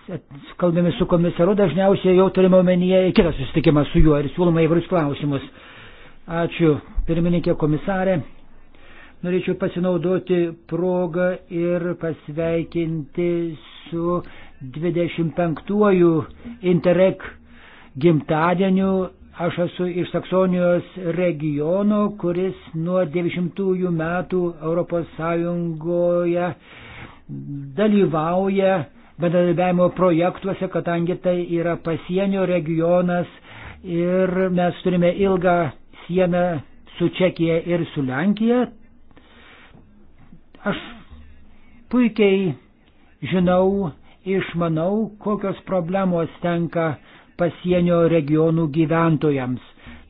kalbame su komisaru, dažniausiai jau turime omenyje kitą susitikimą su juo ir siūloma įvairius klausimus. Ačiū, pirmininkė komisarė. Norėčiau pasinaudoti progą ir pasveikinti su 25-uoju Interreg gimtadieniu Aš esu iš Saksonijos regiono, kuris nuo 90-ųjų metų ES dalyvauja bendradarbiavimo projektuose, kadangi tai yra pasienio regionas ir mes turime ilgą sieną su Čekija ir su Lenkija. Aš puikiai žinau, išmanau, kokios problemos tenka pasienio regionų gyventojams.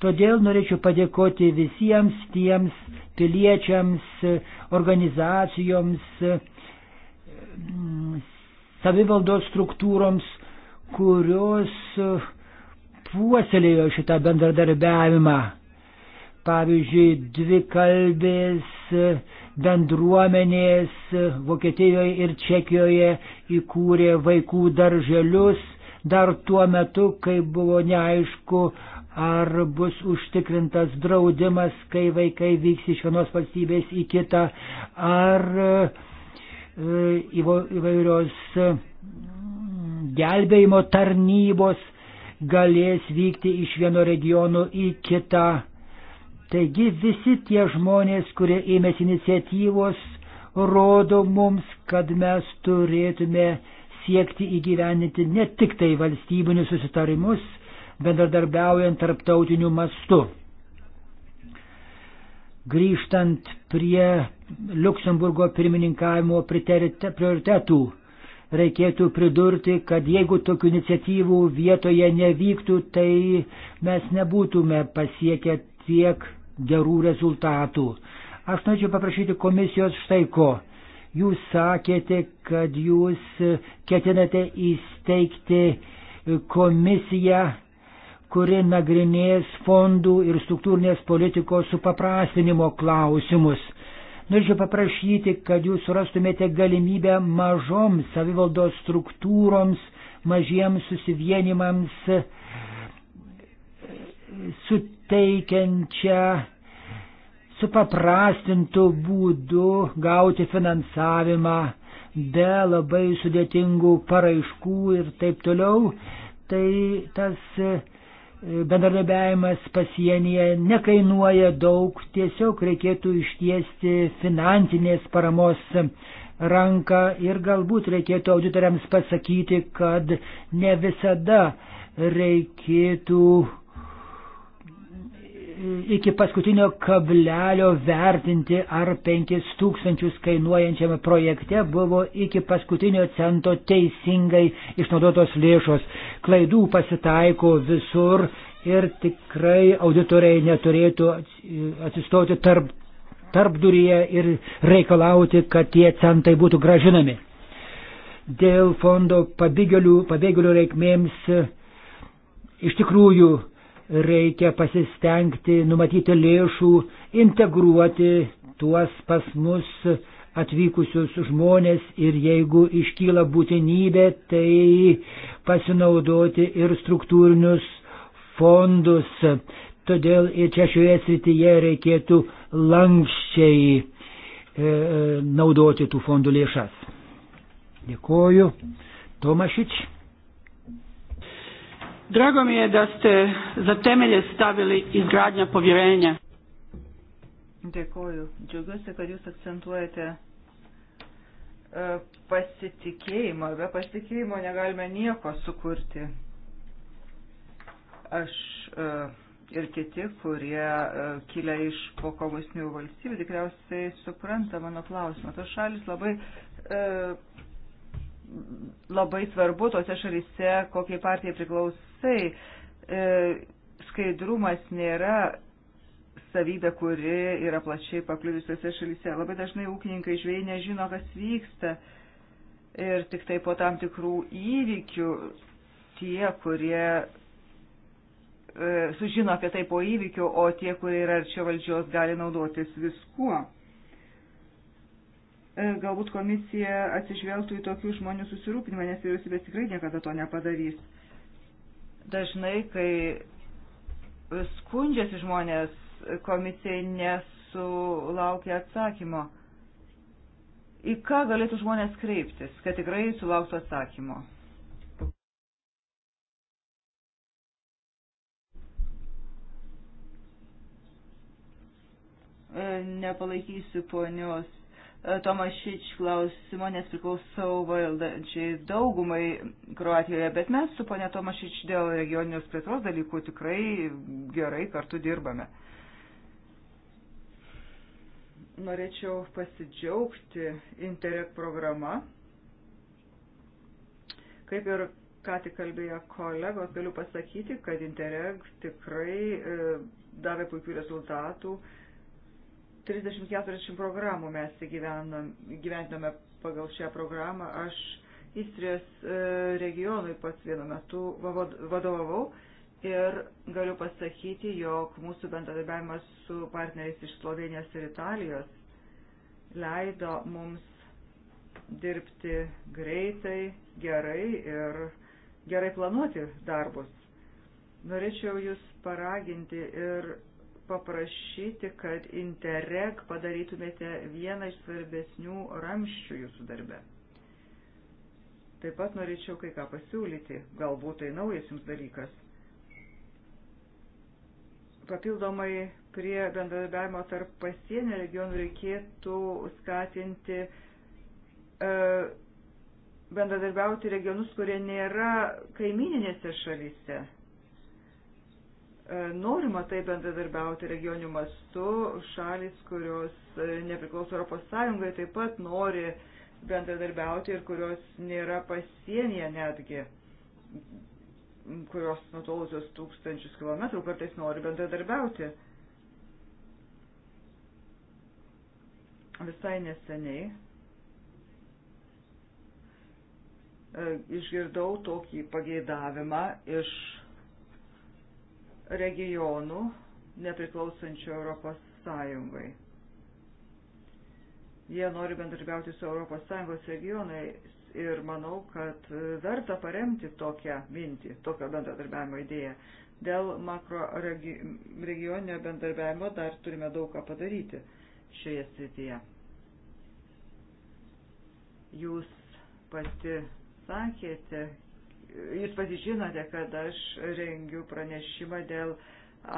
Todėl norėčiau padėkoti visiems tiems piliečiams, organizacijoms, mm, savivaldos struktūroms, kurios puoselėjo šitą bendradarbiavimą. Pavyzdžiui, dvi kalbės bendruomenės Vokietijoje ir Čekijoje įkūrė vaikų darželius, dar tuo metu, kai buvo neaišku, ar bus užtikrintas draudimas, kai vaikai vyks iš vienos valstybės į kitą, ar e, įvairios e, gelbėjimo tarnybos galės vykti iš vieno regiono į kitą. Taigi visi tie žmonės, kurie ėmėsi iniciatyvos, rodo mums, kad mes turėtume siekti įgyveninti ne tik tai valstybinius susitarimus, bendradarbiaujant tarptautiniu mastu. Grįžtant prie Luksemburgo pirmininkavimo prioritetų, reikėtų pridurti, kad jeigu tokių iniciatyvų vietoje nevyktų, tai mes nebūtume pasiekę tiek gerų rezultatų. Aš norėčiau paprašyti komisijos štai ko Jūs sakėte, kad jūs ketinate įsteigti komisiją, kuri nagrinės fondų ir struktūrinės politikos supaprastinimo klausimus. Norėčiau paprašyti, kad jūs surastumėte galimybę mažoms savivaldos struktūroms, mažiems susivienimams suteikiančią supaprastintų būdų gauti finansavimą be labai sudėtingų paraiškų ir taip toliau, tai tas e, bendradarbiavimas pasienyje nekainuoja daug, tiesiog reikėtų ištiesti finansinės paramos ranką ir galbūt reikėtų auditoriams pasakyti, kad ne visada reikėtų iki paskutinio kablelio vertinti, ar 5000 kainuojančiame projekte buvo iki paskutinio cento teisingai išnaudotos lėšos. Klaidų pasitaiko visur ir tikrai auditoriai neturėtų atsistoti tarp, tarp duryje ir reikalauti, kad tie centai būtų gražinami. Dėl fondo pabėgėlių, pabėgėlių reikmėms e, iš tikrųjų reikia pasistengti numatyti lėšų, integruoti tuos pas mus atvykusius žmonės ir jeigu iškyla būtinybė, tai pasinaudoti ir struktūrinius fondus. Todėl ir čia šioje srityje reikėtų lankščiai e, naudoti tų fondų lėšas. Dėkoju. Tomašič. Drago mi je da ste za temelje stavili izgradnja povjerenja. Dėkoju. Džiaugiuosi, kad jūs akcentuojate e, pasitikėjimą. Be pasitikėjimo negalime nieko sukurti. Aš e, ir kiti, kurie e, kilia iš pokomunistinių valstybių, tikriausiai supranta mano klausimą. Tos šalis labai labai svarbu tose šalise, kokiai partijai priklausai. E, skaidrumas nėra savybė, kuri yra plačiai paplitusiose šalise. Labai dažnai ūkininkai žvėjai nežino, kas vyksta. Ir tik tai po tam tikrų įvykių tie, kurie e, sužino apie tai po įvykių, o tie, kurie yra arčiau valdžios, gali naudotis viskuo. E, galbūt komisija atsižvelgtų į tokių žmonių susirūpinimą, nes vyriausybės tikrai niekada to nepadarys. Dažnai, kai skundžiasi žmonės, komisija nesulaukia atsakymo. Į ką galėtų žmonės kreiptis, kad tikrai sulauktų atsakymo? E, nepalaikysiu ponios E, Tomašič klausimo, nes priklausau valdančiai daugumai Kroatijoje, bet mes su ponė Tomašič dėl regioninės plėtros dalykų tikrai gerai kartu dirbame. Norėčiau pasidžiaugti Interreg programa. Kaip ir ką tik kalbėjo kolegos, galiu pasakyti, kad Interreg tikrai e, davė puikių rezultatų. E, 30-40 programų mes gyventame pagal šią programą. Aš Istrės e, regionui pats vienu metu vadovavau ir galiu pasakyti, jog mūsų bendradarbiavimas su partneriais iš Slovenijos ir Italijos leido mums dirbti greitai, gerai ir gerai planuoti darbus. Norėčiau Jūs paraginti ir paprašyti, kad Interreg padarytumėte vieną iš svarbesnių ramščių jūsų darbe. Taip pat norėčiau kai ką pasiūlyti, galbūt tai naujas jums dalykas. Papildomai prie bendradarbiavimo tarp pasienio regionų reikėtų skatinti e, bendradarbiauti regionus, kurie nėra kaimininėse šalyse. E, norima taip bendradarbiauti regionių mastu, šalis, kurios e, nepriklauso Europos Sąjungai, taip pat nori bendradarbiauti ir kurios nėra pasienyje netgi, kurios nutolusios tūkstančius kilometrų kartais nori bendradarbiauti. Visai neseniai e, išgirdau tokį pageidavimą iš regionų nepriklausančių Europos Sąjungai. Jie nori bendradarbiauti su Europos Sąjungos regionais ir manau, kad verta paremti tokią mintį, tokio bendradarbiavimo idėją. Dėl makro regi, regioninio bendradarbiavimo dar turime daug ką padaryti šioje srityje. Jūs pati sakėte, jūs pati žinote, kad aš rengiu pranešimą dėl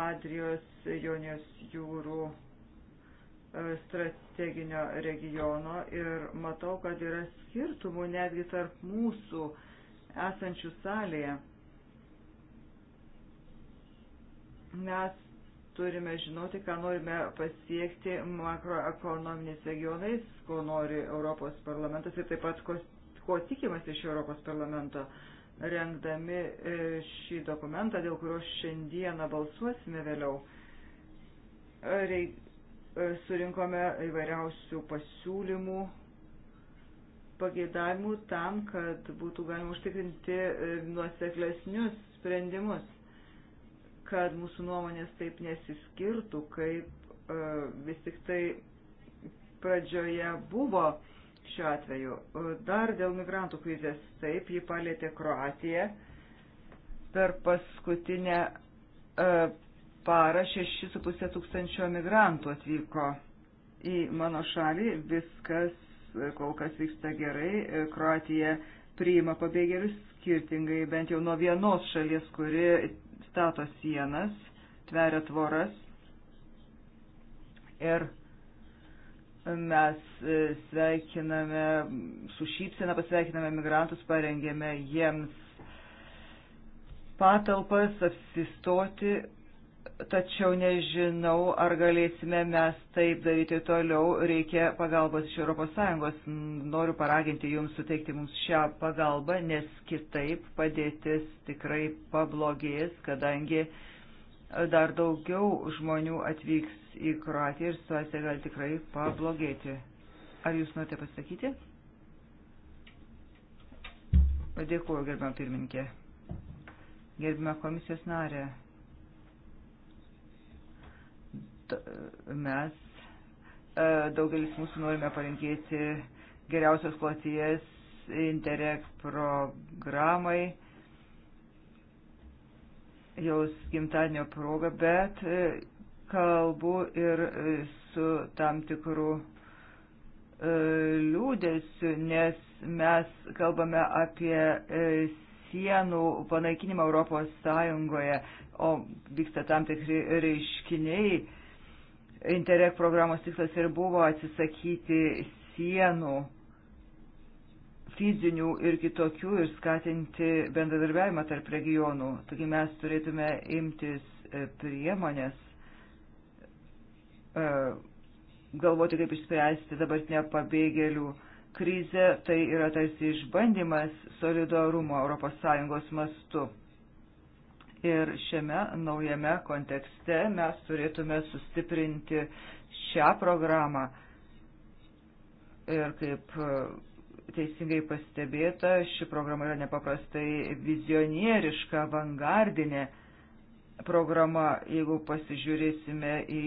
Adrijos Jonijos jūrų e, strateginio regiono ir matau, kad yra skirtumų netgi tarp mūsų esančių salėje. Mes turime žinoti, ką norime pasiekti makroekonominiais regionais, ko nori Europos parlamentas ir taip pat ko, ko tikimasi iš Europos parlamento. Uh, rengdami e, šį dokumentą, dėl kurio šiandieną balsuosime vėliau, e, reik, e, surinkome įvairiausių pasiūlymų, pageidavimų tam, kad būtų galima užtikrinti nuoseklesnius sprendimus, kad mūsų nuomonės taip nesiskirtų, kaip vis tik tai pradžioje buvo šiuo atveju. Dar dėl migrantų krizės. Taip, jį palėtė Kroatiją. Per paskutinę e, parą 6,5 tūkstančio migrantų atvyko į mano šalį. Viskas e, kol kas vyksta gerai. E, Kroatija priima pabėgėlius skirtingai, bent jau nuo vienos šalies, kuri stato sienas, tveria tvoras. Ir Mes e, sveikiname, su šypsena pasveikiname migrantus, parengėme jiems patalpas apsistoti, tačiau nežinau, ar galėsime mes taip daryti toliau, reikia pagalbos iš ES. Noriu paraginti Jums suteikti mums šią pagalbą, nes kitaip padėtis tikrai pablogės, kadangi dar daugiau žmonių atvyks į Kroatiją ir situacija gali tikrai pablogėti. Ar jūs norite pasakyti? Padėkuoju, gerbiam pirmininkė. Gerbime komisijos narė. Mes e, daugelis mūsų norime palinkėti geriausios kloties Interreg programai jaus gimtadienio proga, bet e, kalbu ir e, su tam tikrų e, liūdėsiu, nes mes kalbame apie e, sienų panaikinimą Europos Sąjungoje, o vyksta tam tikri reiškiniai. Interreg programos tikslas ir buvo atsisakyti sienų fizinių ir kitokių ir skatinti bendradarbiavimą tarp regionų. Taigi mes turėtume imtis priemonės E, galvoti, kaip išspręsti dabartinę pabėgėlių krizę, tai yra tarsi išbandymas solidarumo ES mastu. Ir šiame naujame kontekste mes turėtume sustiprinti šią programą. Ir kaip e, teisingai pastebėta, ši programa yra nepaprastai vizionieriška, avangardinė programa, jeigu pasižiūrėsime į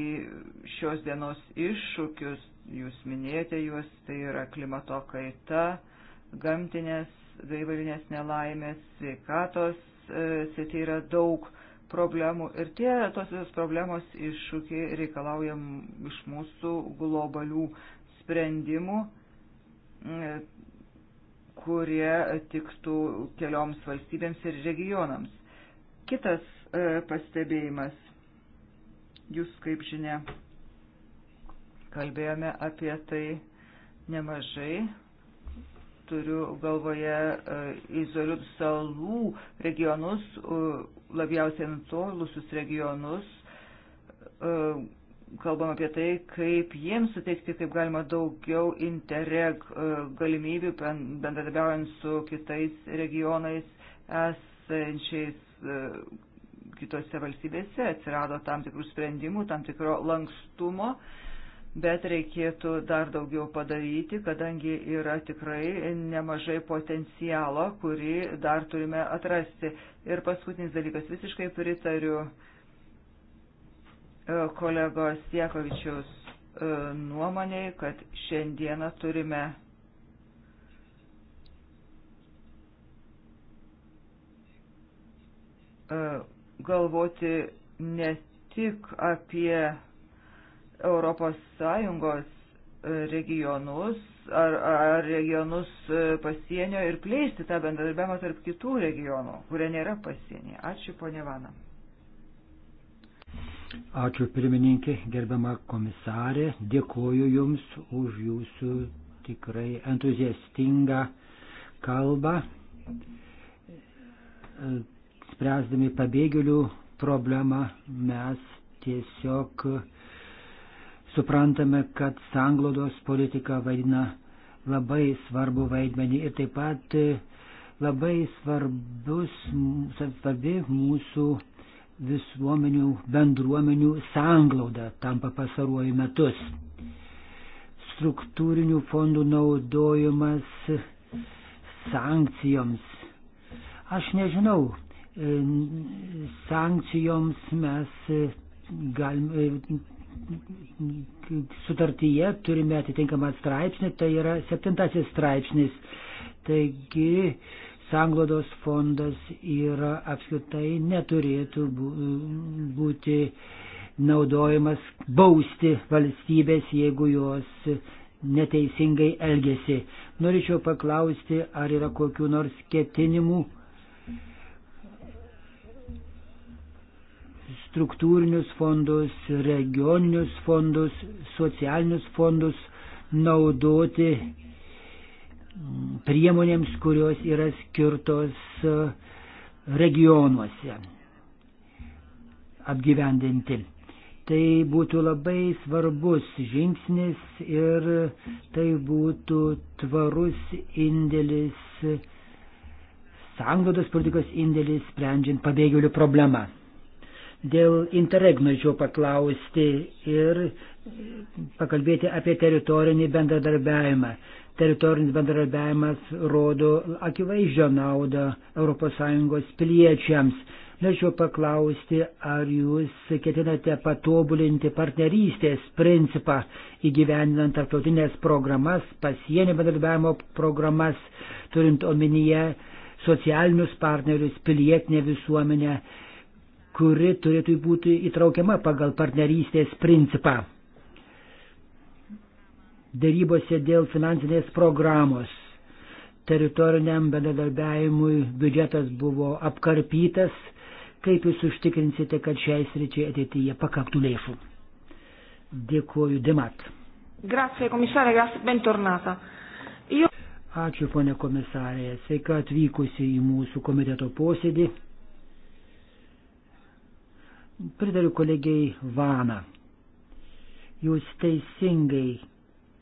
šios dienos iššūkius, jūs minėjote juos, tai yra klimato kaita, gamtinės, gaivalinės nelaimės, sveikatos, e, sėti yra daug problemų ir tie tos visos problemos iššūkiai reikalaujam iš mūsų globalių sprendimų e, kurie tiktų kelioms valstybėms ir regionams. Kitas E, pastebėjimas. Jūs, kaip žinia, kalbėjome apie tai nemažai. Turiu galvoje e, izoliuotų salų regionus, labiausiai nutolusius regionus. E, kalbam apie tai, kaip jiems suteikti kaip galima daugiau interreg galimybių, bendradarbiaujant su kitais regionais esančiais kitose valstybėse atsirado tam tikrų sprendimų, tam tikro lankstumo, bet reikėtų dar daugiau padaryti, kadangi yra tikrai nemažai potencialo, kurį dar turime atrasti. Ir paskutinis dalykas, visiškai pritariu e, kolegos Jekovičiaus e, nuomonėj, kad šiandieną turime e, galvoti ne tik apie Europos Sąjungos regionus ar, ar regionus pasienio ir plėsti tą bendradarbiavimą tarp kitų regionų, kurie nėra pasienė. Ačiū, ponė Vana. Ačiū pirmininkė, gerbiama komisarė, dėkoju Jums už Jūsų tikrai entuziastingą kalbą spręsdami pabėgėlių problemą, mes tiesiog suprantame, kad sanglodos politika vaidina labai svarbu vaidmenį ir taip pat labai svarbus, svarbi mūsų visuomenių bendruomenių sanglauda tampa pasaruoju metus. Struktūrinių fondų naudojimas sankcijoms. Aš nežinau, sankcijoms mes e, galim, e, sutartyje turime atitinkamą straipsnį, tai yra septintasis straipsnis. Taigi, sanglodos fondas yra apskritai neturėtų būti naudojamas bausti valstybės, jeigu jos neteisingai elgesi. Norėčiau paklausti, ar yra kokiu nors ketinimu struktūrinius fondus, regioninius fondus, socialinius fondus naudoti priemonėms, kurios yra skirtos e, regionuose apgyvendinti. Tai būtų labai svarbus žingsnis ir tai būtų tvarus indėlis, sanglodos politikos indėlis sprendžiant pabėgėlių problemą. Dėl Interreg norėčiau paklausti ir pakalbėti apie teritorinį bendradarbiavimą. Teritorinis bendradarbiavimas rodo akivaizdžią naudą ES piliečiams. Norėčiau paklausti, ar jūs ketinate patobulinti partnerystės principą įgyvendinant tarptautinės programas, pasienio bendradarbiavimo programas, turint omenyje socialinius partnerius, pilietinę visuomenę, kuri turėtų būti įtraukiama pagal partnerystės principą. Darybose dėl finansinės programos teritoriniam bendradarbiavimui biudžetas buvo apkarpytas. Kaip jūs užtikrinsite, kad šiai sričiai ateityje pakaktų lėšų? Dėkuoju, Dimat. Grazie, komisarė, grazie, bentornata. Io... Ačiū, ponė komisarė, sveika atvykusi į mūsų komiteto posėdį. Pritariu kolegiai Vana. Jūs teisingai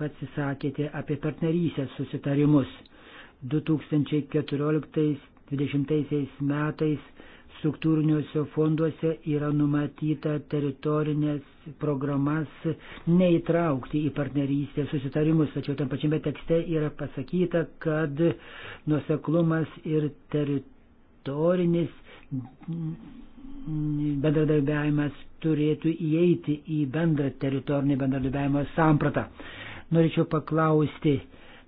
pasisakėte apie partnerysės susitarimus. 2014-2020 metais struktūriniuose fonduose yra numatyta teritorinės programas neįtraukti į partnerystės susitarimus, tačiau tam pačiame tekste yra pasakyta, kad nuseklumas ir teritorinis bendradarbiavimas turėtų įeiti į bendrą teritorinį bendradarbiavimo sampratą. Norėčiau paklausti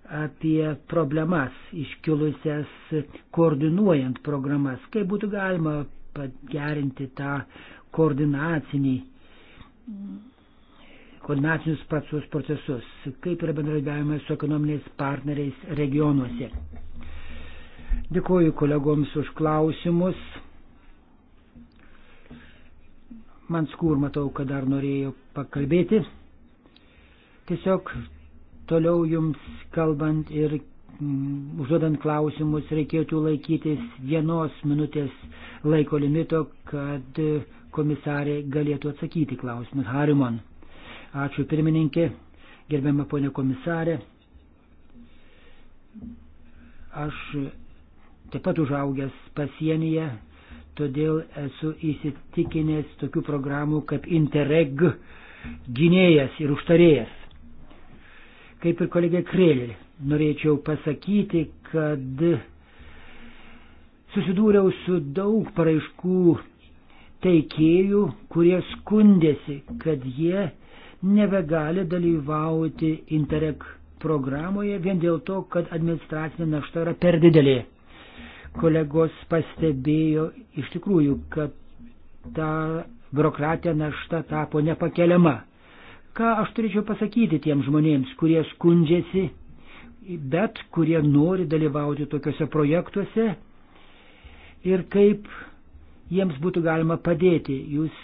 apie problemas iškilusias koordinuojant programas, kaip būtų galima pagerinti tą koordinacinį koordinacinius procesus, procesus, kaip yra bendradarbiavimas su ekonominiais partneriais regionuose. Dėkuoju kolegoms už klausimus. Manskur matau, kad dar norėjo pakalbėti. Tiesiog toliau jums kalbant ir mm, užduodant klausimus reikėtų laikytis vienos minutės laiko limito, kad e, komisarė galėtų atsakyti klausimus. Harimon. Ačiū pirmininkė, gerbiama ponė komisarė. Aš e, taip pat užaugęs pasienyje Todėl esu įsitikinęs tokių programų kaip Interreg gynėjas ir užtarėjas. Kaip ir kolegė Krėlė, norėčiau pasakyti, kad susidūriau su daug paraiškų teikėjų, kurie skundėsi, kad jie nebegali dalyvauti Interreg programoje vien dėl to, kad administracinė našta yra per didelė kolegos pastebėjo iš tikrųjų, kad ta biurokratė našta tapo nepakeliama. Ką aš turėčiau pasakyti tiems žmonėms, kurie skundžiasi, bet kurie nori dalyvauti tokiuose projektuose ir kaip jiems būtų galima padėti. Jūs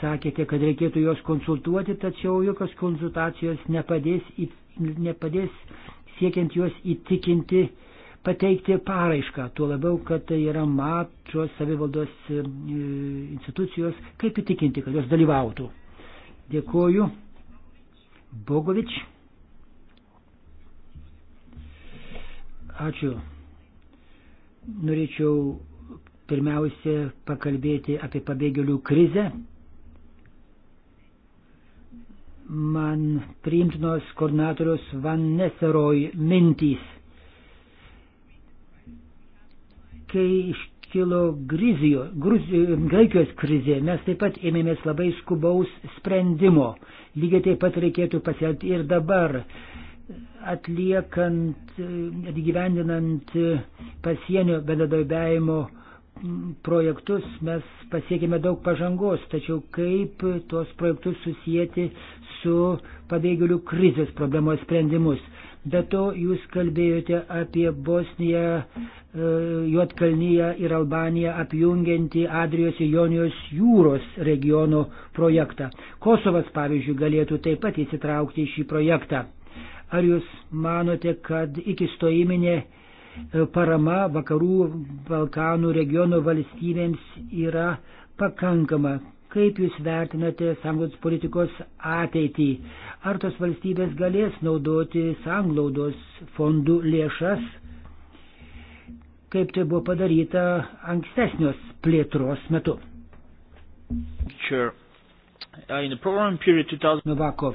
sakėte, kad reikėtų juos konsultuoti, tačiau jokios konsultacijos nepadės, nepadės siekiant juos įtikinti pateikti paraišką, tuo labiau, kad tai yra mačios savivaldos e, institucijos, kaip įtikinti, kad jos dalyvautų. Dėkuoju. Bogovič. Ačiū. Norėčiau pirmiausia pakalbėti apie pabėgėlių krizę. Man priimtinos koordinatorius Van Neseroj mintys kai iškilo Grizio, Gruzi, Graikijos krizė, mes taip pat ėmėmės labai skubaus sprendimo. Lygiai taip pat reikėtų pasielgti ir dabar atliekant, atgyvendinant pasienio bendradarbiavimo projektus mes pasiekime daug pažangos, tačiau kaip tuos projektus susijęti su pabėgėlių krizės problemos sprendimus. Be to, jūs kalbėjote apie Bosniją, e, Juotkalnyje ir Albaniją apjungiantį Adrijos ir Jonijos jūros regiono projektą. Kosovas, pavyzdžiui, galėtų taip pat įsitraukti į šį projektą. Ar jūs manote, kad iki stoiminė e, parama vakarų Balkanų regiono valstybėms yra pakankama? Kaip Jūs vertinate sanglaudos politikos ateitį? Ar tos valstybės galės naudoti sanglaudos fondų lėšas, kaip tai buvo padaryta ankstesnios plėtros metu? Sure. Uh, Novakov.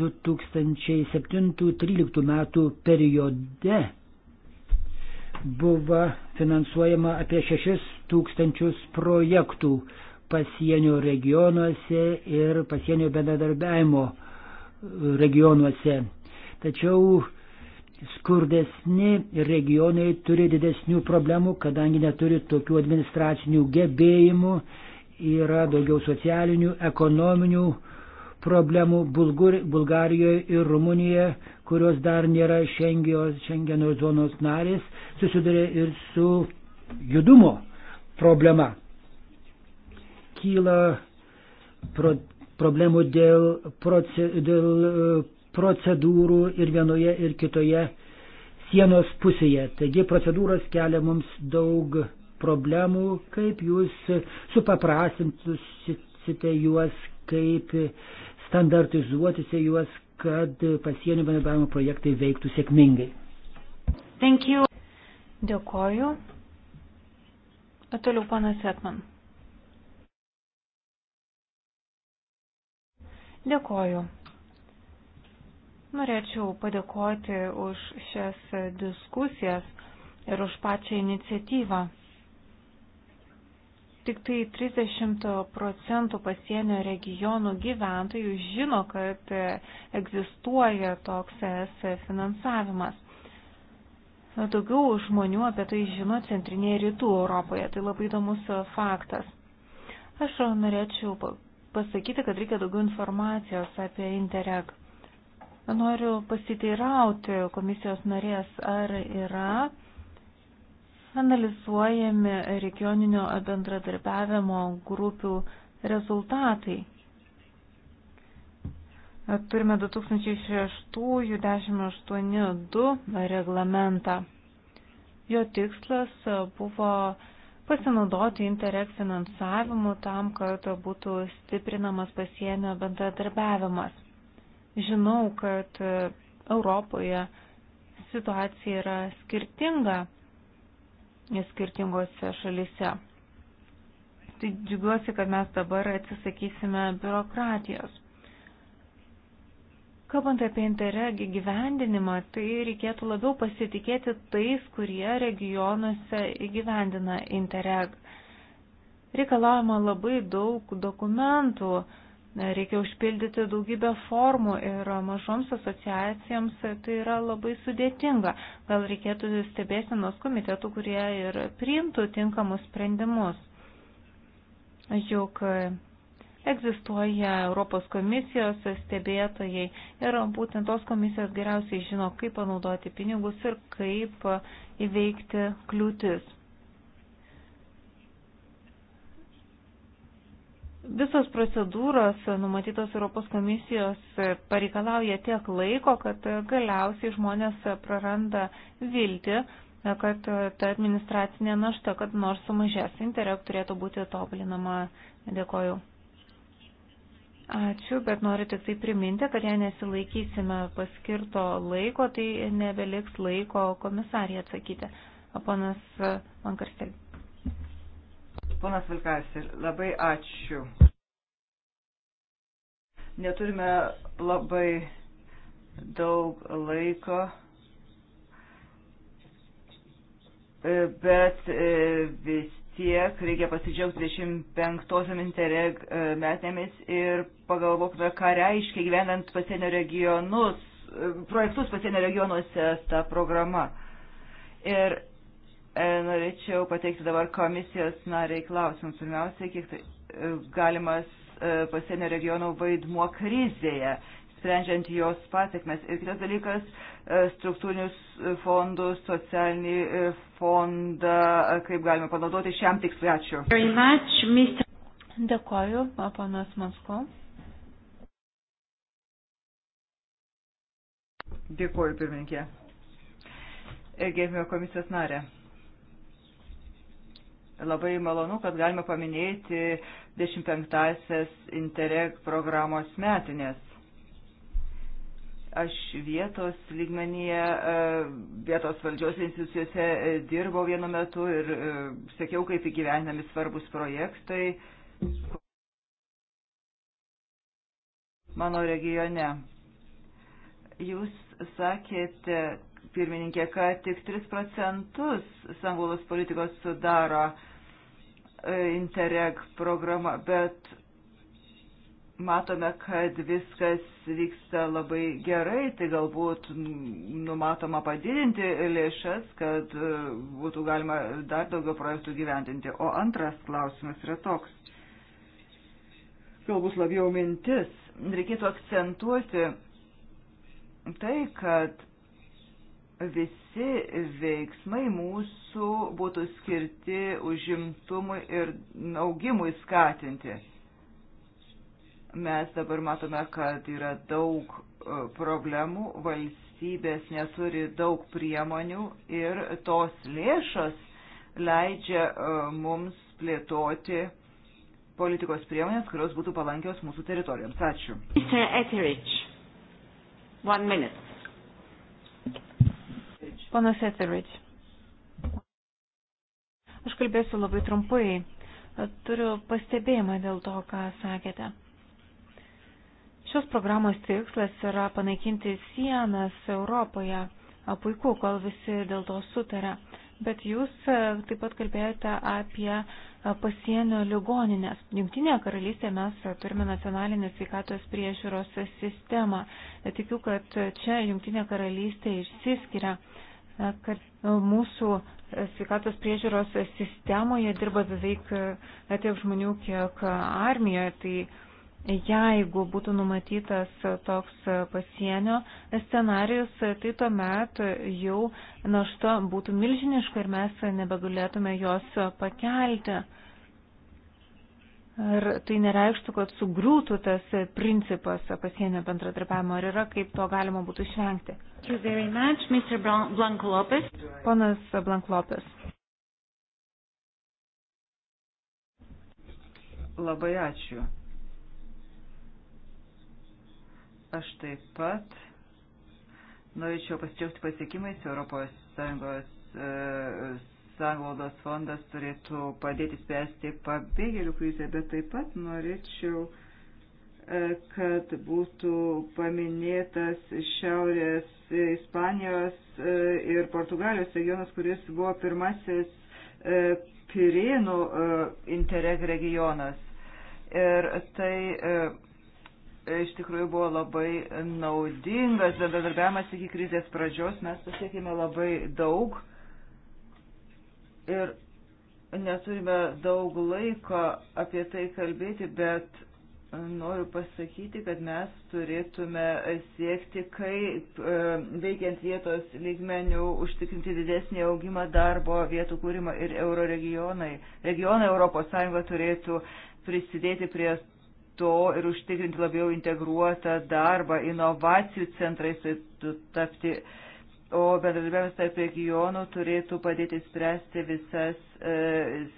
2007-2013 metų periode buvo finansuojama apie 6 tūkstančius projektų pasienio regionuose ir pasienio bendradarbiavimo regionuose. Tačiau skurdesni regionai turi didesnių problemų, kadangi neturi tokių administracinių gebėjimų, yra daugiau socialinių, ekonominių problemų Bulgur, Bulgarijoje ir Rumunijoje, kurios dar nėra Šengeno zonos narės, susiduria ir su judumo problema kyla pro, problemų dėl, proce, dėl e, procedūrų ir vienoje ir kitoje sienos pusėje. Taigi procedūros kelia mums daug problemų, kaip jūs supaprastintusite juos, kaip standartizuotisite juos, kad pasienio bendravimo projektai veiktų sėkmingai. Thank you. Dėkoju. O toliau panas Etman. Dėkoju. Norėčiau padėkoti už šias diskusijas ir už pačią iniciatyvą. Tik tai 30 procentų pasienio regionų gyventojų žino, kad egzistuoja toks ES finansavimas. Daugiau žmonių apie tai žino centrinėje rytų Europoje. Tai labai įdomus faktas. Aš norėčiau pasakyti, kad reikia daugiau informacijos apie Interreg. Noriu pasiteirauti komisijos narės, ar yra analizuojami regioninio bendradarbiavimo grupių rezultatai. Turime 2006-1082 reglamentą. Jo tikslas buvo pasinaudoti Interreg finansavimu tam, kad būtų stiprinamas pasienio bendradarbiavimas. Žinau, kad Europoje situacija yra skirtinga skirtingose šalise. Tai džiugiuosi, kad mes dabar atsisakysime biurokratijos. Kalbant apie intereg įgyvendinimą, tai reikėtų labiau pasitikėti tais, kurie regionuose įgyvendina intereg. Reikalaujama labai daug dokumentų, reikia užpildyti daugybę formų ir mažoms asociacijoms tai yra labai sudėtinga. Gal reikėtų stebėsienos komitetų, kurie ir priimtų tinkamus sprendimus. Juk egzistuoja Europos komisijos stebėtojai ir būtent tos komisijos geriausiai žino, kaip panaudoti pinigus ir kaip įveikti kliūtis. Visos procedūros numatytos Europos komisijos pareikalauja tiek laiko, kad galiausiai žmonės praranda viltį, kad ta administracinė našta, kad nors sumažės, interek turėtų būti tobulinama. Dėkoju. Ačiū, bet noriu tik tai priminti, kad jei nesilaikysime paskirto laiko, tai nebeliks laiko komisarį atsakyti. Ponas Mankarstel. Ponas Vilkarsel, labai ačiū. Neturime labai daug laiko, bet e, vis tiek, reikia pasidžiaugti 25-osiam interreg e, metnėmis ir pagalvokime, ką reiškia gyvenant pasienio regionus, e, projektus pasienio regionuose ta programa. Ir e, norėčiau pateikti dabar komisijos nariai klausimus. Pirmiausia, kiek tai, e, galimas e, pasienio regionų vaidmuo krizėje sprendžiant jos pasiekmes. Ir kitas dalykas e, - struktūrinius fondus, socialinį e, fondą, e, kaip galima panaudoti šiam tikslui. Ačiū. Dėkoju, panas Masko. Dėkoju, pirmininkė. Gerbėjo komisijos narė. Labai malonu, kad galime paminėti 15-asias Interreg programos metinės. Aš vietos lygmenyje, e, vietos valdžios institucijose e, dirbau vienu metu ir e, sekiau, kaip įgyvenami svarbus projektai mano regione. Jūs sakėte, pirmininkė, kad tik 3 procentus sanglaudos politikos sudaro Interreg programa, bet matome, kad viskas vyksta labai gerai, tai galbūt numatoma padidinti lėšas, kad e, būtų galima dar daugiau projektų gyventinti. O antras klausimas yra toks. Galbūt labiau mintis. Reikėtų akcentuoti tai, kad visi veiksmai mūsų būtų skirti užimtumui ir augimui skatinti Mes dabar matome, kad yra daug e, problemų, valstybės neturi daug priemonių ir tos lėšos leidžia e, mums plėtoti politikos priemonės, kurios būtų palankios mūsų teritorijoms. Ačiū. Mr. Etheridge, one minute. Panas Etheridge. Aš kalbėsiu labai trumpai. Turiu pastebėjimą dėl to, ką sakėte. Šios programos tikslas yra panaikinti sienas Europoje. Puiku, kol visi dėl to sutarė. Bet jūs taip pat kalbėjote apie pasienio ligoninės. Junktinėje karalystėje mes turime nacionalinę sveikatos priežiūros sistemą. E, tikiu, kad čia Junktinė karalystė išsiskiria, e, kad e, mūsų sveikatos priežiūros sistemoje dirba beveik tiek žmonių, kiek armijoje. Tai Jeigu būtų numatytas toks pasienio scenarius, tai tuomet jau našta būtų milžiniška ir mes nebegalėtume jos pakelti. Ar tai nereikštų, kad sugriūtų tas principas pasienio bendradarbiavimo, ar yra kaip to galima būtų išvengti? Ponas Blanklopis. Labai ačiū. Aš taip pat norėčiau pasidžiaugti pasiekimais. Europos Sąjungos e, sąnglaudos fondas turėtų padėti spręsti pabėgėlių krizę, bet taip pat norėčiau, e, kad būtų paminėtas Šiaurės Ispanijos e, ir Portugalijos regionas, kuris buvo pirmasis e, Pirėnų e, interreg regionas. Ir tai e, iš tikrųjų buvo labai naudingas bendradarbiavimas iki krizės pradžios. Mes pasiekėme labai daug ir neturime daug laiko apie tai kalbėti, bet noriu pasakyti, kad mes turėtume siekti, kaip e, veikiant vietos lygmenių, užtikrinti didesnį augimą darbo vietų kūrimą ir euro regionai. Regionai ES turėtų prisidėti prie to ir užtikrinti labiau integruotą darbą, inovacijų centrais tai tapti, o bendradarbiavimas tarp regionų turėtų padėti spręsti visas e,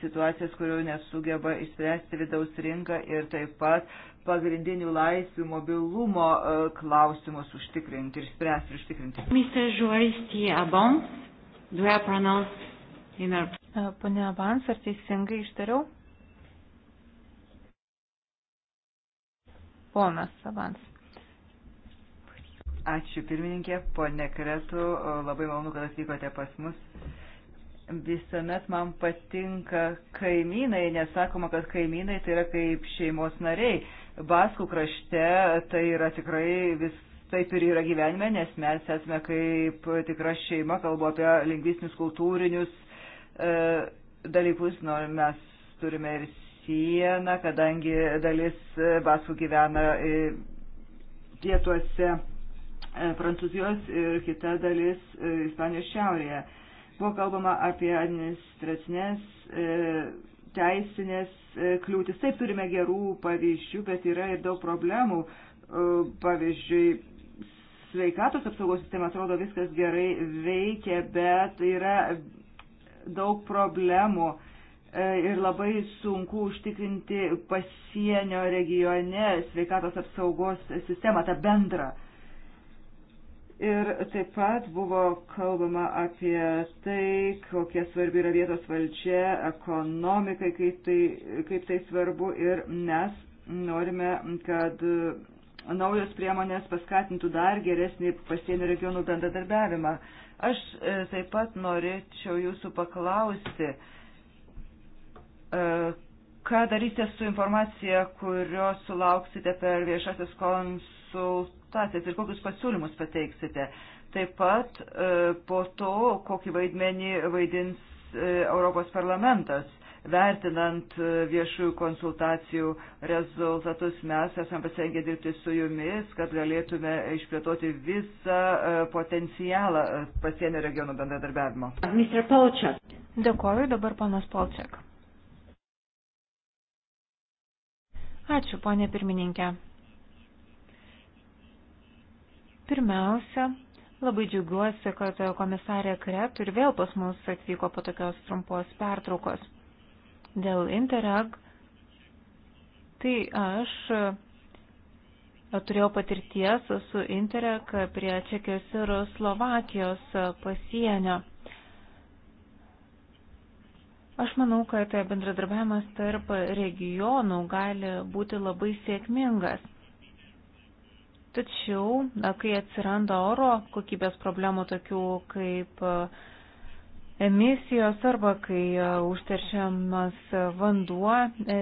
situacijas, kurių nesugeba išspręsti vidaus rinka ir taip pat pagrindinių laisvių mobilumo e, klausimus užtikrinti ir spręsti ir užtikrinti. Mr. Juaristi Abon, do I pronounce in our... E, Pone Avans, ar teisingai ištariau? Ponas Savans. Ačiū pirmininkė, ponė Kretu, labai malonu, kad atvykote pas mus. Visuomet man patinka kaimynai, nesakoma, kad kaimynai tai yra kaip šeimos nariai. Baskų krašte tai yra tikrai vis taip ir yra gyvenime, nes mes esame kaip tikra šeima, kalbu apie lingvistinius, kultūrinius e, dalykus, nors nu, mes turime ir sieną, kadangi dalis e, baskų gyvena e, pietuose e, Prancūzijos ir kita dalis Ispanijos šiaurėje. Buvo kalbama apie administracinės teisinės kliūtis. Taip turime gerų pavyzdžių, bet yra ir daug problemų. Pavyzdžiui, sveikatos apsaugos sistema atrodo viskas gerai veikia, bet yra daug problemų E, ir labai sunku užtikrinti pasienio regione sveikatos apsaugos sistemą, tą bendrą. Ir taip pat buvo kalbama apie tai, kokia svarbi yra vietos valdžia, ekonomikai, kaip tai, kaip tai svarbu ir mes norime, kad naujos priemonės paskatintų dar geresnį pasienio regionų bendradarbiavimą. Aš e, taip pat norėčiau jūsų paklausti, E, ką darysite su informacija, kurios sulauksite per viešasis konsultacijas ir kokius pasiūlymus pateiksite? Taip pat e, po to, kokį vaidmenį vaidins e, Europos parlamentas, vertinant viešųjų konsultacijų rezultatus, mes esame pasirengę dirbti su jumis, kad galėtume išplėtoti visą potencialą pasienio regionų bendradarbiavimo. Dėkoju, dabar panas Polčiak. Ačiū, ponė pirmininkė. Pirmiausia, labai džiaugiuosi, kad komisarė Kret ir vėl pas mus atvyko po tokios trumpos pertraukos. Dėl Interreg, tai aš e, turėjau patirties su Interreg prie Čekijos ir Slovakijos pasienio. Aš manau, kad bendradarbiavimas tarp regionų gali būti labai sėkmingas. Tačiau, kai atsiranda oro kokybės problemų tokių kaip e, emisijos arba kai e, užteršiamas vanduo, e,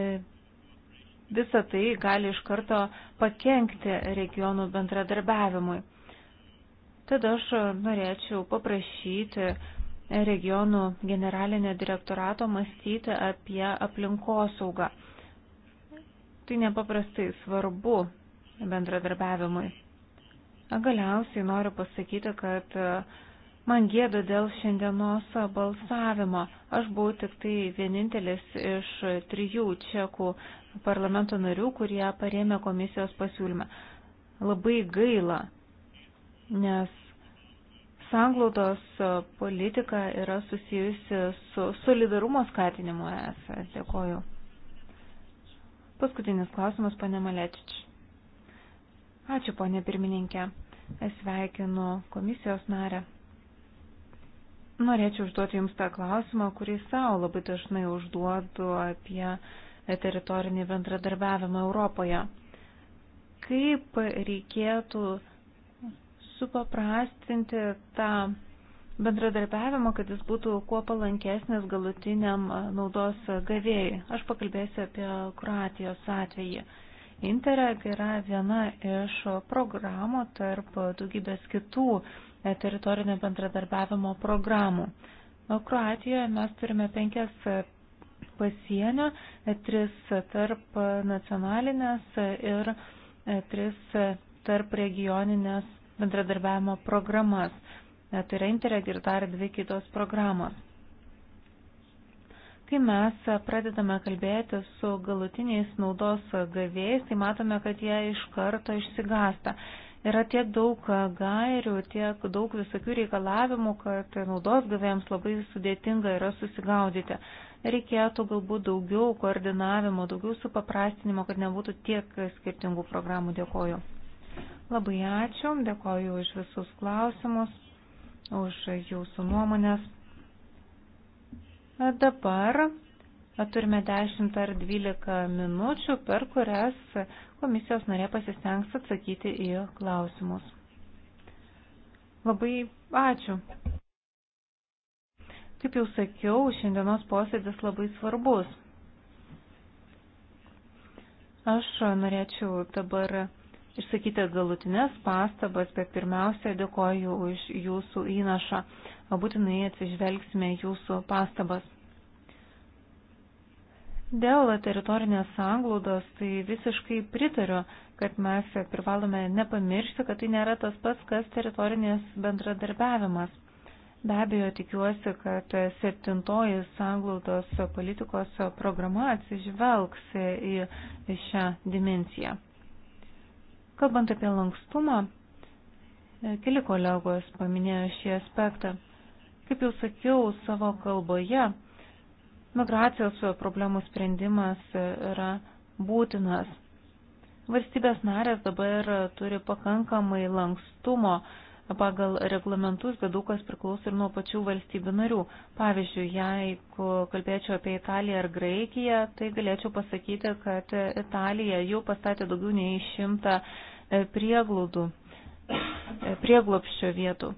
visa tai gali iš karto pakenkti regionų bendradarbiavimui. Tada aš norėčiau paprašyti regionų generalinio direktorato mąstyti apie aplinkosaugą. Tai nepaprastai svarbu bendradarbiavimui. Galiausiai noriu pasakyti, kad e, man gėda dėl šiandienos balsavimo. Aš buvau tik tai vienintelis iš trijų čekų parlamento narių, kurie parėmė komisijos pasiūlymą. Labai gaila, nes sanglaudos e, politika yra susijusi su solidarumo skatinimu ES. Dėkoju. Paskutinis klausimas, pane Malečič. Ačiū, ponė pirmininkė. E, sveikinu komisijos narę. Norėčiau užduoti Jums tą klausimą, kurį savo labai dažnai užduodu apie teritorinį bendradarbiavimą Europoje. Kaip reikėtų supaprastinti tą bendradarbiavimą, kad jis būtų kuo palankesnis galutiniam naudos gavėjai. Aš pakalbėsiu apie Kroatijos atvejį. Interreg yra viena iš programų tarp daugybės kitų e, teritorinio bendradarbiavimo programų. Kroatijoje mes turime penkias e, pasienio, e, tris tarp nacionalinės ir tris tarp regioninės bendradarbiavimo programas. E, tai yra Interreg ir dar dvi kitos programos. Kai mes pradedame kalbėti su galutiniais naudos gavėjais, tai matome, kad jie iš karto išsigasta. Yra tiek daug gairių, tiek daug visokių reikalavimų, kad naudos gavėjams labai sudėtinga yra susigaudyti. Reikėtų galbūt daugiau koordinavimo, daugiau supaprastinimo, kad nebūtų tiek skirtingų programų. Dėkoju. Labai ačiū, dėkoju už visus klausimus, už jūsų nuomonės. Dabar turime 10 ar 12 minučių, per kurias komisijos narė pasistengs atsakyti į klausimus. Labai ačiū. Kaip jau sakiau, šiandienos posėdis labai svarbus. Aš norėčiau dabar išsakyti galutinės pastabas, bet pirmiausia dėkoju už jūsų įnašą. Būtinai atsižvelgsime jūsų pastabas. Dėl teritorinės sanglaudos tai visiškai pritariu, kad mes privalome nepamiršti, kad tai nėra tas pats, kas teritorinės bendradarbiavimas. Be abejo, tikiuosi, kad septintoji sanglaudos politikos programa atsižvelgs į šią dimenciją. Kalbant apie lankstumą, e, keli kolegos paminėjo šį aspektą. Kaip jau sakiau savo kalboje, migracijos problemų sprendimas yra būtinas. Valstybės narės dabar turi pakankamai lankstumo pagal reglamentus, bet daug kas priklauso ir nuo pačių valstybių narių. Pavyzdžiui, jeigu kalbėčiau apie Italiją ar Graikiją, tai galėčiau pasakyti, kad Italija jau pastatė daugiau nei šimtą E, prieglaudų, e, prieglopščio vietų.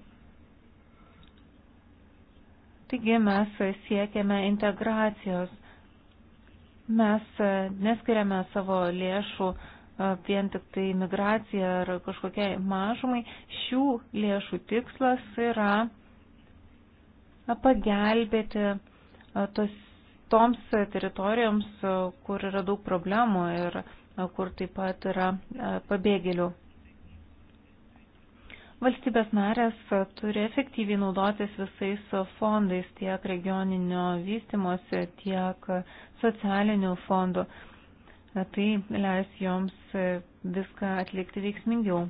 Taigi mes siekiame integracijos. Mes e, neskiriame savo lėšų vien tik tai migracija ar kažkokiai mažumai. Šių lėšų tikslas yra pagelbėti tos, toms teritorijoms, kur yra daug problemų ir kur taip pat yra e, pabėgėlių. Valstybės narės turi efektyviai naudotis visais fondais, tiek regioninio vystimosi, tiek socialinių fondų. E, tai leis joms e, viską atlikti veiksmingiau.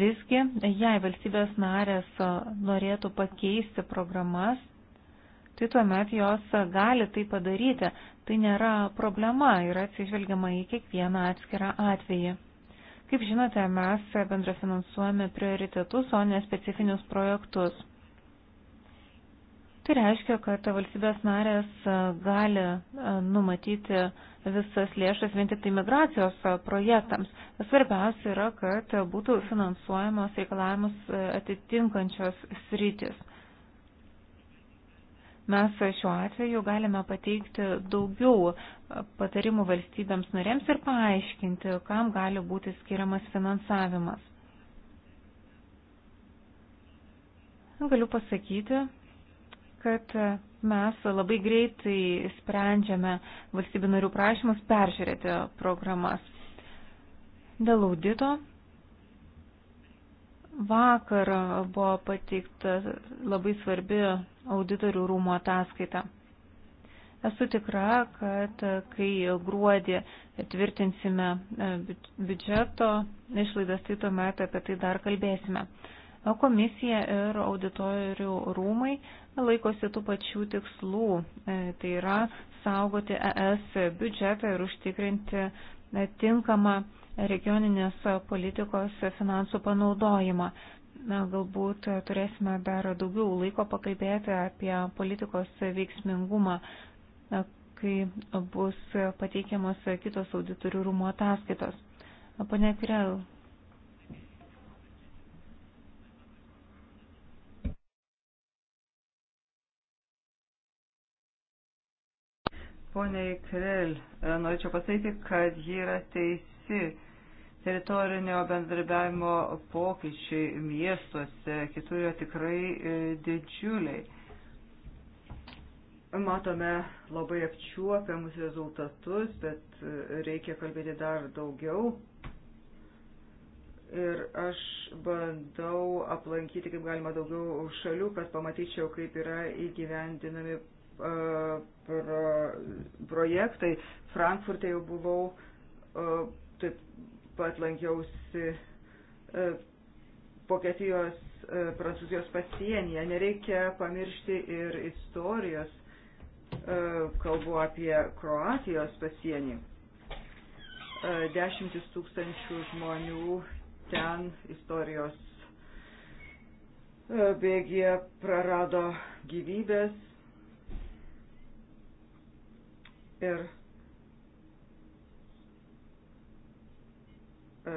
Visgi, jei valstybės narės norėtų pakeisti programas, tai tuomet jos gali tai padaryti. Tai nėra problema, yra atsižvelgiama į kiekvieną atskirą atvejį. Kaip žinote, mes bendrafinansuojame prioritetus, o ne specifinius projektus. Tai reiškia, kad valstybės narės gali e, numatyti visas lėšas vien tik tai migracijos e, projektams. Svarbiausia yra, kad būtų finansuojamos reikalavimus e, atitinkančios sritis. Mes šiuo atveju galime pateikti daugiau patarimų valstybėms norėms ir paaiškinti, kam gali būti skiriamas finansavimas. Galiu pasakyti, kad mes labai greitai sprendžiame valstybių narių prašymus peržiūrėti programas. Dėl audito vakar buvo pateikta labai svarbi auditorių rūmų ataskaitą. Esu tikra, kad kai gruodį tvirtinsime e, biudžeto išlaidas, tai tuomet apie tai dar kalbėsime. Komisija ir auditorių rūmai laikosi tų pačių tikslų, e, tai yra saugoti ES biudžetą ir užtikrinti e, tinkamą regioninės politikos finansų panaudojimą na, galbūt e, turėsime dar daugiau laiko pakalbėti apie politikos veiksmingumą, e, kai bus pateikiamos kitos auditorių rūmų ataskaitos. E, Pane Pirel. Pone Krell, norėčiau pasakyti, kad ji yra teisi Teritorinio bendradarbiavimo pokyčiai miestuose kitur yra tikrai e, didžiuliai. Matome labai apčiuopiamus rezultatus, bet e, reikia kalbėti dar daugiau ir aš bandau aplankyti kaip galima daugiau šalių, kad pamatyčiau, kaip yra įgyvendinami e, pro, projektai. Frankfurte jau buvau, taip, pat lankiausi e, Vokietijos, e, Prancūzijos pasienyje. Nereikia pamiršti ir istorijos, e, kalbu apie Kroatijos pasienį. Dešimtis tūkstančių žmonių ten istorijos bėgė prarado gyvybės ir E,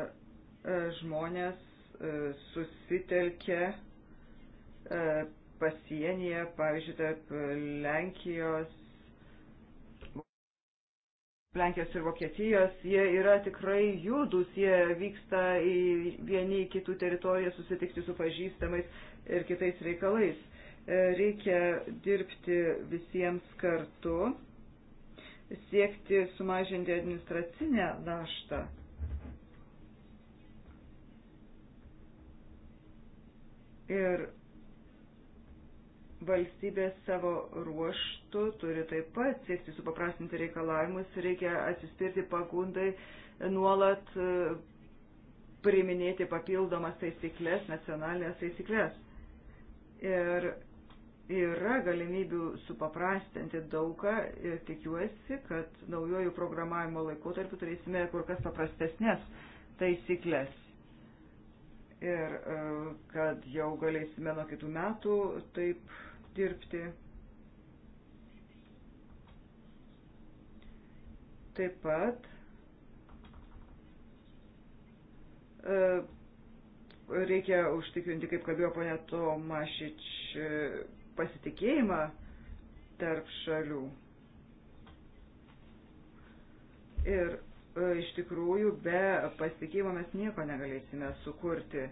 e, žmonės e, susitelkė pasienyje, pavyzdžiui, tarp Lenkijos, Lenkijos ir Vokietijos, jie yra tikrai judus, jie vyksta į vieni į kitų teritoriją susitikti su pažįstamais ir kitais reikalais. Reikia dirbti visiems kartu, siekti sumažinti administracinę naštą Ir valstybės savo ruoštų turi taip pat siekti supaprastinti reikalavimus, reikia atsispirti pagundai nuolat e, priminėti papildomas taisyklės, nacionalinės taisyklės. Ir yra galimybių supaprastinti daugą ir tikiuosi, kad naujojų programavimo laikotarpiu turėsime kur kas paprastesnės taisyklės ir e, kad jau galėsime nuo kitų metų taip dirbti. Taip pat e, reikia užtikrinti, kaip kalbėjo ponė Tomašič, e, pasitikėjimą tarp šalių. Ir E, iš tikrųjų be pasitikėjimo mes nieko negalėsime sukurti.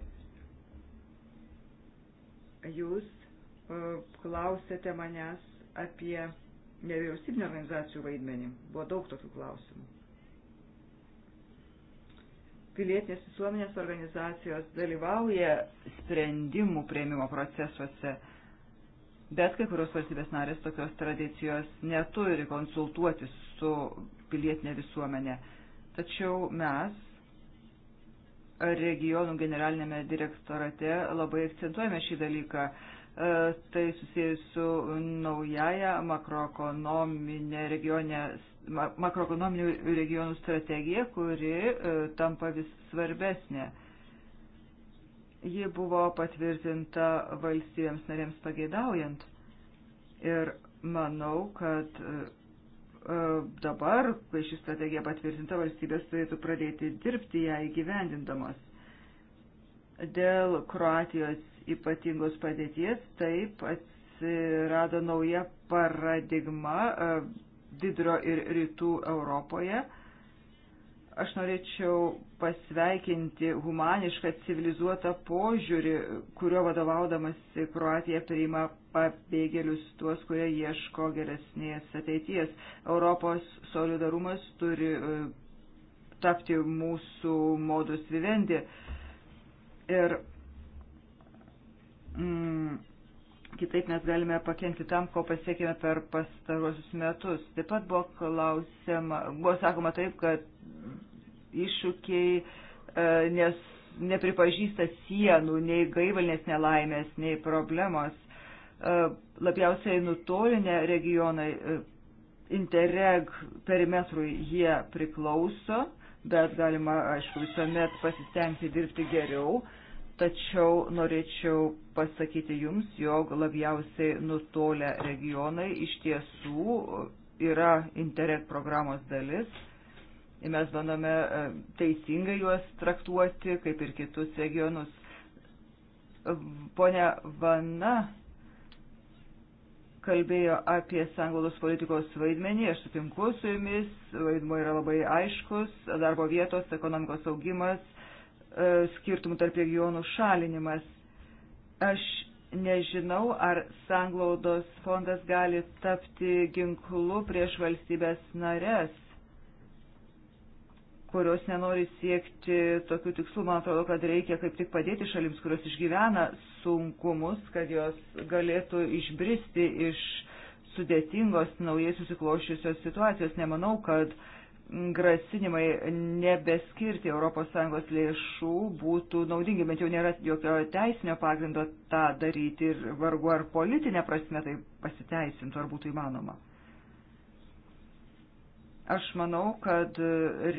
Jūs e, klausėte manęs apie nevyriausybinio organizacijų vaidmenį. Buvo daug tokių klausimų. Pilietinės visuomenės organizacijos dalyvauja sprendimų prieimimo procesuose, bet kai kurios valstybės narės tokios tradicijos neturi konsultuoti su pilietinė visuomenė. Tačiau mes regionų generalinėme direktorate labai akcentuojame šį dalyką. E, tai susijęs su naujaja makroekonominė regionė, makroekonominių regionų strategija, kuri e, tampa vis svarbesnė. Ji buvo patvirtinta valstybėms narėms pageidaujant. Ir manau, kad e, E, dabar, kai ši strategija patvirtinta, valstybės turėtų pradėti dirbti ją įgyvendindamos. Dėl Kroatijos ypatingos padėties taip atsirado nauja paradigma e, vidurio ir rytų Europoje Aš norėčiau pasveikinti humanišką civilizuotą požiūrį, kurio vadovaudamasi Kroatija priima pabėgėlius tuos, kurie ieško geresnės ateities. Europos solidarumas turi e, tapti mūsų modus vivendi. Ir mm, kitaip mes galime pakengti tam, ko pasiekėme per pastaruosius metus. Taip pat buvo klausima, buvo sakoma taip, kad iššūkiai e, nes, nepripažįsta sienų, nei gaivalinės nelaimės, nei problemos. E, labiausiai nutolinę regionai e, Interreg perimetrui jie priklauso, bet galima, aišku, visuomet pasistengti dirbti geriau. Tačiau norėčiau pasakyti Jums, jog labiausiai nutolę regionai iš tiesų yra Interreg programos dalis. Ir mes bandome e, teisingai juos traktuoti, kaip ir kitus regionus. Pone Vana kalbėjo apie sanglaudos politikos vaidmenį, aš sutinku su jumis, vaidmo yra labai aiškus, darbo vietos, ekonomikos augimas, e, skirtumų tarp regionų šalinimas. Aš nežinau, ar sanglaudos fondas gali tapti ginklu prieš valstybės narės, kurios nenori siekti tokių tikslų. Man atrodo, kad reikia kaip tik padėti šalims, kurios išgyvena sunkumus, kad jos galėtų išbristi iš sudėtingos naujai susikloščiusios situacijos. Nemanau, kad uh, grasinimai nebeskirti ES lėšų būtų naudingi, bet jau nėra jokio teisinio pagrindo tą daryti ir vargu ar politinė prasme tai pasiteisintų ar būtų įmanoma. Aš manau, kad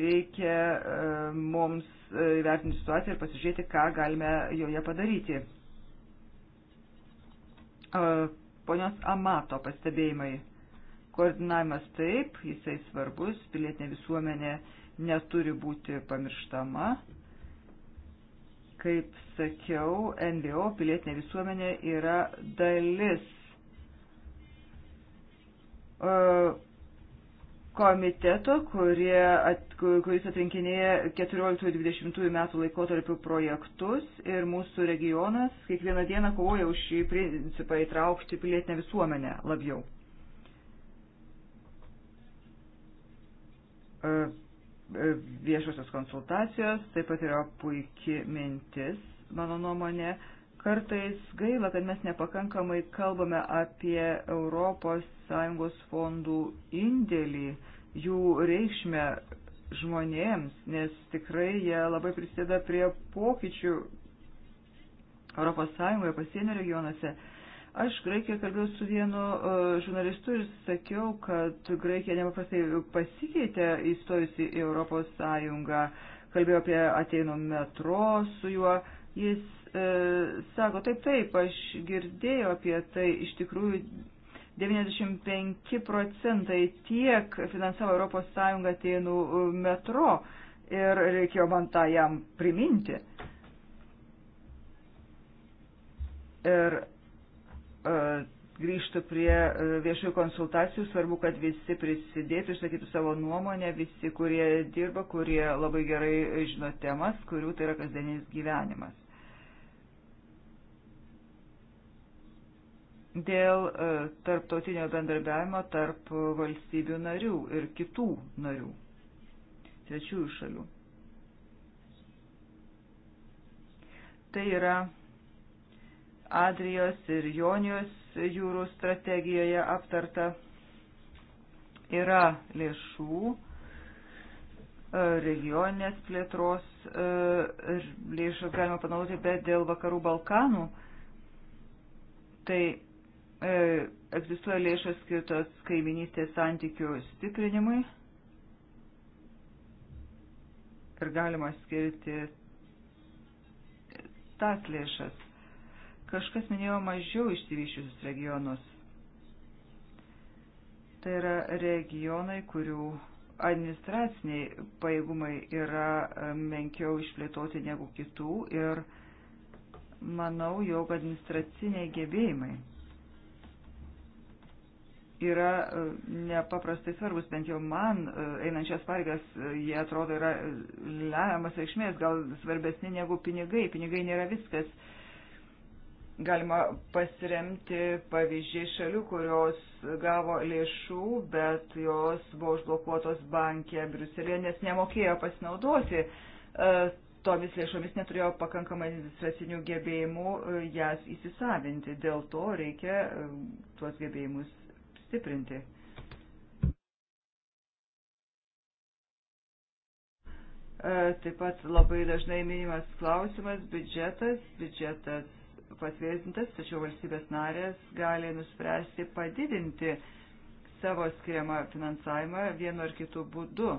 reikia e, mums įvertinti situaciją ir pasižiūrėti, ką galime joje padaryti. E, ponios Amato pastebėjimai Koordinavimas taip, jisai svarbus, pilietinė visuomenė neturi būti pamirštama. Kaip sakiau, NVO pilietinė visuomenė yra dalis e, komiteto, kurie, at, kuris atrinkinėja 14-20 metų laikotarpių projektus ir mūsų regionas kiekvieną dieną kovoja už šį principą įtraukti pilietinę visuomenę labiau. E, e, viešosios konsultacijos, taip pat yra puikia mintis, mano nuomonė. Kartais gaila, kad mes nepakankamai kalbame apie ES fondų indėlį, jų reikšmę žmonėms, nes tikrai jie labai prisideda prie pokyčių ES pasienio regionuose. Aš Graikijoje kalbėjau su vienu e, žurnalistu ir sakiau, kad Graikija nepaprastai pasikeitė įstojusi į Europos Sąjungą. Kalbėjau apie ateino metro su juo. Jis e, sako, taip, taip, aš girdėjau apie tai. Iš tikrųjų, 95 procentai tiek finansavo Europos Sąjungą ateinų e, metro. Ir reikėjo man tą jam priminti. Ir grįžtų prie viešųjų konsultacijų. Svarbu, kad visi prisidėtų, išsakytų savo nuomonę, visi, kurie dirba, kurie labai gerai žino temas, kurių tai yra kasdienis gyvenimas. Dėl tarptautinio bendarbiavimo tarp valstybių narių ir kitų narių, trečiųjų šalių. Tai yra Adrijos ir Jonijos jūrų strategijoje aptarta. Yra lėšų e, regioninės plėtros e, lėšas galima panaudoti, bet dėl vakarų Balkanų tai e, egzistuoja lėšas skirtos kaiminystės santykių stiprinimui ir galima skirti tas lėšas Kažkas minėjo mažiau išsivyščiusius regionus. Tai yra regionai, kurių administraciniai pajėgumai yra e, menkiau išplėtoti negu kitų ir manau, jog administraciniai gebėjimai yra e, nepaprastai svarbus, bent jau man e, einančias pareigas, jie atrodo yra lemiamas reikšmės, gal svarbesni negu pinigai. Pinigai nėra viskas, Galima pasiremti pavyzdžiai šalių, kurios gavo lėšų, bet jos buvo užblokuotos bankė Briuselėje, nes nemokėjo pasinaudoti e, tomis lėšomis neturėjo pakankamai administracinių gebėjimų e, jas įsisavinti. Dėl to reikia e, tuos gebėjimus stiprinti. Taip pat labai dažnai minimas klausimas biudžetas. Biudžetas patvirtintas, tačiau valstybės narės gali nuspręsti padidinti savo skiriamą finansavimą vienu ar kitu būdu.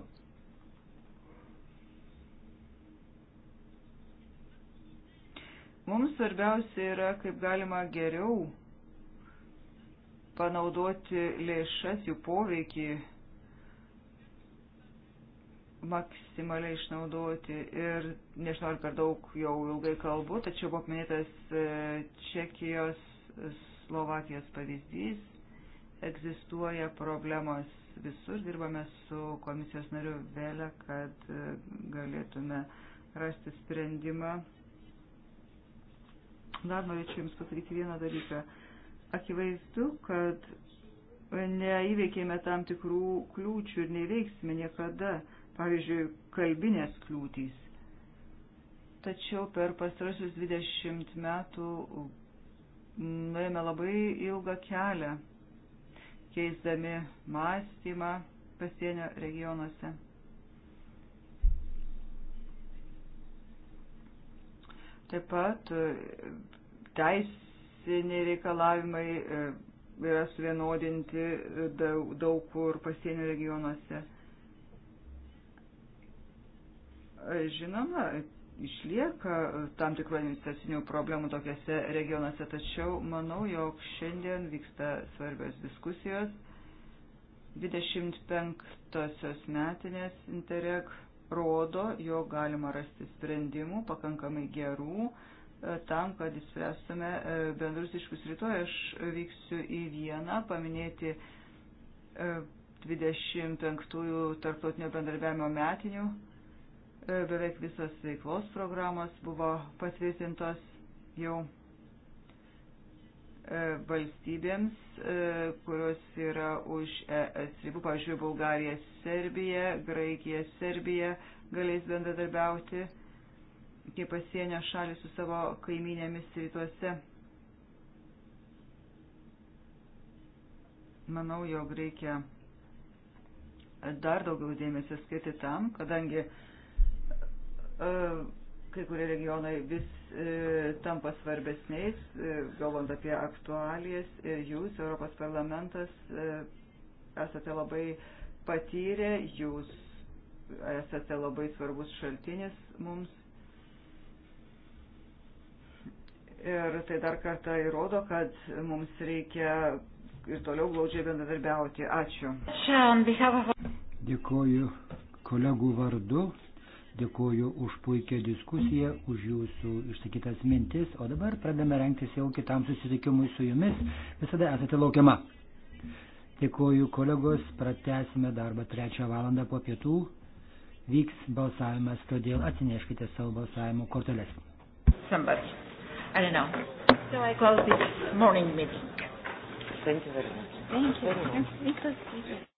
Mums svarbiausia yra, kaip galima geriau panaudoti lėšas, jų poveikį maksimaliai išnaudoti ir nežinau, ar per daug jau ilgai kalbu, tačiau buvo paminėtas e, Čekijos, Slovakijos pavyzdys, egzistuoja problemos visur, dirbame su komisijos nariu Vėlė, kad e, galėtume rasti sprendimą. Dar norėčiau Jums pasakyti vieną dalyką. Akivaizdu, kad neįveikėme tam tikrų kliūčių ir neįveiksime niekada pavyzdžiui, kalbinės kliūtys. Tačiau per pastarosius 20 metų nuėjome labai ilgą kelią, keisdami mąstymą pasienio regionuose. Taip pat e, teisiniai reikalavimai e, yra suvienodinti e, daug, daug kur pasienio regionuose. Žinoma, išlieka tam tikrų administracinių problemų tokiuose regionuose, tačiau manau, jog šiandien vyksta svarbios diskusijos. 25-osios metinės Interreg rodo, jog galima rasti sprendimų pakankamai gerų e, tam, kad įspręstume e, bendrus iškus rytoj. Aš vyksiu į vieną paminėti 25-ųjų e, tarptautinio bendarbiavimo metinių E, beveik visos veiklos programos buvo patvirtintos jau e, valstybėms, e, kurios yra už ES ribų, pavyzdžiui, Bulgarija, Serbija, Graikija, Serbija galės bendradarbiauti kaip pasienio šalis su savo kaiminėmis rytuose. Manau, jog reikia dar daugiau dėmesio skirti tam, kadangi uh, E, kai kurie regionai vis e, tampa svarbesniais, e, galvant apie aktualijas ir jūs, Europos parlamentas, esate labai patyrę, jūs esate labai svarbus šaltinis mums. Ir tai dar kartą įrodo, kad mums reikia ir toliau glaudžiai bendradarbiauti. Ačiū. Dėkoju kolegų vardu. Dėkuoju už puikią diskusiją, už jūsų išsakytas mintis, o dabar pradame rengtis jau kitam susitikimui su jumis. Visada esate laukiama. Dėkuoju kolegos, pratesime darbą trečią valandą po pietų. Vyks balsavimas, todėl atsineškite savo balsavimo korteles. Somebody. I don't know. So I close this morning meeting. Thank you very much. Thank you. Thank you.